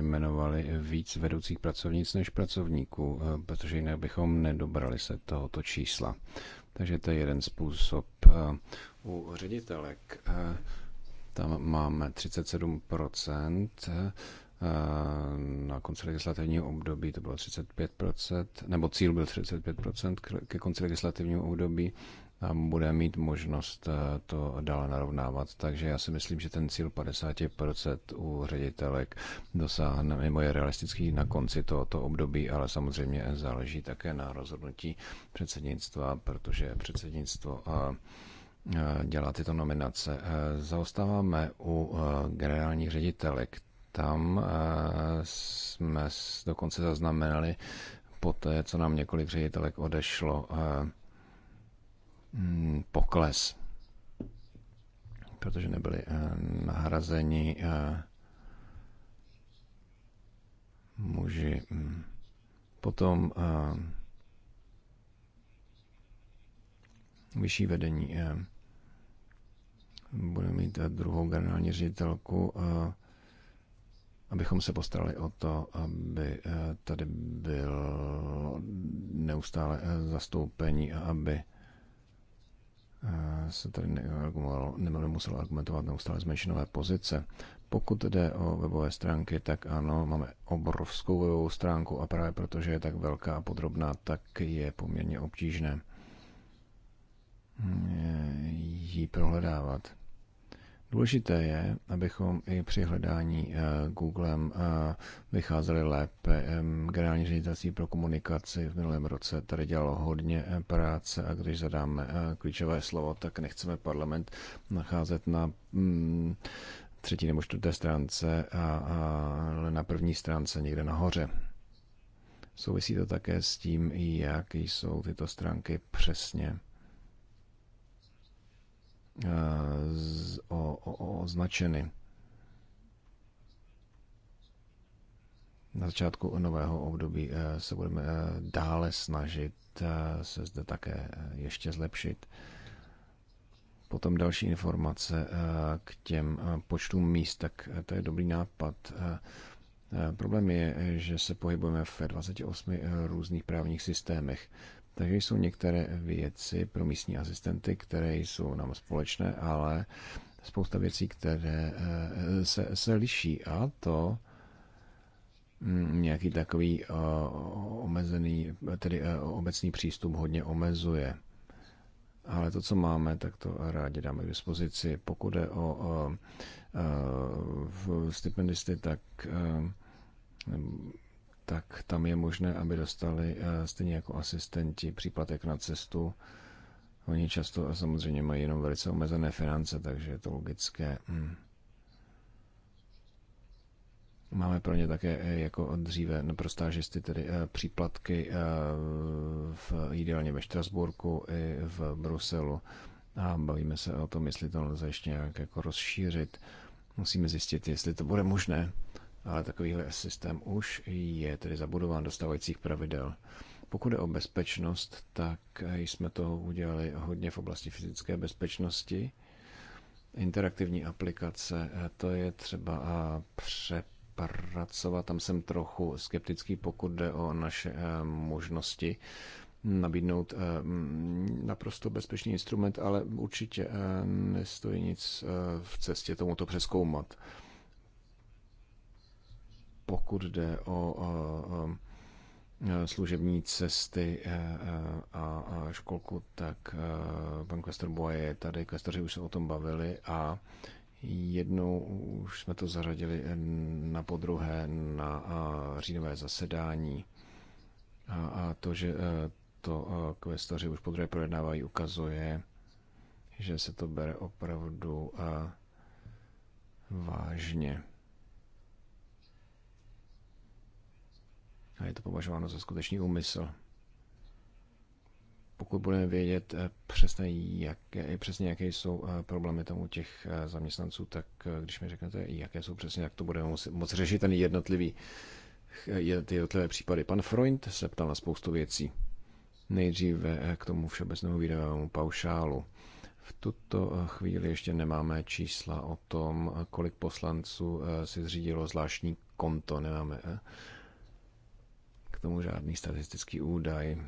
jmenovali víc vedoucích pracovnic než pracovníků, protože jinak bychom nedobrali se tohoto čísla. Takže to je jeden způsob. U ředitelek tam máme 37%, eh, na konci legislativního období to bylo 35%, nebo cíl byl 35% ke konci legislativního období a bude mít možnost eh, to dále narovnávat. Takže já si myslím, že ten cíl 50% u ředitelek dosáhne mimo je realistický na konci tohoto období, ale samozřejmě záleží také na rozhodnutí předsednictva, protože předsednictvo a eh, Eh, dělá tyto nominace. Eh, zaostáváme u eh, generálních ředitelek. Tam jsme dokonce zaznamenali po té, co nám několik ředitelek odešlo, mm, pokles, protože nebyli nahrazeni muži. Mm. Potom vyšší vedení bude mít druhou generální ředitelku, abychom se postarali o to, aby eh, tady byl neustále eh, zastoupení a aby eh, se tady nemuselo argumentovat neustále z menšinové pozice. Pokud jde o webové stránky, tak ano, máme obrovskou webovou stránku a právě protože je tak velká a podrobná, tak je poměrně obtížné ji prohledávat. Důležité je, abychom i při hledání eh, Googlem eh, vycházeli lépe. Generální ředitelství pro komunikaci v minulém roce tady dělalo hodně eh, práce a když zadáme klíčové slovo, tak nechceme parlament nacházet na mm, třetí nebo čtvrté stránce, ale na první stránce někde nahoře. Souvisí to také s tím, jak jsou tyto stránky přesně označeny. Na začátku nového období eh, se budeme eh, dále snažit eh, se zde také ještě zlepšit. Potom další informace k těm počtům míst, tak to je dobrý nápad. Problém je, že se pohybujeme v 28 různých právních systémech. Takže jsou některé věci pro místní asistenty, které jsou nám společné, ale spousta věcí, které eh, se, se liší. A to mm, nějaký takový eh, omezený, tedy eh, obecný přístup hodně omezuje. Ale to, co máme, tak to rádi dáme k dispozici. Pokud je o, o, o stipendisty, tak tak tam je možné, aby dostali eh, stejně jako asistenti příplatek na cestu. Oni často samozřejmě mají jenom velice omezené finance, takže je to logické. Hmm. Máme pro ně také eh, jako dříve pro stážisty tedy eh, příplatky v, ideálně ve Štrasburku i v Bruselu. A bavíme se o tom, jestli to lze ještě nějak jako rozšířit. Musíme zjistit, jestli to bude možné ale takovýhle systém už je tedy zabudován do stavajících pravidel. Pokud je o bezpečnost, tak jsme to udělali hodně v oblasti fyzické bezpečnosti. Interaktivní aplikace, to je třeba přepracovat. Tam jsem trochu skeptický, pokud jde o naše e, možnosti nabídnout e, naprosto bezpečný instrument, ale určitě e, nestojí nic v cestě tomuto přeskoumat pokud jde o služební cesty e, e, a školku, tak e, pan kvestor Boje tady, kvestoři už se o tom bavili a jednou už jsme to zařadili na podruhé na říjnové zasedání a to, že to kvestoři už podruhé projednávají, ukazuje, že se to bere opravdu vážně. A je to považováno za skutečný úmysl. Pokud budeme vědět eh, přesně, jaké, přesně jaké jsou eh, problémy tam u těch eh, zaměstnanců, tak když mi řeknete, jaké jsou přesně, jak to budeme moci, moc řešit ten jednotlivý, ty jednotlivé případy. Pan Freund se ptal na spoustu věcí. Nejdříve k tomu všeobecnému výdajovému paušálu. V tuto chvíli ještě nemáme čísla o tom, kolik poslanců si zřídilo zvláštní konto. Nemáme tomu žádný statistický údaj.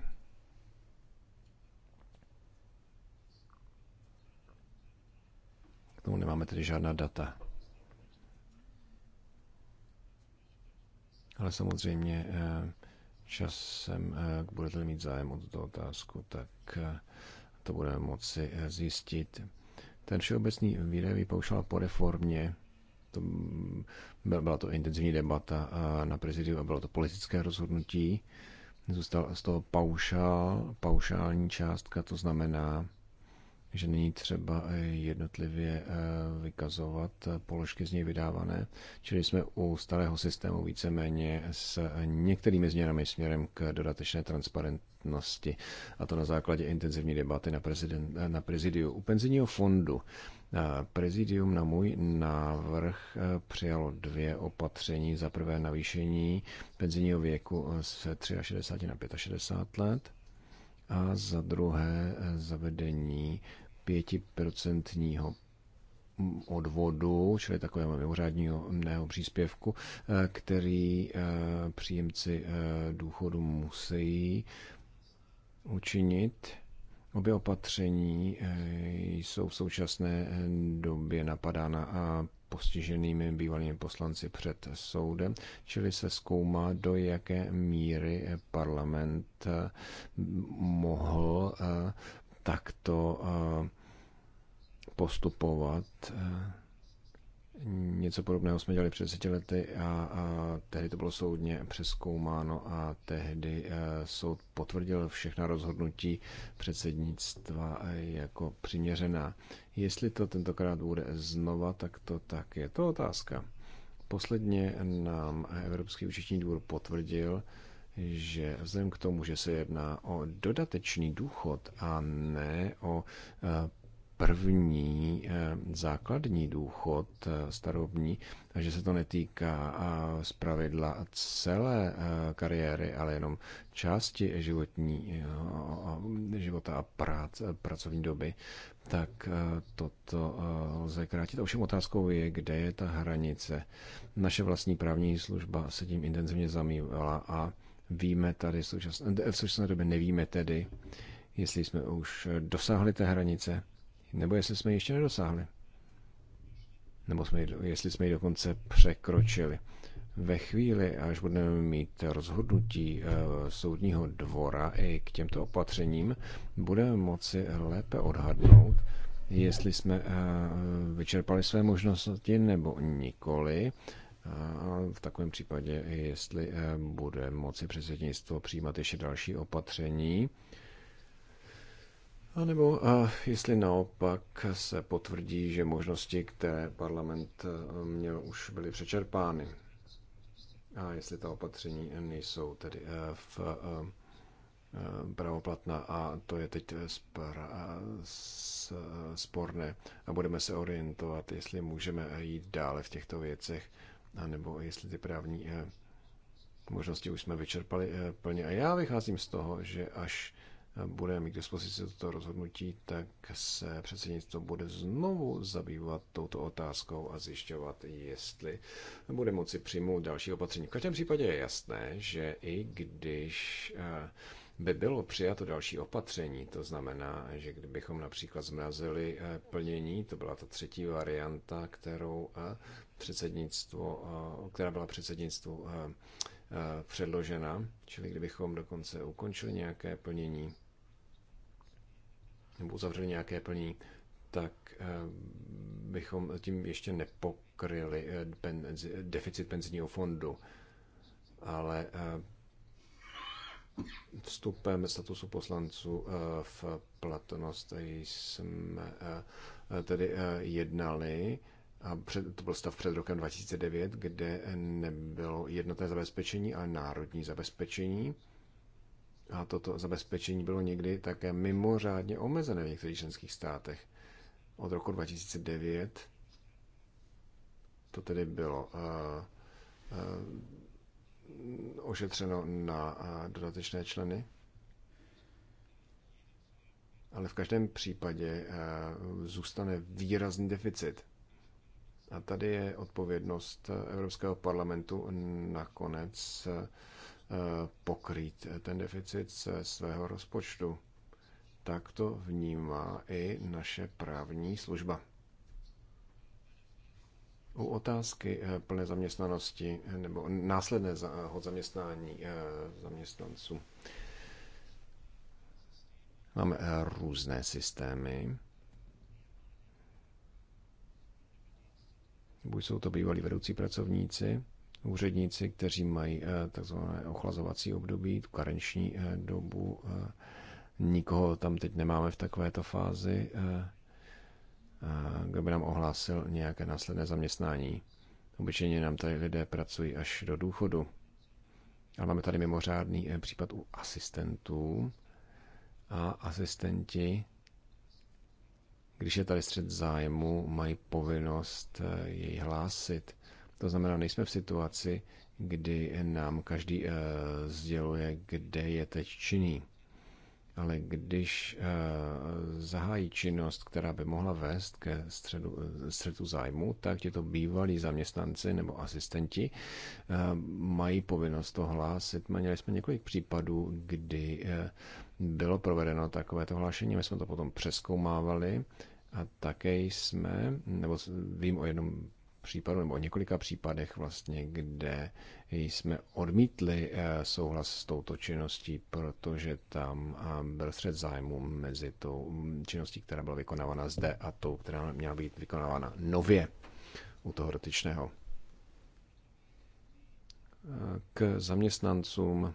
K tomu nemáme tedy žádná data. Ale samozřejmě eh, časem, eh, budete mít zájem o tuto otázku, tak eh, to budeme moci zjistit. Ten všeobecný výdajový paušál po reformě to, byla to intenzivní debata na prezidiu a bylo to politické rozhodnutí. Zůstal z toho paušál, paušální částka, to znamená, že není třeba e, jednotlivě e, vykazovat e, položky z něj vydávané. Čili jsme u starého systému víceméně s některými změnami směrem k dodatečné transparentnosti a to na základě intenzivní debaty na, prezident, na prezidiu. U penzijního fondu Prezidium na můj návrh eh, přijalo dvě opatření. Za prvé navýšení penzijního věku z 63 na 65 let a za druhé eh, zavedení 5% odvodu, čili takového mimořádního příspěvku, eh, který příjemci důchodu musí učinit Obě opatření eh, jsou v současné eh, době napadána a postiženými bývalými poslanci před soudem, čili se zkoumá, do jaké míry eh, parlament mohl takto postupovat Něco podobného jsme dělali před deseti lety a, a tehdy to bylo soudně přeskoumáno a tehdy a eh, soud potvrdil všechna rozhodnutí předsednictva eh, jako přiměřená. Jestli to tentokrát bude znova, tak to tak je to otázka. Posledně nám Evropský účetní dvůr potvrdil, že vzhledem k tomu, že se jedná o dodatečný důchod a ne o eh, první eh, základní důchod eh, starobní, že se to netýká eh, z pravidla celé kariéry, ale jenom části životní, života a prác, pracovní doby, tak toto lze krátit. Ovšem otázkou je, kde je ta hranice. Naše vlastní právní služba se tím intenzivně zamývala a víme tady v současné, v současné době, nevíme tedy, jestli jsme už dosáhli té hranice, nebo jestli jsme ještě nedosáhli. Nebo jsme, jestli jsme ji dokonce překročili. Ve chvíli, až budeme mít rozhodnutí eh, soudního dvora i k těmto opatřením, budeme moci lépe odhadnout, jestli jsme eh, vyčerpali své možnosti nebo nikoli. A eh, v takovém případě, jestli bude moci předsednictvo přijímat ještě další opatření a nebo a jestli naopak se potvrdí, že možnosti, které parlament e, měl, už byly přečerpány. A jestli ta opatření nejsou tedy e, v e, pravoplatná a to je teď spra, s, sporné a budeme se orientovat, jestli můžeme jít dále v těchto věcech, anebo jestli ty právní možnosti už jsme vyčerpali plně. A já vycházím z toho, že až bude mít k dispozici toto rozhodnutí, tak se předsednictvo bude znovu zabývat touto otázkou a zjišťovat, jestli bude moci přijmout další opatření. V každém případě je jasné, že i když eh, by bylo přijato další opatření, to znamená, že kdybychom například zmrazili eh, plnění, to byla ta třetí varianta, kterou eh, předsednictvo, která byla předsednictvu předložena, čili kdybychom dokonce ukončili nějaké plnění, nebo uzavřeli nějaké plnění, tak eh, bychom tím ještě nepokryli eh, penzi, deficit penzijního fondu. Ale eh, vstupem statusu poslanců v platnost jsme tedy jednali a před, to byl stav před rokem 2009, kde nebylo jednotné zabezpečení, ale národní zabezpečení a toto zabezpečení bylo někdy také mimořádně omezené v některých členských státech. Od roku 2009 to tedy bylo uh, uh, ošetřeno na uh, dodatečné členy. Ale v každém případě uh, zůstane výrazný deficit. A tady je odpovědnost Evropského parlamentu nakonec uh, pokrýt ten deficit ze svého rozpočtu. Tak to vnímá i naše právní služba. U otázky eh, plné zaměstnanosti nebo následného eh, zaměstnání eh, zaměstnanců máme různé systémy. Buď jsou to bývalí vedoucí pracovníci, úředníci, kteří mají eh, takzvané ochlazovací období, tu karenční eh, dobu. Eh, nikoho tam teď nemáme v takovéto fázi, kdo by nám ohlásil nějaké následné zaměstnání. Obyčejně nám tady lidé pracují až do důchodu. Ale máme tady mimořádný případ u asistentů. A asistenti, když je tady střed zájmu, mají povinnost jej hlásit. To znamená, nejsme v situaci, kdy nám každý uh, sděluje, kde je teď činný. Ale když uh, zahájí činnost, která by mohla vést ke středu, eh, střetu zájmu, tak to bývalí zaměstnanci nebo asistenti uh, mají povinnost to hlásit. Měli jsme několik případů, kdy uh, bylo provedeno takovéto hlášení, my jsme to potom přeskoumávali a také jsme, nebo vím o jednom případů, nebo o několika případech vlastně, kde jsme odmítli eh, souhlas s touto činností, protože tam eh, byl střed zájmu mezi tou mm, činností, která byla vykonávána zde a tou, která měla být vykonávána nově u toho dotyčného. Eh, k zaměstnancům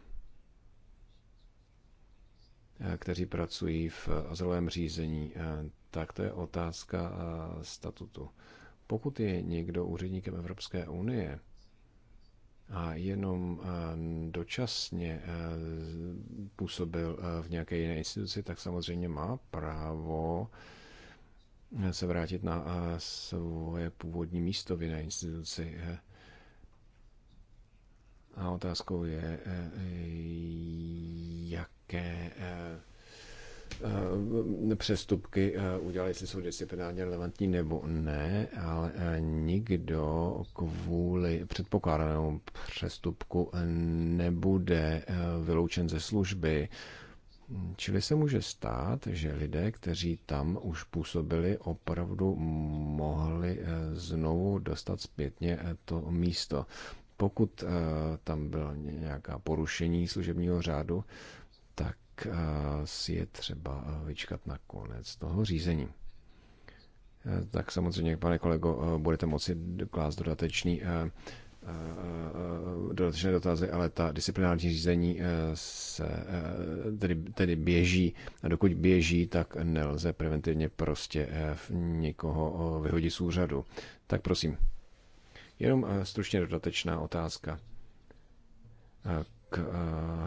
kteří pracují v azylovém řízení, tak to je otázka statutu. Pokud je někdo úředníkem Evropské unie a jenom eh, dočasně eh, působil eh, v nějaké jiné instituci, tak samozřejmě má právo se vrátit na svoje původní místo v jiné instituci. A otázkou je, jaké Eh, přestupky eh, udělali, jestli jsou disciplinárně relevantní nebo ne, ale eh, nikdo kvůli předpokládanému přestupku nebude vyloučen ze služby. Čili se může stát, že lidé, kteří tam už působili, opravdu mohli znovu dostat zpětně to místo. Pokud tam bylo nějaká porušení služebního řádu, tak Eh, si je třeba eh, vyčkat na konec toho řízení. Eh, tak samozřejmě, pane kolego, budete moci klást dodatečný dodatečné dotazy, ale ta disciplinární řízení se, tedy, tedy běží a dokud běží, tak nelze preventivně prostě někoho vyhodit z úřadu. Tak prosím. Jenom stručně dodatečná otázka k eh,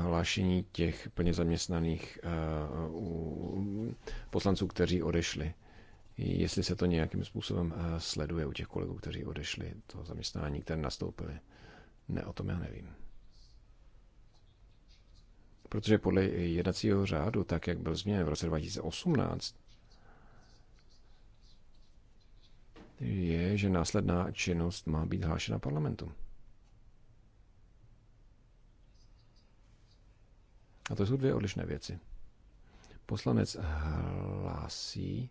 hlášení těch plně zaměstnaných eh, poslanců, kteří odešli. Jestli se to nějakým způsobem eh, sleduje u těch kolegů, kteří odešli to zaměstnání, které nastoupili. Ne, o tom já nevím. Protože podle jednacího řádu, tak jak byl změněn v roce 2018, je, že následná činnost má být hlášena parlamentu. A to jsou dvě odlišné věci. Poslanec hlásí,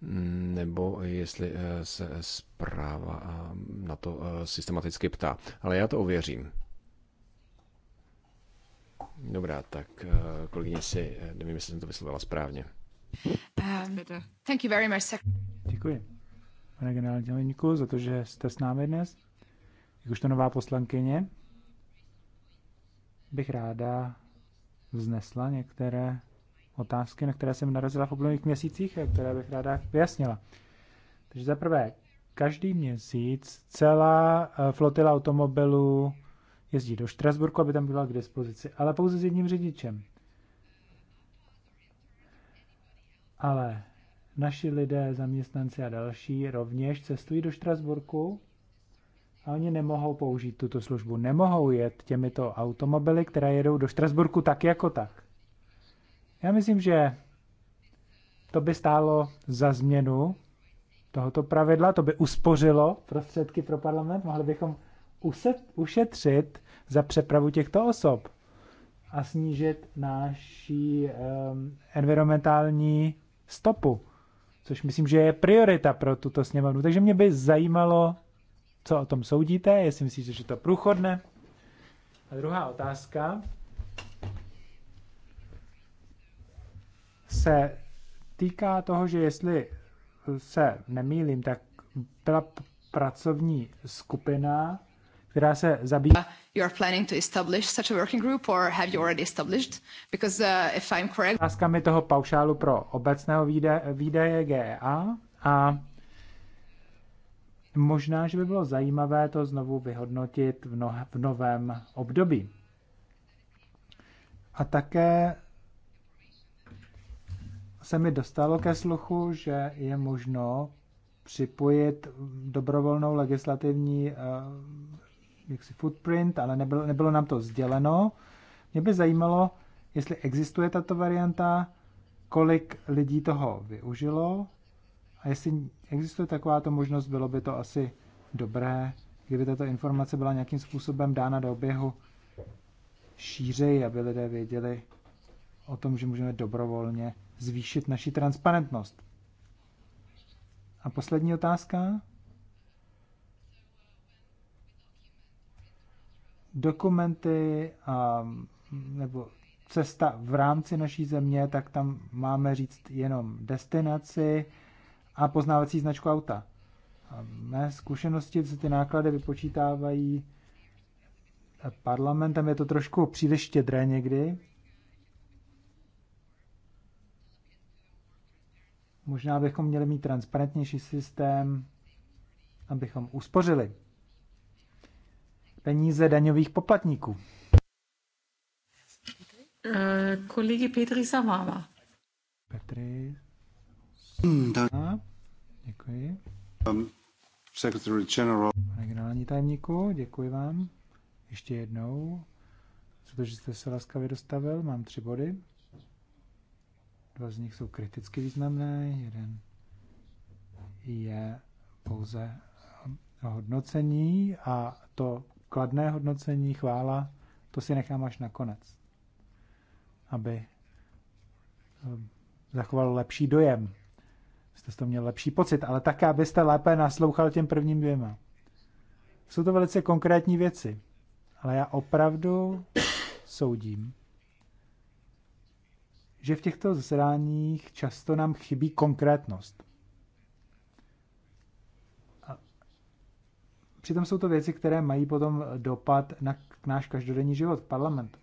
nebo jestli eh, se zpráva eh, na to eh, systematicky ptá. Ale já to ověřím. Dobrá, tak kolegyně si, nevím, jestli jsem to vyslovila správně. Um, thank you very much. Děkuji, pane generální za to, že jste s námi dnes. Jakožto nová poslankyně bych ráda vznesla některé otázky, na které jsem narazila v uplynulých měsících a které bych ráda vyjasnila. Takže za prvé, každý měsíc celá eh, flotila automobilů jezdí do Štrasburku, aby tam byla k dispozici, ale pouze s jedním řidičem. Ale naši lidé, zaměstnanci a další rovněž cestují do Štrasburku a oni nemohou použít tuto službu. Nemohou jet těmito automobily, které jedou do Štrasburku tak jako tak. Já myslím, že to by stálo za změnu tohoto pravidla, to by uspořilo prostředky pro parlament, mohli bychom uset, ušetřit za přepravu těchto osob a snížit naši um, ehm, environmentální stopu, což myslím, že je priorita pro tuto sněmovnu. Takže mě by zajímalo, co o tom soudíte, jestli myslíte, že to průchodne. A druhá otázka se týká toho, že jestli se nemýlím, tak byla pracovní skupina, která se zabývá. Uh, you are planning to establish such a working group or have you already established? Because uh, if I'm correct... Otázkami toho paušálu pro obecného výdaje, výdaje GEA a Možná, že by bylo zajímavé to znovu vyhodnotit v, no, v novém období. A také se mi dostalo ke sluchu, že je možno připojit dobrovolnou legislativní eh, jaksi footprint, ale nebylo, nebylo nám to sděleno. Mě by zajímalo, jestli existuje tato varianta, kolik lidí toho využilo a jestli existuje takováto možnost, bylo by to asi dobré, kdyby tato informace byla nějakým způsobem dána do oběhu šířeji, aby lidé věděli o tom, že můžeme dobrovolně zvýšit naši transparentnost. A poslední otázka. Dokumenty a, nebo cesta v rámci naší země, tak tam máme říct jenom destinaci, a poznávací značku auta. A mé zkušenosti se ty náklady vypočítávají parlamentem, je to trošku příliš štědré někdy. Možná bychom měli mít transparentnější systém, abychom uspořili peníze daňových poplatníků. Eh, Kolegy Petri Samáva. Petri Mm, děkuji. Um, Secretary General. Pane generální tajemníku, děkuji vám ještě jednou, protože jste se laskavě dostavil. Mám tři body. Dva z nich jsou kriticky významné, jeden je pouze hodnocení a to kladné hodnocení, chvála, to si nechám až na konec, aby eh, zachoval lepší dojem jste to měl lepší pocit, ale také, abyste lépe naslouchal těm prvním dvěma. Jsou to velice konkrétní věci, ale já opravdu soudím, že v těchto zasedáních často nám chybí konkrétnost. A přitom jsou to věci, které mají potom dopad na náš každodenní život parlamentu.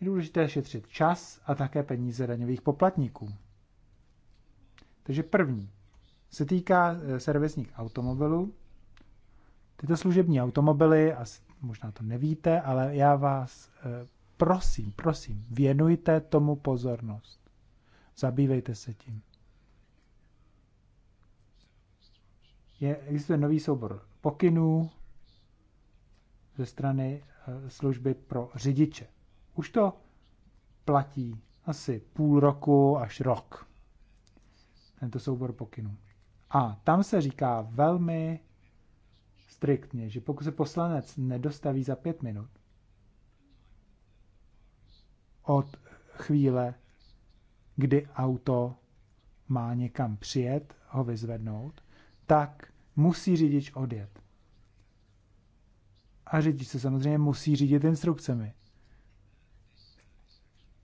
Je důležité šetřit čas a také peníze daňových poplatníků. Takže první se týká eh, servisních automobilů. Tyto služební automobily, a možná to nevíte, ale já vás eh, prosím, prosím, věnujte tomu pozornost. Zabývejte se tím. Je, existuje nový soubor pokynů ze strany eh, služby pro řidiče. Už to platí asi půl roku až rok tento soubor pokynů. A tam se říká velmi striktně, že pokud se poslanec nedostaví za pět minut od chvíle, kdy auto má někam přijet, ho vyzvednout, tak musí řidič odjet. A řidič se samozřejmě musí řídit instrukcemi.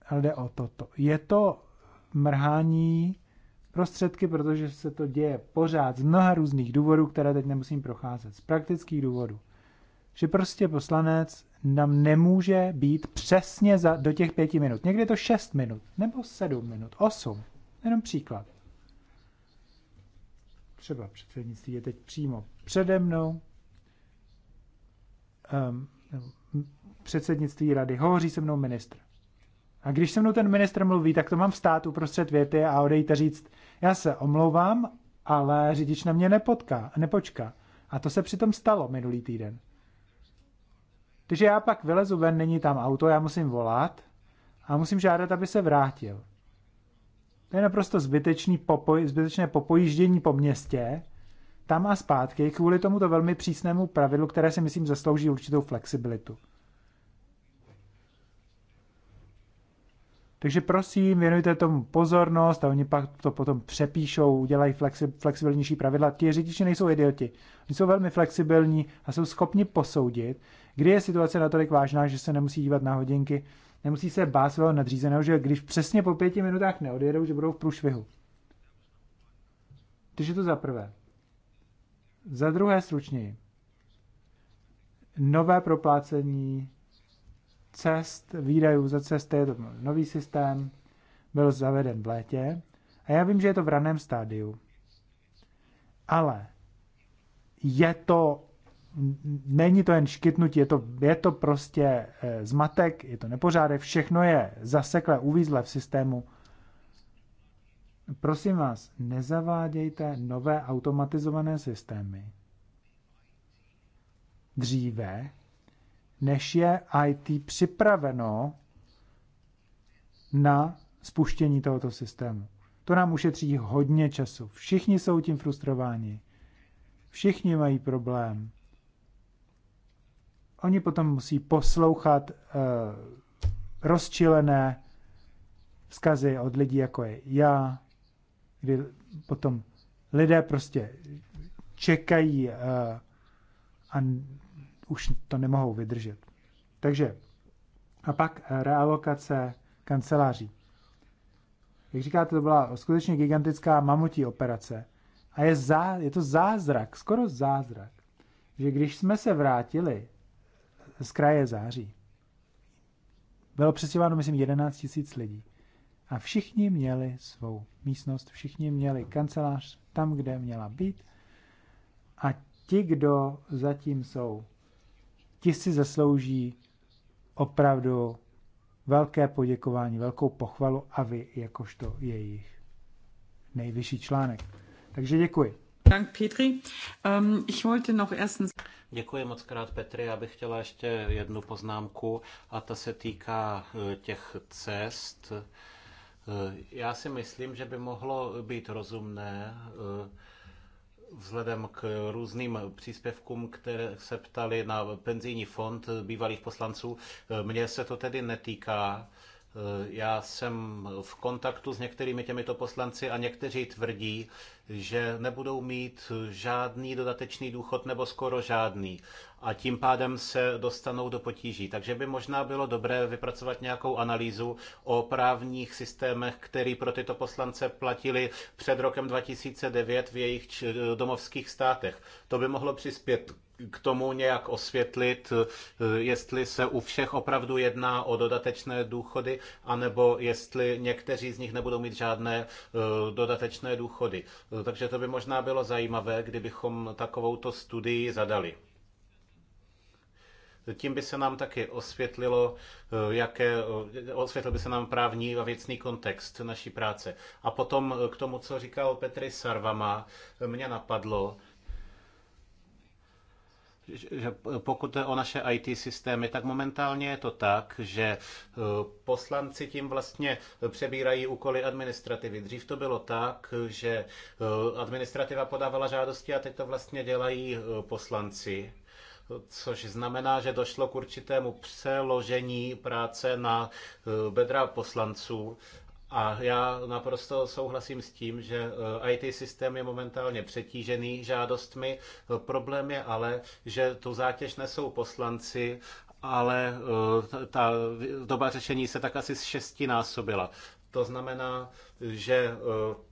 Ale jde o toto. Je to mrhání prostředky, protože se to děje pořád z mnoha různých důvodů, které teď nemusím procházet. Z praktických důvodů. Že prostě poslanec nám nemůže být přesně za, do těch pěti minut. Někdy je to šest minut, nebo sedm minut, osm. Jenom příklad. Třeba předsednictví je teď přímo přede mnou. Um, předsednictví rady, hovoří se mnou ministr. A když se mnou ten ministr mluví, tak to mám vstát uprostřed věty a odejít a říct, já se omlouvám, ale řidič na mě nepotká, nepočká. A to se přitom stalo minulý týden. Takže já pak vylezu ven, není tam auto, já musím volat a musím žádat, aby se vrátil. To je naprosto zbytečný popoj, zbytečné popojíždění po městě, tam a zpátky, kvůli tomuto velmi přísnému pravidlu, které si myslím zaslouží určitou flexibilitu. Takže prosím, věnujte tomu pozornost a oni pak to potom přepíšou, udělají flexi, flexibilnější pravidla. Ti řidiči nejsou idioti. Oni jsou velmi flexibilní a jsou schopni posoudit, kdy je situace natolik vážná, že se nemusí dívat na hodinky, nemusí se bát svého nadřízeného, že když přesně po pěti minutách neodjedou, že budou v průšvihu. Takže to za prvé. Za druhé stručněji. Nové proplácení cest, výdajů za cesty, je to nový systém, byl zaveden v létě a já vím, že je to v raném stádiu, ale je to, není to jen škytnutí, je to, je to prostě eh, zmatek, je to nepořádek, všechno je zaseklé, uvízlé v systému. Prosím vás, nezavádějte nové automatizované systémy dříve, než je IT připraveno na spuštění tohoto systému. To nám ušetří hodně času. Všichni jsou tím frustrováni. Všichni mají problém. Oni potom musí poslouchat uh, rozčilené vzkazy od lidí, jako je já, kdy potom lidé prostě čekají uh, a už to nemohou vydržet. Takže a pak eh, realokace kanceláří. Jak říkáte, to byla skutečně gigantická mamutí operace. A je, zá, je to zázrak, skoro zázrak, že když jsme se vrátili z kraje září, bylo přestěhováno, myslím, 11 tisíc lidí. A všichni měli svou místnost, všichni měli kancelář tam, kde měla být. A ti, kdo zatím jsou ti si zaslouží opravdu velké poděkování, velkou pochvalu a vy jakožto jejich nejvyšší článek. Takže děkuji. Dank Petri. Um, ich wollte noch erstens... Děkuji moc krát, Petri. Já bych chtěla ještě jednu poznámku a ta se týká e, těch cest. E, já si myslím, že by mohlo být rozumné e, vzhledem k různým příspěvkům, které se ptali na penzijní fond bývalých poslanců. Mně se to tedy netýká Eh, já jsem v kontaktu s některými těmito poslanci a někteří tvrdí, že nebudou mít žádný dodatečný důchod nebo skoro žádný a tím pádem se dostanou do potíží. Takže by možná bylo dobré vypracovat nějakou analýzu o právních systémech, který pro tyto poslance platili před rokem 2009 v jejich domovských státech. To by mohlo přispět k tomu nějak osvětlit, eh, jestli se u všech opravdu jedná o dodatečné důchody, anebo jestli někteří z nich nebudou mít žádné eh, dodatečné důchody. Eh, takže to by možná bylo zajímavé, kdybychom takovouto studii zadali. Tím by se nám taky osvětlilo, jaké, osvětlil by se nám právní a věcný kontext naší práce. A potom k tomu, co říkal Petri Sarvama, mě napadlo, že pokud je o naše IT systémy, tak momentálně je to tak, že eh, poslanci tím vlastně přebírají úkoly administrativy. Dřív to bylo tak, že eh, administrativa podávala žádosti a teď to vlastně dělají eh, poslanci což znamená, že došlo k určitému přeložení práce na bedra poslanců a já naprosto souhlasím s tím, že eh, IT systém je momentálně přetížený žádostmi. Eh, problém je ale, že tu zátěž nesou poslanci, ale eh, ta doba řešení se tak asi z šesti násobila. To znamená, že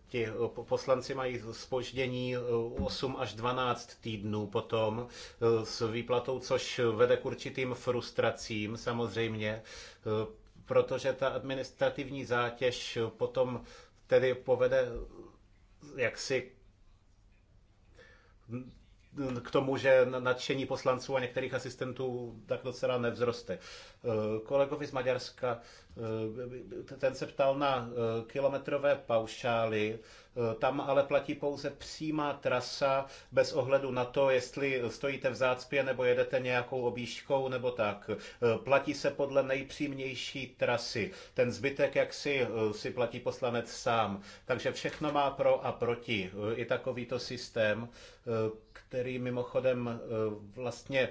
ti poslanci mají spoždění 8 až 12 týdnů potom s výplatou, což vede k určitým frustracím samozřejmě protože ta administrativní zátěž potom tedy povede jaksi k tomu, že nadšení poslanců a některých asistentů tak docela nevzroste. Eh, kolegovi z Maďarska, eh, ten se ptal na eh, kilometrové paušály, tam ale platí pouze přímá trasa bez ohledu na to, jestli stojíte v zácpě nebo jedete nějakou objížďkou nebo tak. Platí se podle nejpřímnější trasy. Ten zbytek, jak si, si platí poslanec sám. Takže všechno má pro a proti. I takovýto systém který mimochodem eh, vlastně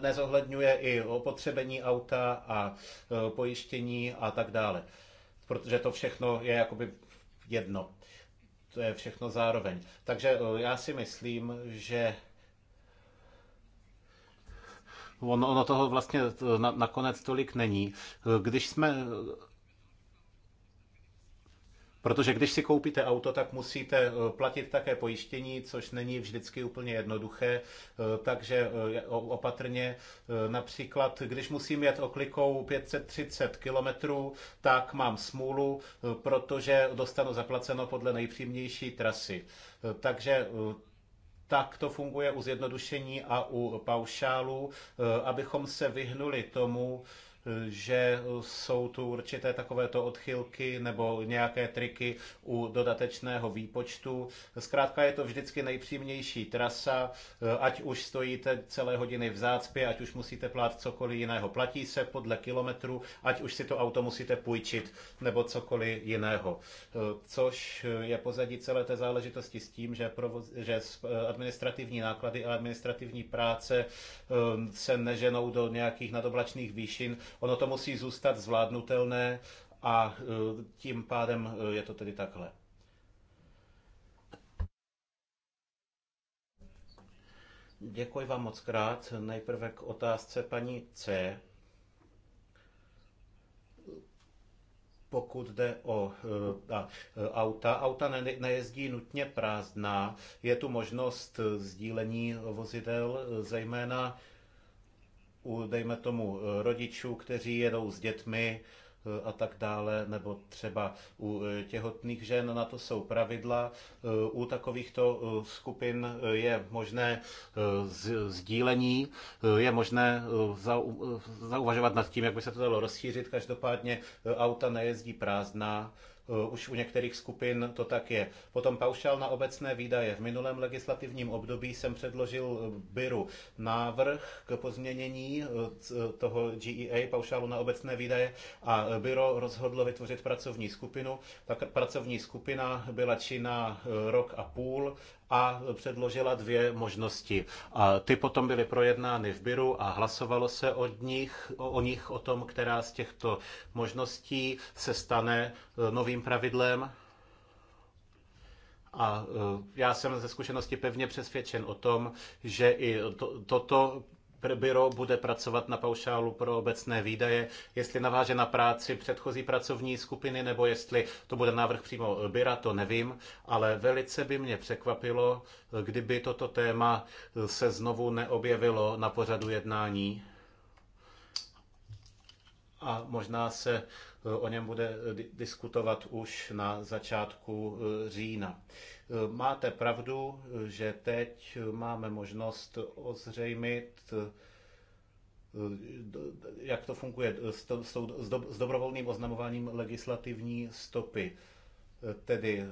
nezohledňuje i opotřebení auta a eh, pojištění a tak dále. Protože to všechno je jakoby jedno. To je všechno zároveň. Takže eh, já si myslím, že ono, toho vlastně nakonec tolik není. Když jsme Protože když si koupíte auto, tak musíte eh, platit také pojištění, což není vždycky úplně jednoduché. Eh, takže eh, opatrně například, když musím jet oklikou 530 km, tak mám smůlu, protože dostanu zaplaceno podle nejpřímější trasy. Takže tak to funguje u zjednodušení a u paušálu, abychom se vyhnuli tomu, že jsou tu určité takovéto odchylky nebo nějaké triky u dodatečného výpočtu. Zkrátka je to vždycky nejpřímější trasa, eh, ať už stojíte celé hodiny v zácpě, ať už musíte plát cokoliv jiného. Platí se podle kilometru, ať už si to auto musíte půjčit nebo cokoliv jiného. Eh, což je pozadí celé té záležitosti s tím, že, provoz, že eh, administrativní náklady a administrativní práce se neženou do nějakých nadoblačných výšin, Ono to musí zůstat zvládnutelné a e, tím pádem e, je to tedy takhle. Děkuji vám moc krát. Nejprve k otázce paní C. pokud jde o e, a, auta. Auta ne, nejezdí nutně prázdná. Je tu možnost sdílení vozidel, zejména u, dejme tomu, eh, rodičů, kteří jedou s dětmi eh, a tak dále, nebo třeba u eh, těhotných žen, na to jsou pravidla. U takovýchto skupin je možné sdílení, je možné zauvažovat nad tím, jak by se to dalo rozšířit. Každopádně auta nejezdí prázdná Eh, už u některých skupin to tak je. Potom paušál na obecné výdaje. V minulém legislativním období jsem předložil eh, Byru návrh k pozměnění eh, toho GEA, paušálu na obecné výdaje, a Byro rozhodlo vytvořit pracovní skupinu. Ta pracovní skupina byla činná rok a půl a předložila dvě možnosti. A ty potom byly projednány v Biru a hlasovalo se od nich, o nich, o tom, která z těchto možností se stane eh, novým pravidlem. A eh, já jsem ze zkušenosti pevně přesvědčen o tom, že i to, toto byro bude pracovat na paušálu pro obecné výdaje, jestli naváže na práci předchozí pracovní skupiny, nebo jestli to bude návrh přímo byra, to nevím, ale velice by mě překvapilo, kdyby toto téma se znovu neobjevilo na pořadu jednání. A možná se o něm bude diskutovat už na začátku e, října. E, máte pravdu, že teď máme možnost ozřejmit, e, jak to funguje s, to, s, do, s dobrovolným oznamováním legislativní stopy. Tedy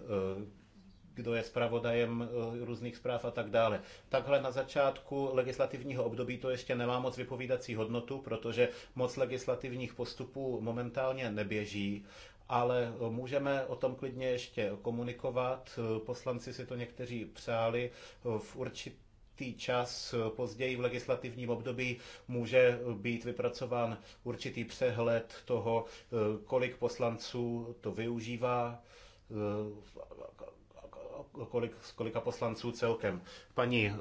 kdo je zpravodajem eh, různých zpráv a tak dále. Takhle na začátku legislativního období to ještě nemá moc vypovídací hodnotu, protože moc legislativních postupů momentálně neběží, ale eh, můžeme o tom klidně ještě komunikovat. Eh, poslanci si to někteří přáli v určitě určitý čas později v legislativním období může být vypracován určitý přehled toho, kolik poslanců to využívá kolik, kolika poslanců celkem. Paní eh,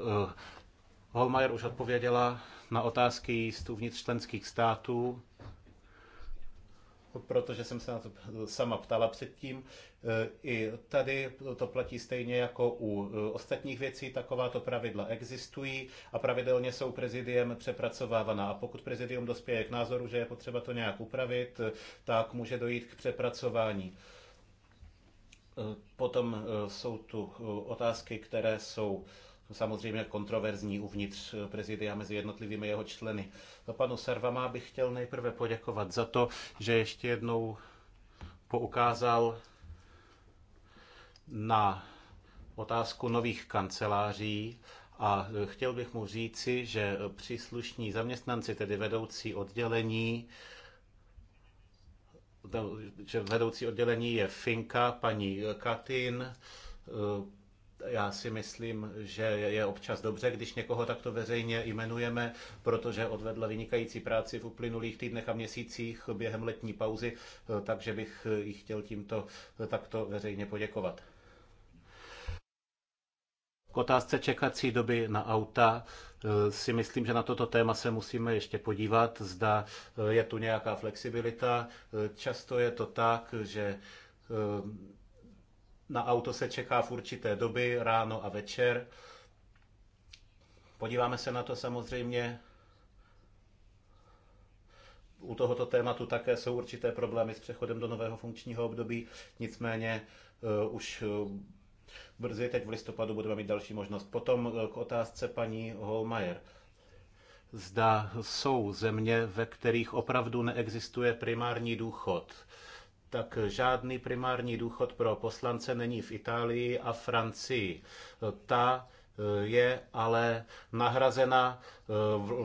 Holmajer už odpověděla na otázky jízdů vnitř členských států, protože jsem se na to sama ptala předtím. Eh, I tady to platí stejně jako u eh, ostatních věcí, takováto pravidla existují a pravidelně jsou prezidiem přepracovávaná. A pokud prezidium dospěje k názoru, že je potřeba to nějak upravit, tak může dojít k přepracování. Eh, potom eh, jsou tu eh, otázky, které jsou samozřejmě kontroverzní uvnitř prezidia mezi jednotlivými jeho členy. No, panu Sarvama bych chtěl nejprve poděkovat za to, že ještě jednou poukázal na otázku nových kanceláří a chtěl bych mu říci, že příslušní zaměstnanci, tedy vedoucí oddělení, že vedoucí oddělení je Finka, paní Katin. Eh, já si myslím, že je občas dobře, když někoho takto veřejně jmenujeme, protože odvedla vynikající práci v uplynulých týdnech a měsících během letní pauzy, eh, takže bych jí chtěl tímto eh, takto veřejně poděkovat. K otázce čekací doby na auta Eh, si myslím, že na toto téma se musíme ještě podívat, zda eh, je tu nějaká flexibilita. Eh, často je to tak, že na auto se čeká v určité doby, ráno a večer. Podíváme se na to samozřejmě. U tohoto tématu také jsou určité problémy s přechodem do nového funkčního období, nicméně už brzy, teď v listopadu budeme mít další možnost. Potom eh, k otázce paní Holmajer. Zda jsou země, ve kterých opravdu neexistuje primární důchod tak žádný primární důchod pro poslance není v Itálii a Francii. Ta je ale nahrazena eh,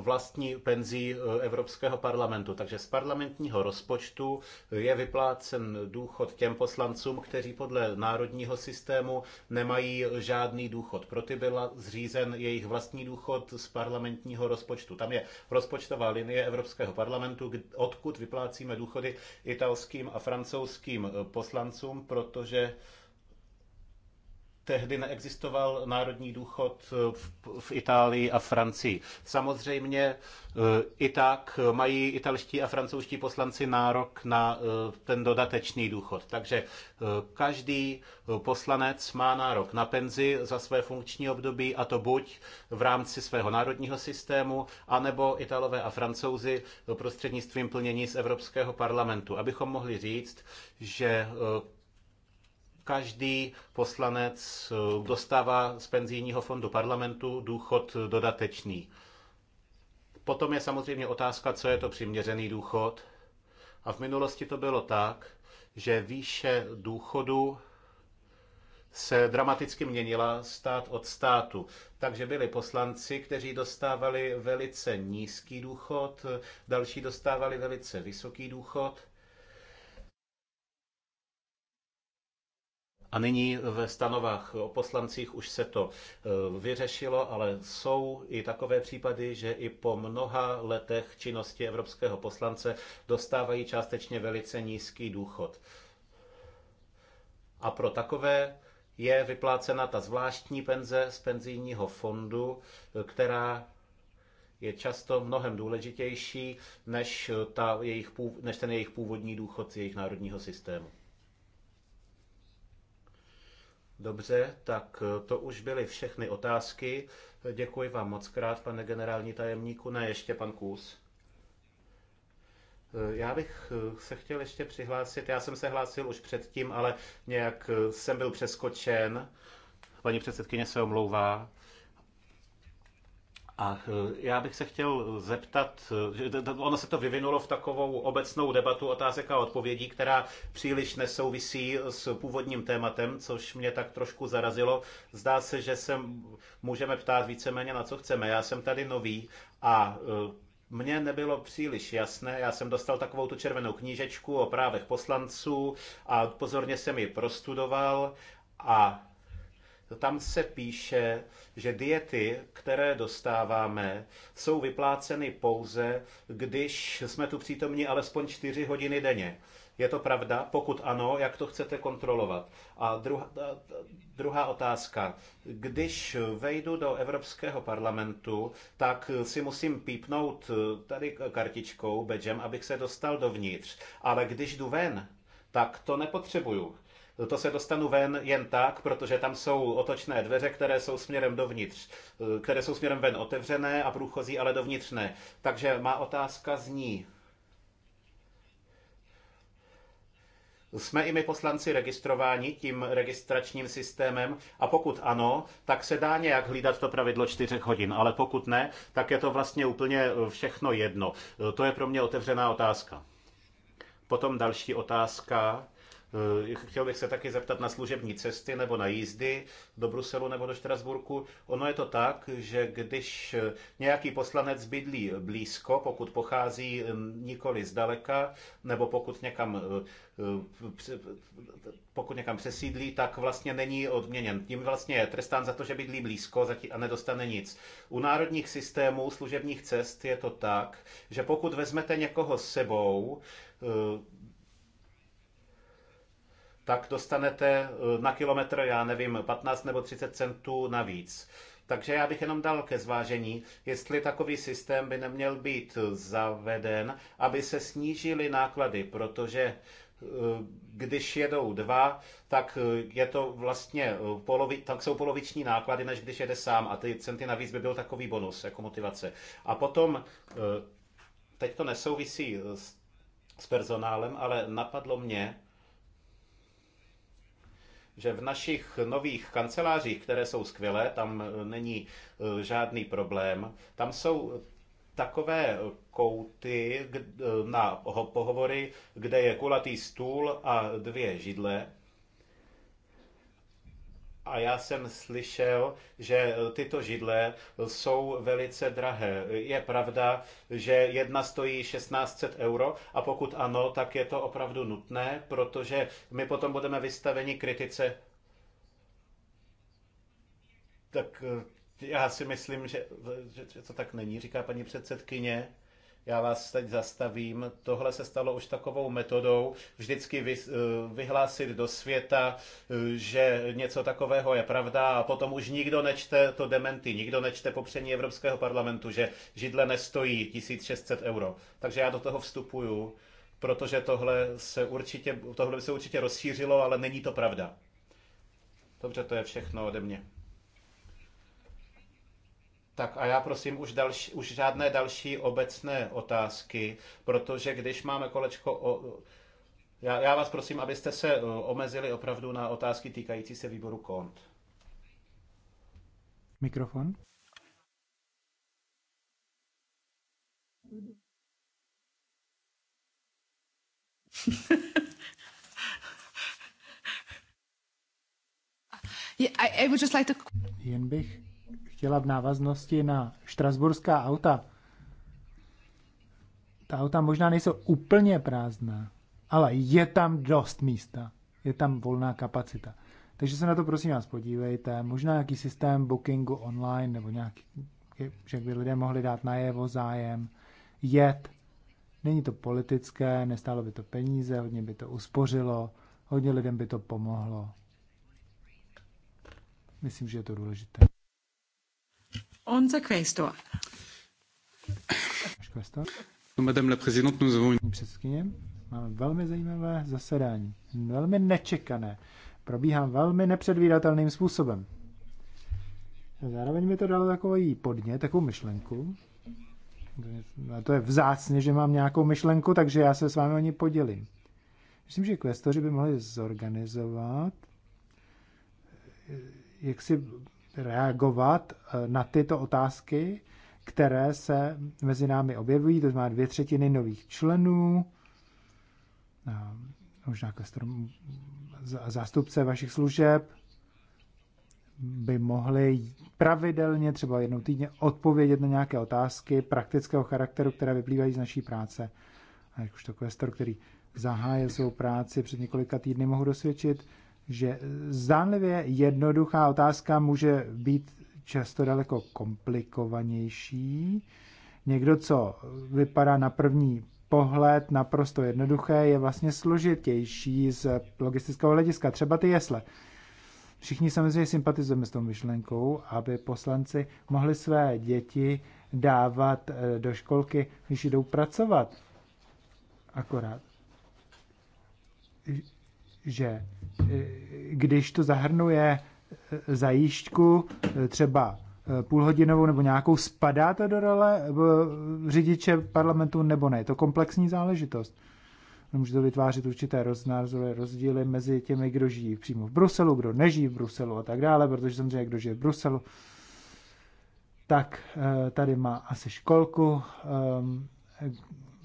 vlastní penzí eh, Evropského parlamentu. Takže z parlamentního rozpočtu eh, je vyplácen důchod těm poslancům, kteří podle národního systému nemají žádný důchod. Pro ty byl zřízen jejich vlastní důchod z parlamentního rozpočtu. Tam je rozpočtová linie Evropského parlamentu, odkud vyplácíme důchody italským a francouzským poslancům, protože tehdy neexistoval národní důchod v Itálii a Francii. Samozřejmě eh, i tak mají italští a francouzští poslanci nárok na eh, ten dodatečný důchod. Takže eh, každý poslanec má nárok na penzi za své funkční období a to buď v rámci svého národního systému, anebo Italové a Francouzi prostřednictvím plnění z Evropského parlamentu. Abychom mohli říct, že každý poslanec eh, dostává z penzijního fondu parlamentu důchod dodatečný. Potom je samozřejmě otázka, co je to přiměřený důchod. A v minulosti to bylo tak, že výše důchodu se dramaticky měnila stát od státu. Takže byli poslanci, kteří dostávali velice nízký důchod, další dostávali velice vysoký důchod A nyní ve stanovách o poslancích už se to e, vyřešilo, ale jsou i takové případy, že i po mnoha letech činnosti evropského poslance dostávají částečně velice nízký důchod. A pro takové je vyplácena ta zvláštní penze z penzijního fondu, e, která je často mnohem důležitější než, ta jejich, než ten jejich původní důchod z jejich národního systému. Dobře, tak eh, to už byly všechny otázky. Děkuji vám moc krát, pane generální tajemníku. Ne, ještě pan Kůz. Eh, já bych eh, se chtěl ještě přihlásit. Já jsem se hlásil už předtím, ale nějak jsem byl přeskočen. Paní předsedkyně se omlouvá. A eh, já bych se chtěl zeptat, eh, ono se to vyvinulo v takovou obecnou debatu otázek a odpovědí, která příliš nesouvisí s původním tématem, což mě tak trošku zarazilo. Zdá se, že se můžeme ptát víceméně na co chceme. Já jsem tady nový a eh, mně nebylo příliš jasné, já jsem dostal takovou tu červenou knížečku o právech poslanců a pozorně jsem ji prostudoval a tam se píše, že diety, které dostáváme, jsou vypláceny pouze, když jsme tu přítomní alespoň 4 hodiny denně. Je to pravda? Pokud ano, jak to chcete kontrolovat? A druhá, druhá otázka. Když vejdu do Evropského parlamentu, tak si musím pípnout tady kartičkou, bedžem, abych se dostal dovnitř. Ale když jdu ven, tak to nepotřebuju. To se dostanu ven jen tak, protože tam jsou otočné dveře, které jsou směrem dovnitř, eh, které jsou směrem ven otevřené a průchozí, ale dovnitř ne. Takže má otázka zní, Jsme i my poslanci registrováni tím registračním systémem a pokud ano, tak se dá nějak hlídat to pravidlo čtyřech hodin, ale pokud ne, tak je to vlastně úplně eh, všechno jedno. Eh, to je pro mě otevřená otázka. Potom další otázka Eh, chtěl bych se taky zeptat na služební cesty nebo na jízdy do Bruselu nebo do Štrasburku. Ono je to tak, že když eh, nějaký poslanec bydlí blízko, pokud pochází eh, nikoli zdaleka, nebo pokud někam, pokud někam přesídlí, tak vlastně není odměněn. Tím vlastně je trestán za to, že bydlí blízko a nedostane nic. U národních systémů služebních cest je to tak, že pokud vezmete někoho s sebou, tak dostanete eh, na kilometr, já nevím, 15 nebo 30 centů navíc. Takže já bych jenom dal ke zvážení, jestli takový systém by neměl být eh, zaveden, aby se snížily náklady, protože eh, když jedou dva, tak je to vlastně polovi, tak jsou poloviční náklady, než když jede sám a ty centy navíc by byl takový bonus jako motivace. A potom, teď to nesouvisí s, s personálem, ale napadlo mě, že v našich nových kancelářích, které jsou skvělé, tam eh, není eh, žádný problém, tam jsou takové eh, kouty na pohovory, kde je kulatý stůl a dvě židle. A já jsem slyšel, že tyto židle jsou velice drahé. Je pravda, že jedna stojí 1600 euro a pokud ano, tak je to opravdu nutné, protože my potom budeme vystaveni kritice. Tak eh, já si myslím, že, že to tak není, říká paní předsedkyně. Já vás teď zastavím. Tohle se stalo už takovou metodou, vždycky vy, eh, vyhlásit do světa, eh, že něco takového je pravda a potom už nikdo nečte to dementy, nikdo nečte popření Evropského parlamentu, že židle nestojí 1600 euro. Takže já do toho vstupuju, protože tohle se určitě, tohle se určitě rozšířilo, ale není to pravda. Dobře, to je všechno ode mě. Tak a já prosím už, další, už žádné další obecné otázky, protože když máme kolečko o... Já, já vás prosím, abyste se eh, omezili opravdu na otázky týkající se výboru kont. Mikrofon. yeah, I, I would just like to... Jen bych chtěla v návaznosti na štrasburská auta. Ta auta možná nejsou úplně prázdná, ale je tam dost místa. Je tam volná kapacita. Takže se na to prosím vás podívejte. Možná nějaký systém bookingu online nebo nějaký, že by lidé mohli dát najevo zájem. Jet. Není to politické, nestálo by to peníze, hodně by to uspořilo, hodně lidem by to pomohlo. Myslím, že je to důležité on the questor. No, madame la présidente, nous avons une... Předsedkyně, máme velmi zajímavé zasedání, velmi nečekané. Probíhá velmi nepředvídatelným způsobem. Zároveň mi to dalo takový podnět, takovou myšlenku. A to je vzácně, že mám nějakou myšlenku, takže já se s vámi o ní podělím. Myslím, že kvestoři by mohli zorganizovat eh, jak si reagovat eh, na tyto otázky, které se mezi námi objevují, to znamená dvě třetiny nových členů, eh, možná zástupce vašich služeb by mohli pravidelně, třeba jednou týdně, odpovědět na nějaké otázky praktického charakteru, které vyplývají z naší práce. A jakožto kvestor, který zahájil svou práci před několika týdny, mohu dosvědčit, že zdánlivě jednoduchá otázka může být často daleko komplikovanější. Někdo, co vypadá na první pohled naprosto jednoduché, je vlastně složitější z logistického hlediska. Třeba ty jesle. Všichni samozřejmě sympatizujeme s tou myšlenkou, aby poslanci mohli své děti dávat eh, do školky, když jdou pracovat. Akorát, že když to zahrnuje eh, zajížďku, eh, třeba eh, půlhodinovou nebo nějakou, spadá to do role řidiče parlamentu nebo ne? Je to komplexní záležitost. Může to vytvářet určité roznázory, rozdíly mezi těmi, kdo žijí přímo v Bruselu, kdo nežijí v Bruselu a tak dále, protože samozřejmě, kdo žije v Bruselu, tak tady má asi školku, ehm,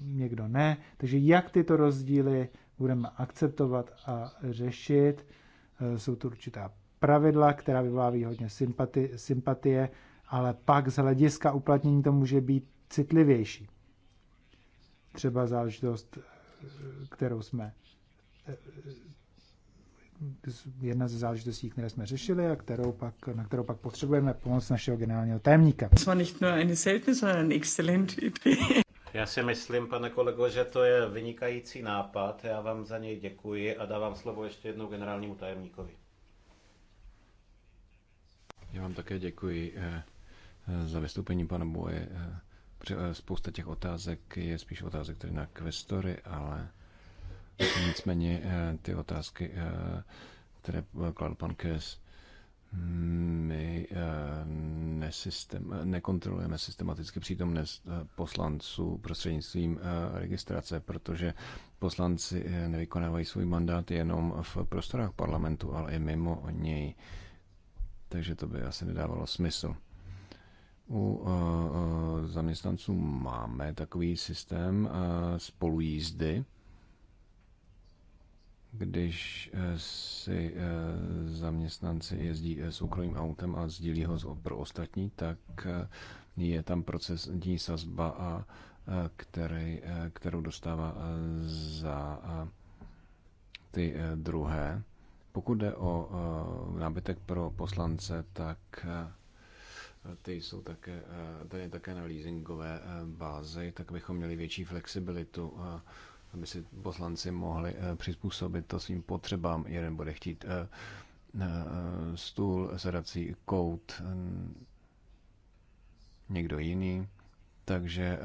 někdo ne. Takže jak tyto rozdíly budeme akceptovat a řešit. E, jsou tu určitá pravidla, která vyvolávají hodně sympatie, sympatie, ale pak z hlediska uplatnění to může být citlivější. Třeba záležitost, e, kterou jsme e, jedna ze záležitostí, které jsme řešili a kterou pak, na kterou pak potřebujeme pomoc našeho generálního tajemníka. To war nicht nur ale excelentní sondern já si myslím, pane kolego, že to je vynikající nápad. Já vám za něj děkuji a dávám slovo ještě jednou generálnímu tajemníkovi. Já vám také děkuji eh, eh, za vystoupení pana Boje. Eh, spousta těch otázek je spíš otázek tedy na kvestory, ale nicméně ty otázky, které kladl pan Kes, my eh, nesystem, nekontrolujeme systematicky přítomnost eh, poslanců prostřednictvím eh, registrace, protože poslanci nevykonávají svůj mandát jenom v prostorách parlamentu, ale i mimo něj. Takže to by asi nedávalo smysl. U zaměstnanců máme takový systém spolujízdy, když eh, si eh, zaměstnanci jezdí eh, soukromým autem a sdílí ho pro ostatní, tak je tam procesní sazba, a který, kterou dostává za ty druhé. Pokud jde o nábytek pro poslance, tak ty jsou také, tady je také na leasingové bázi, tak bychom měli větší flexibilitu aby si poslanci mohli eh, přizpůsobit to svým potřebám. Jeden bude chtít eh, eh, stůl, sedací kout, někdo jiný. Takže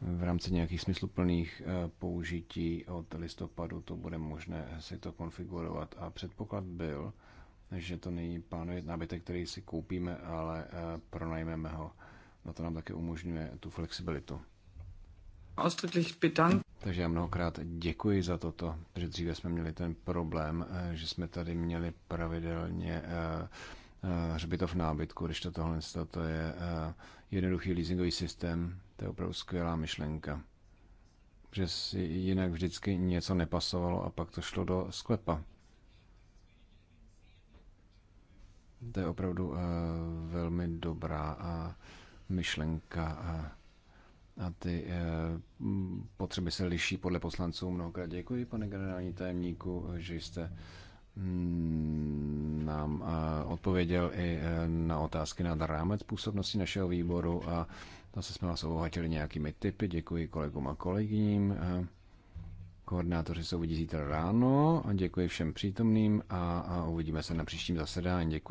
v rámci nějakých smysluplných použití od listopadu to bude možné si to konfigurovat. A předpoklad byl, že to není plánuje nábytek, který si koupíme, ale pronajmeme ho. Na to nám také umožňuje tu flexibilitu ausdrücklich bedanken. Takže já mnohokrát děkuji za toto, že dříve jsme měli ten problém, eh, že jsme tady měli pravidelně eh, eh, hřbitov nábytku, když to tohle to je jednoduchý leasingový systém, to je opravdu skvělá myšlenka. Že si jinak vždycky něco nepasovalo a pak to šlo do sklepa. To je opravdu velmi dobrá myšlenka a ty eh, potřeby se liší podle poslanců. Mnohokrát děkuji, pane generální tajemníku, že jste mm, nám eh, odpověděl i eh, na otázky nad rámec působnosti našeho výboru a zase jsme vás obohatili nějakými typy. Děkuji kolegům a kolegyním. Koordinátoři se uvidí zítra ráno a děkuji všem přítomným a, a uvidíme se na příštím zasedání. Děkuji.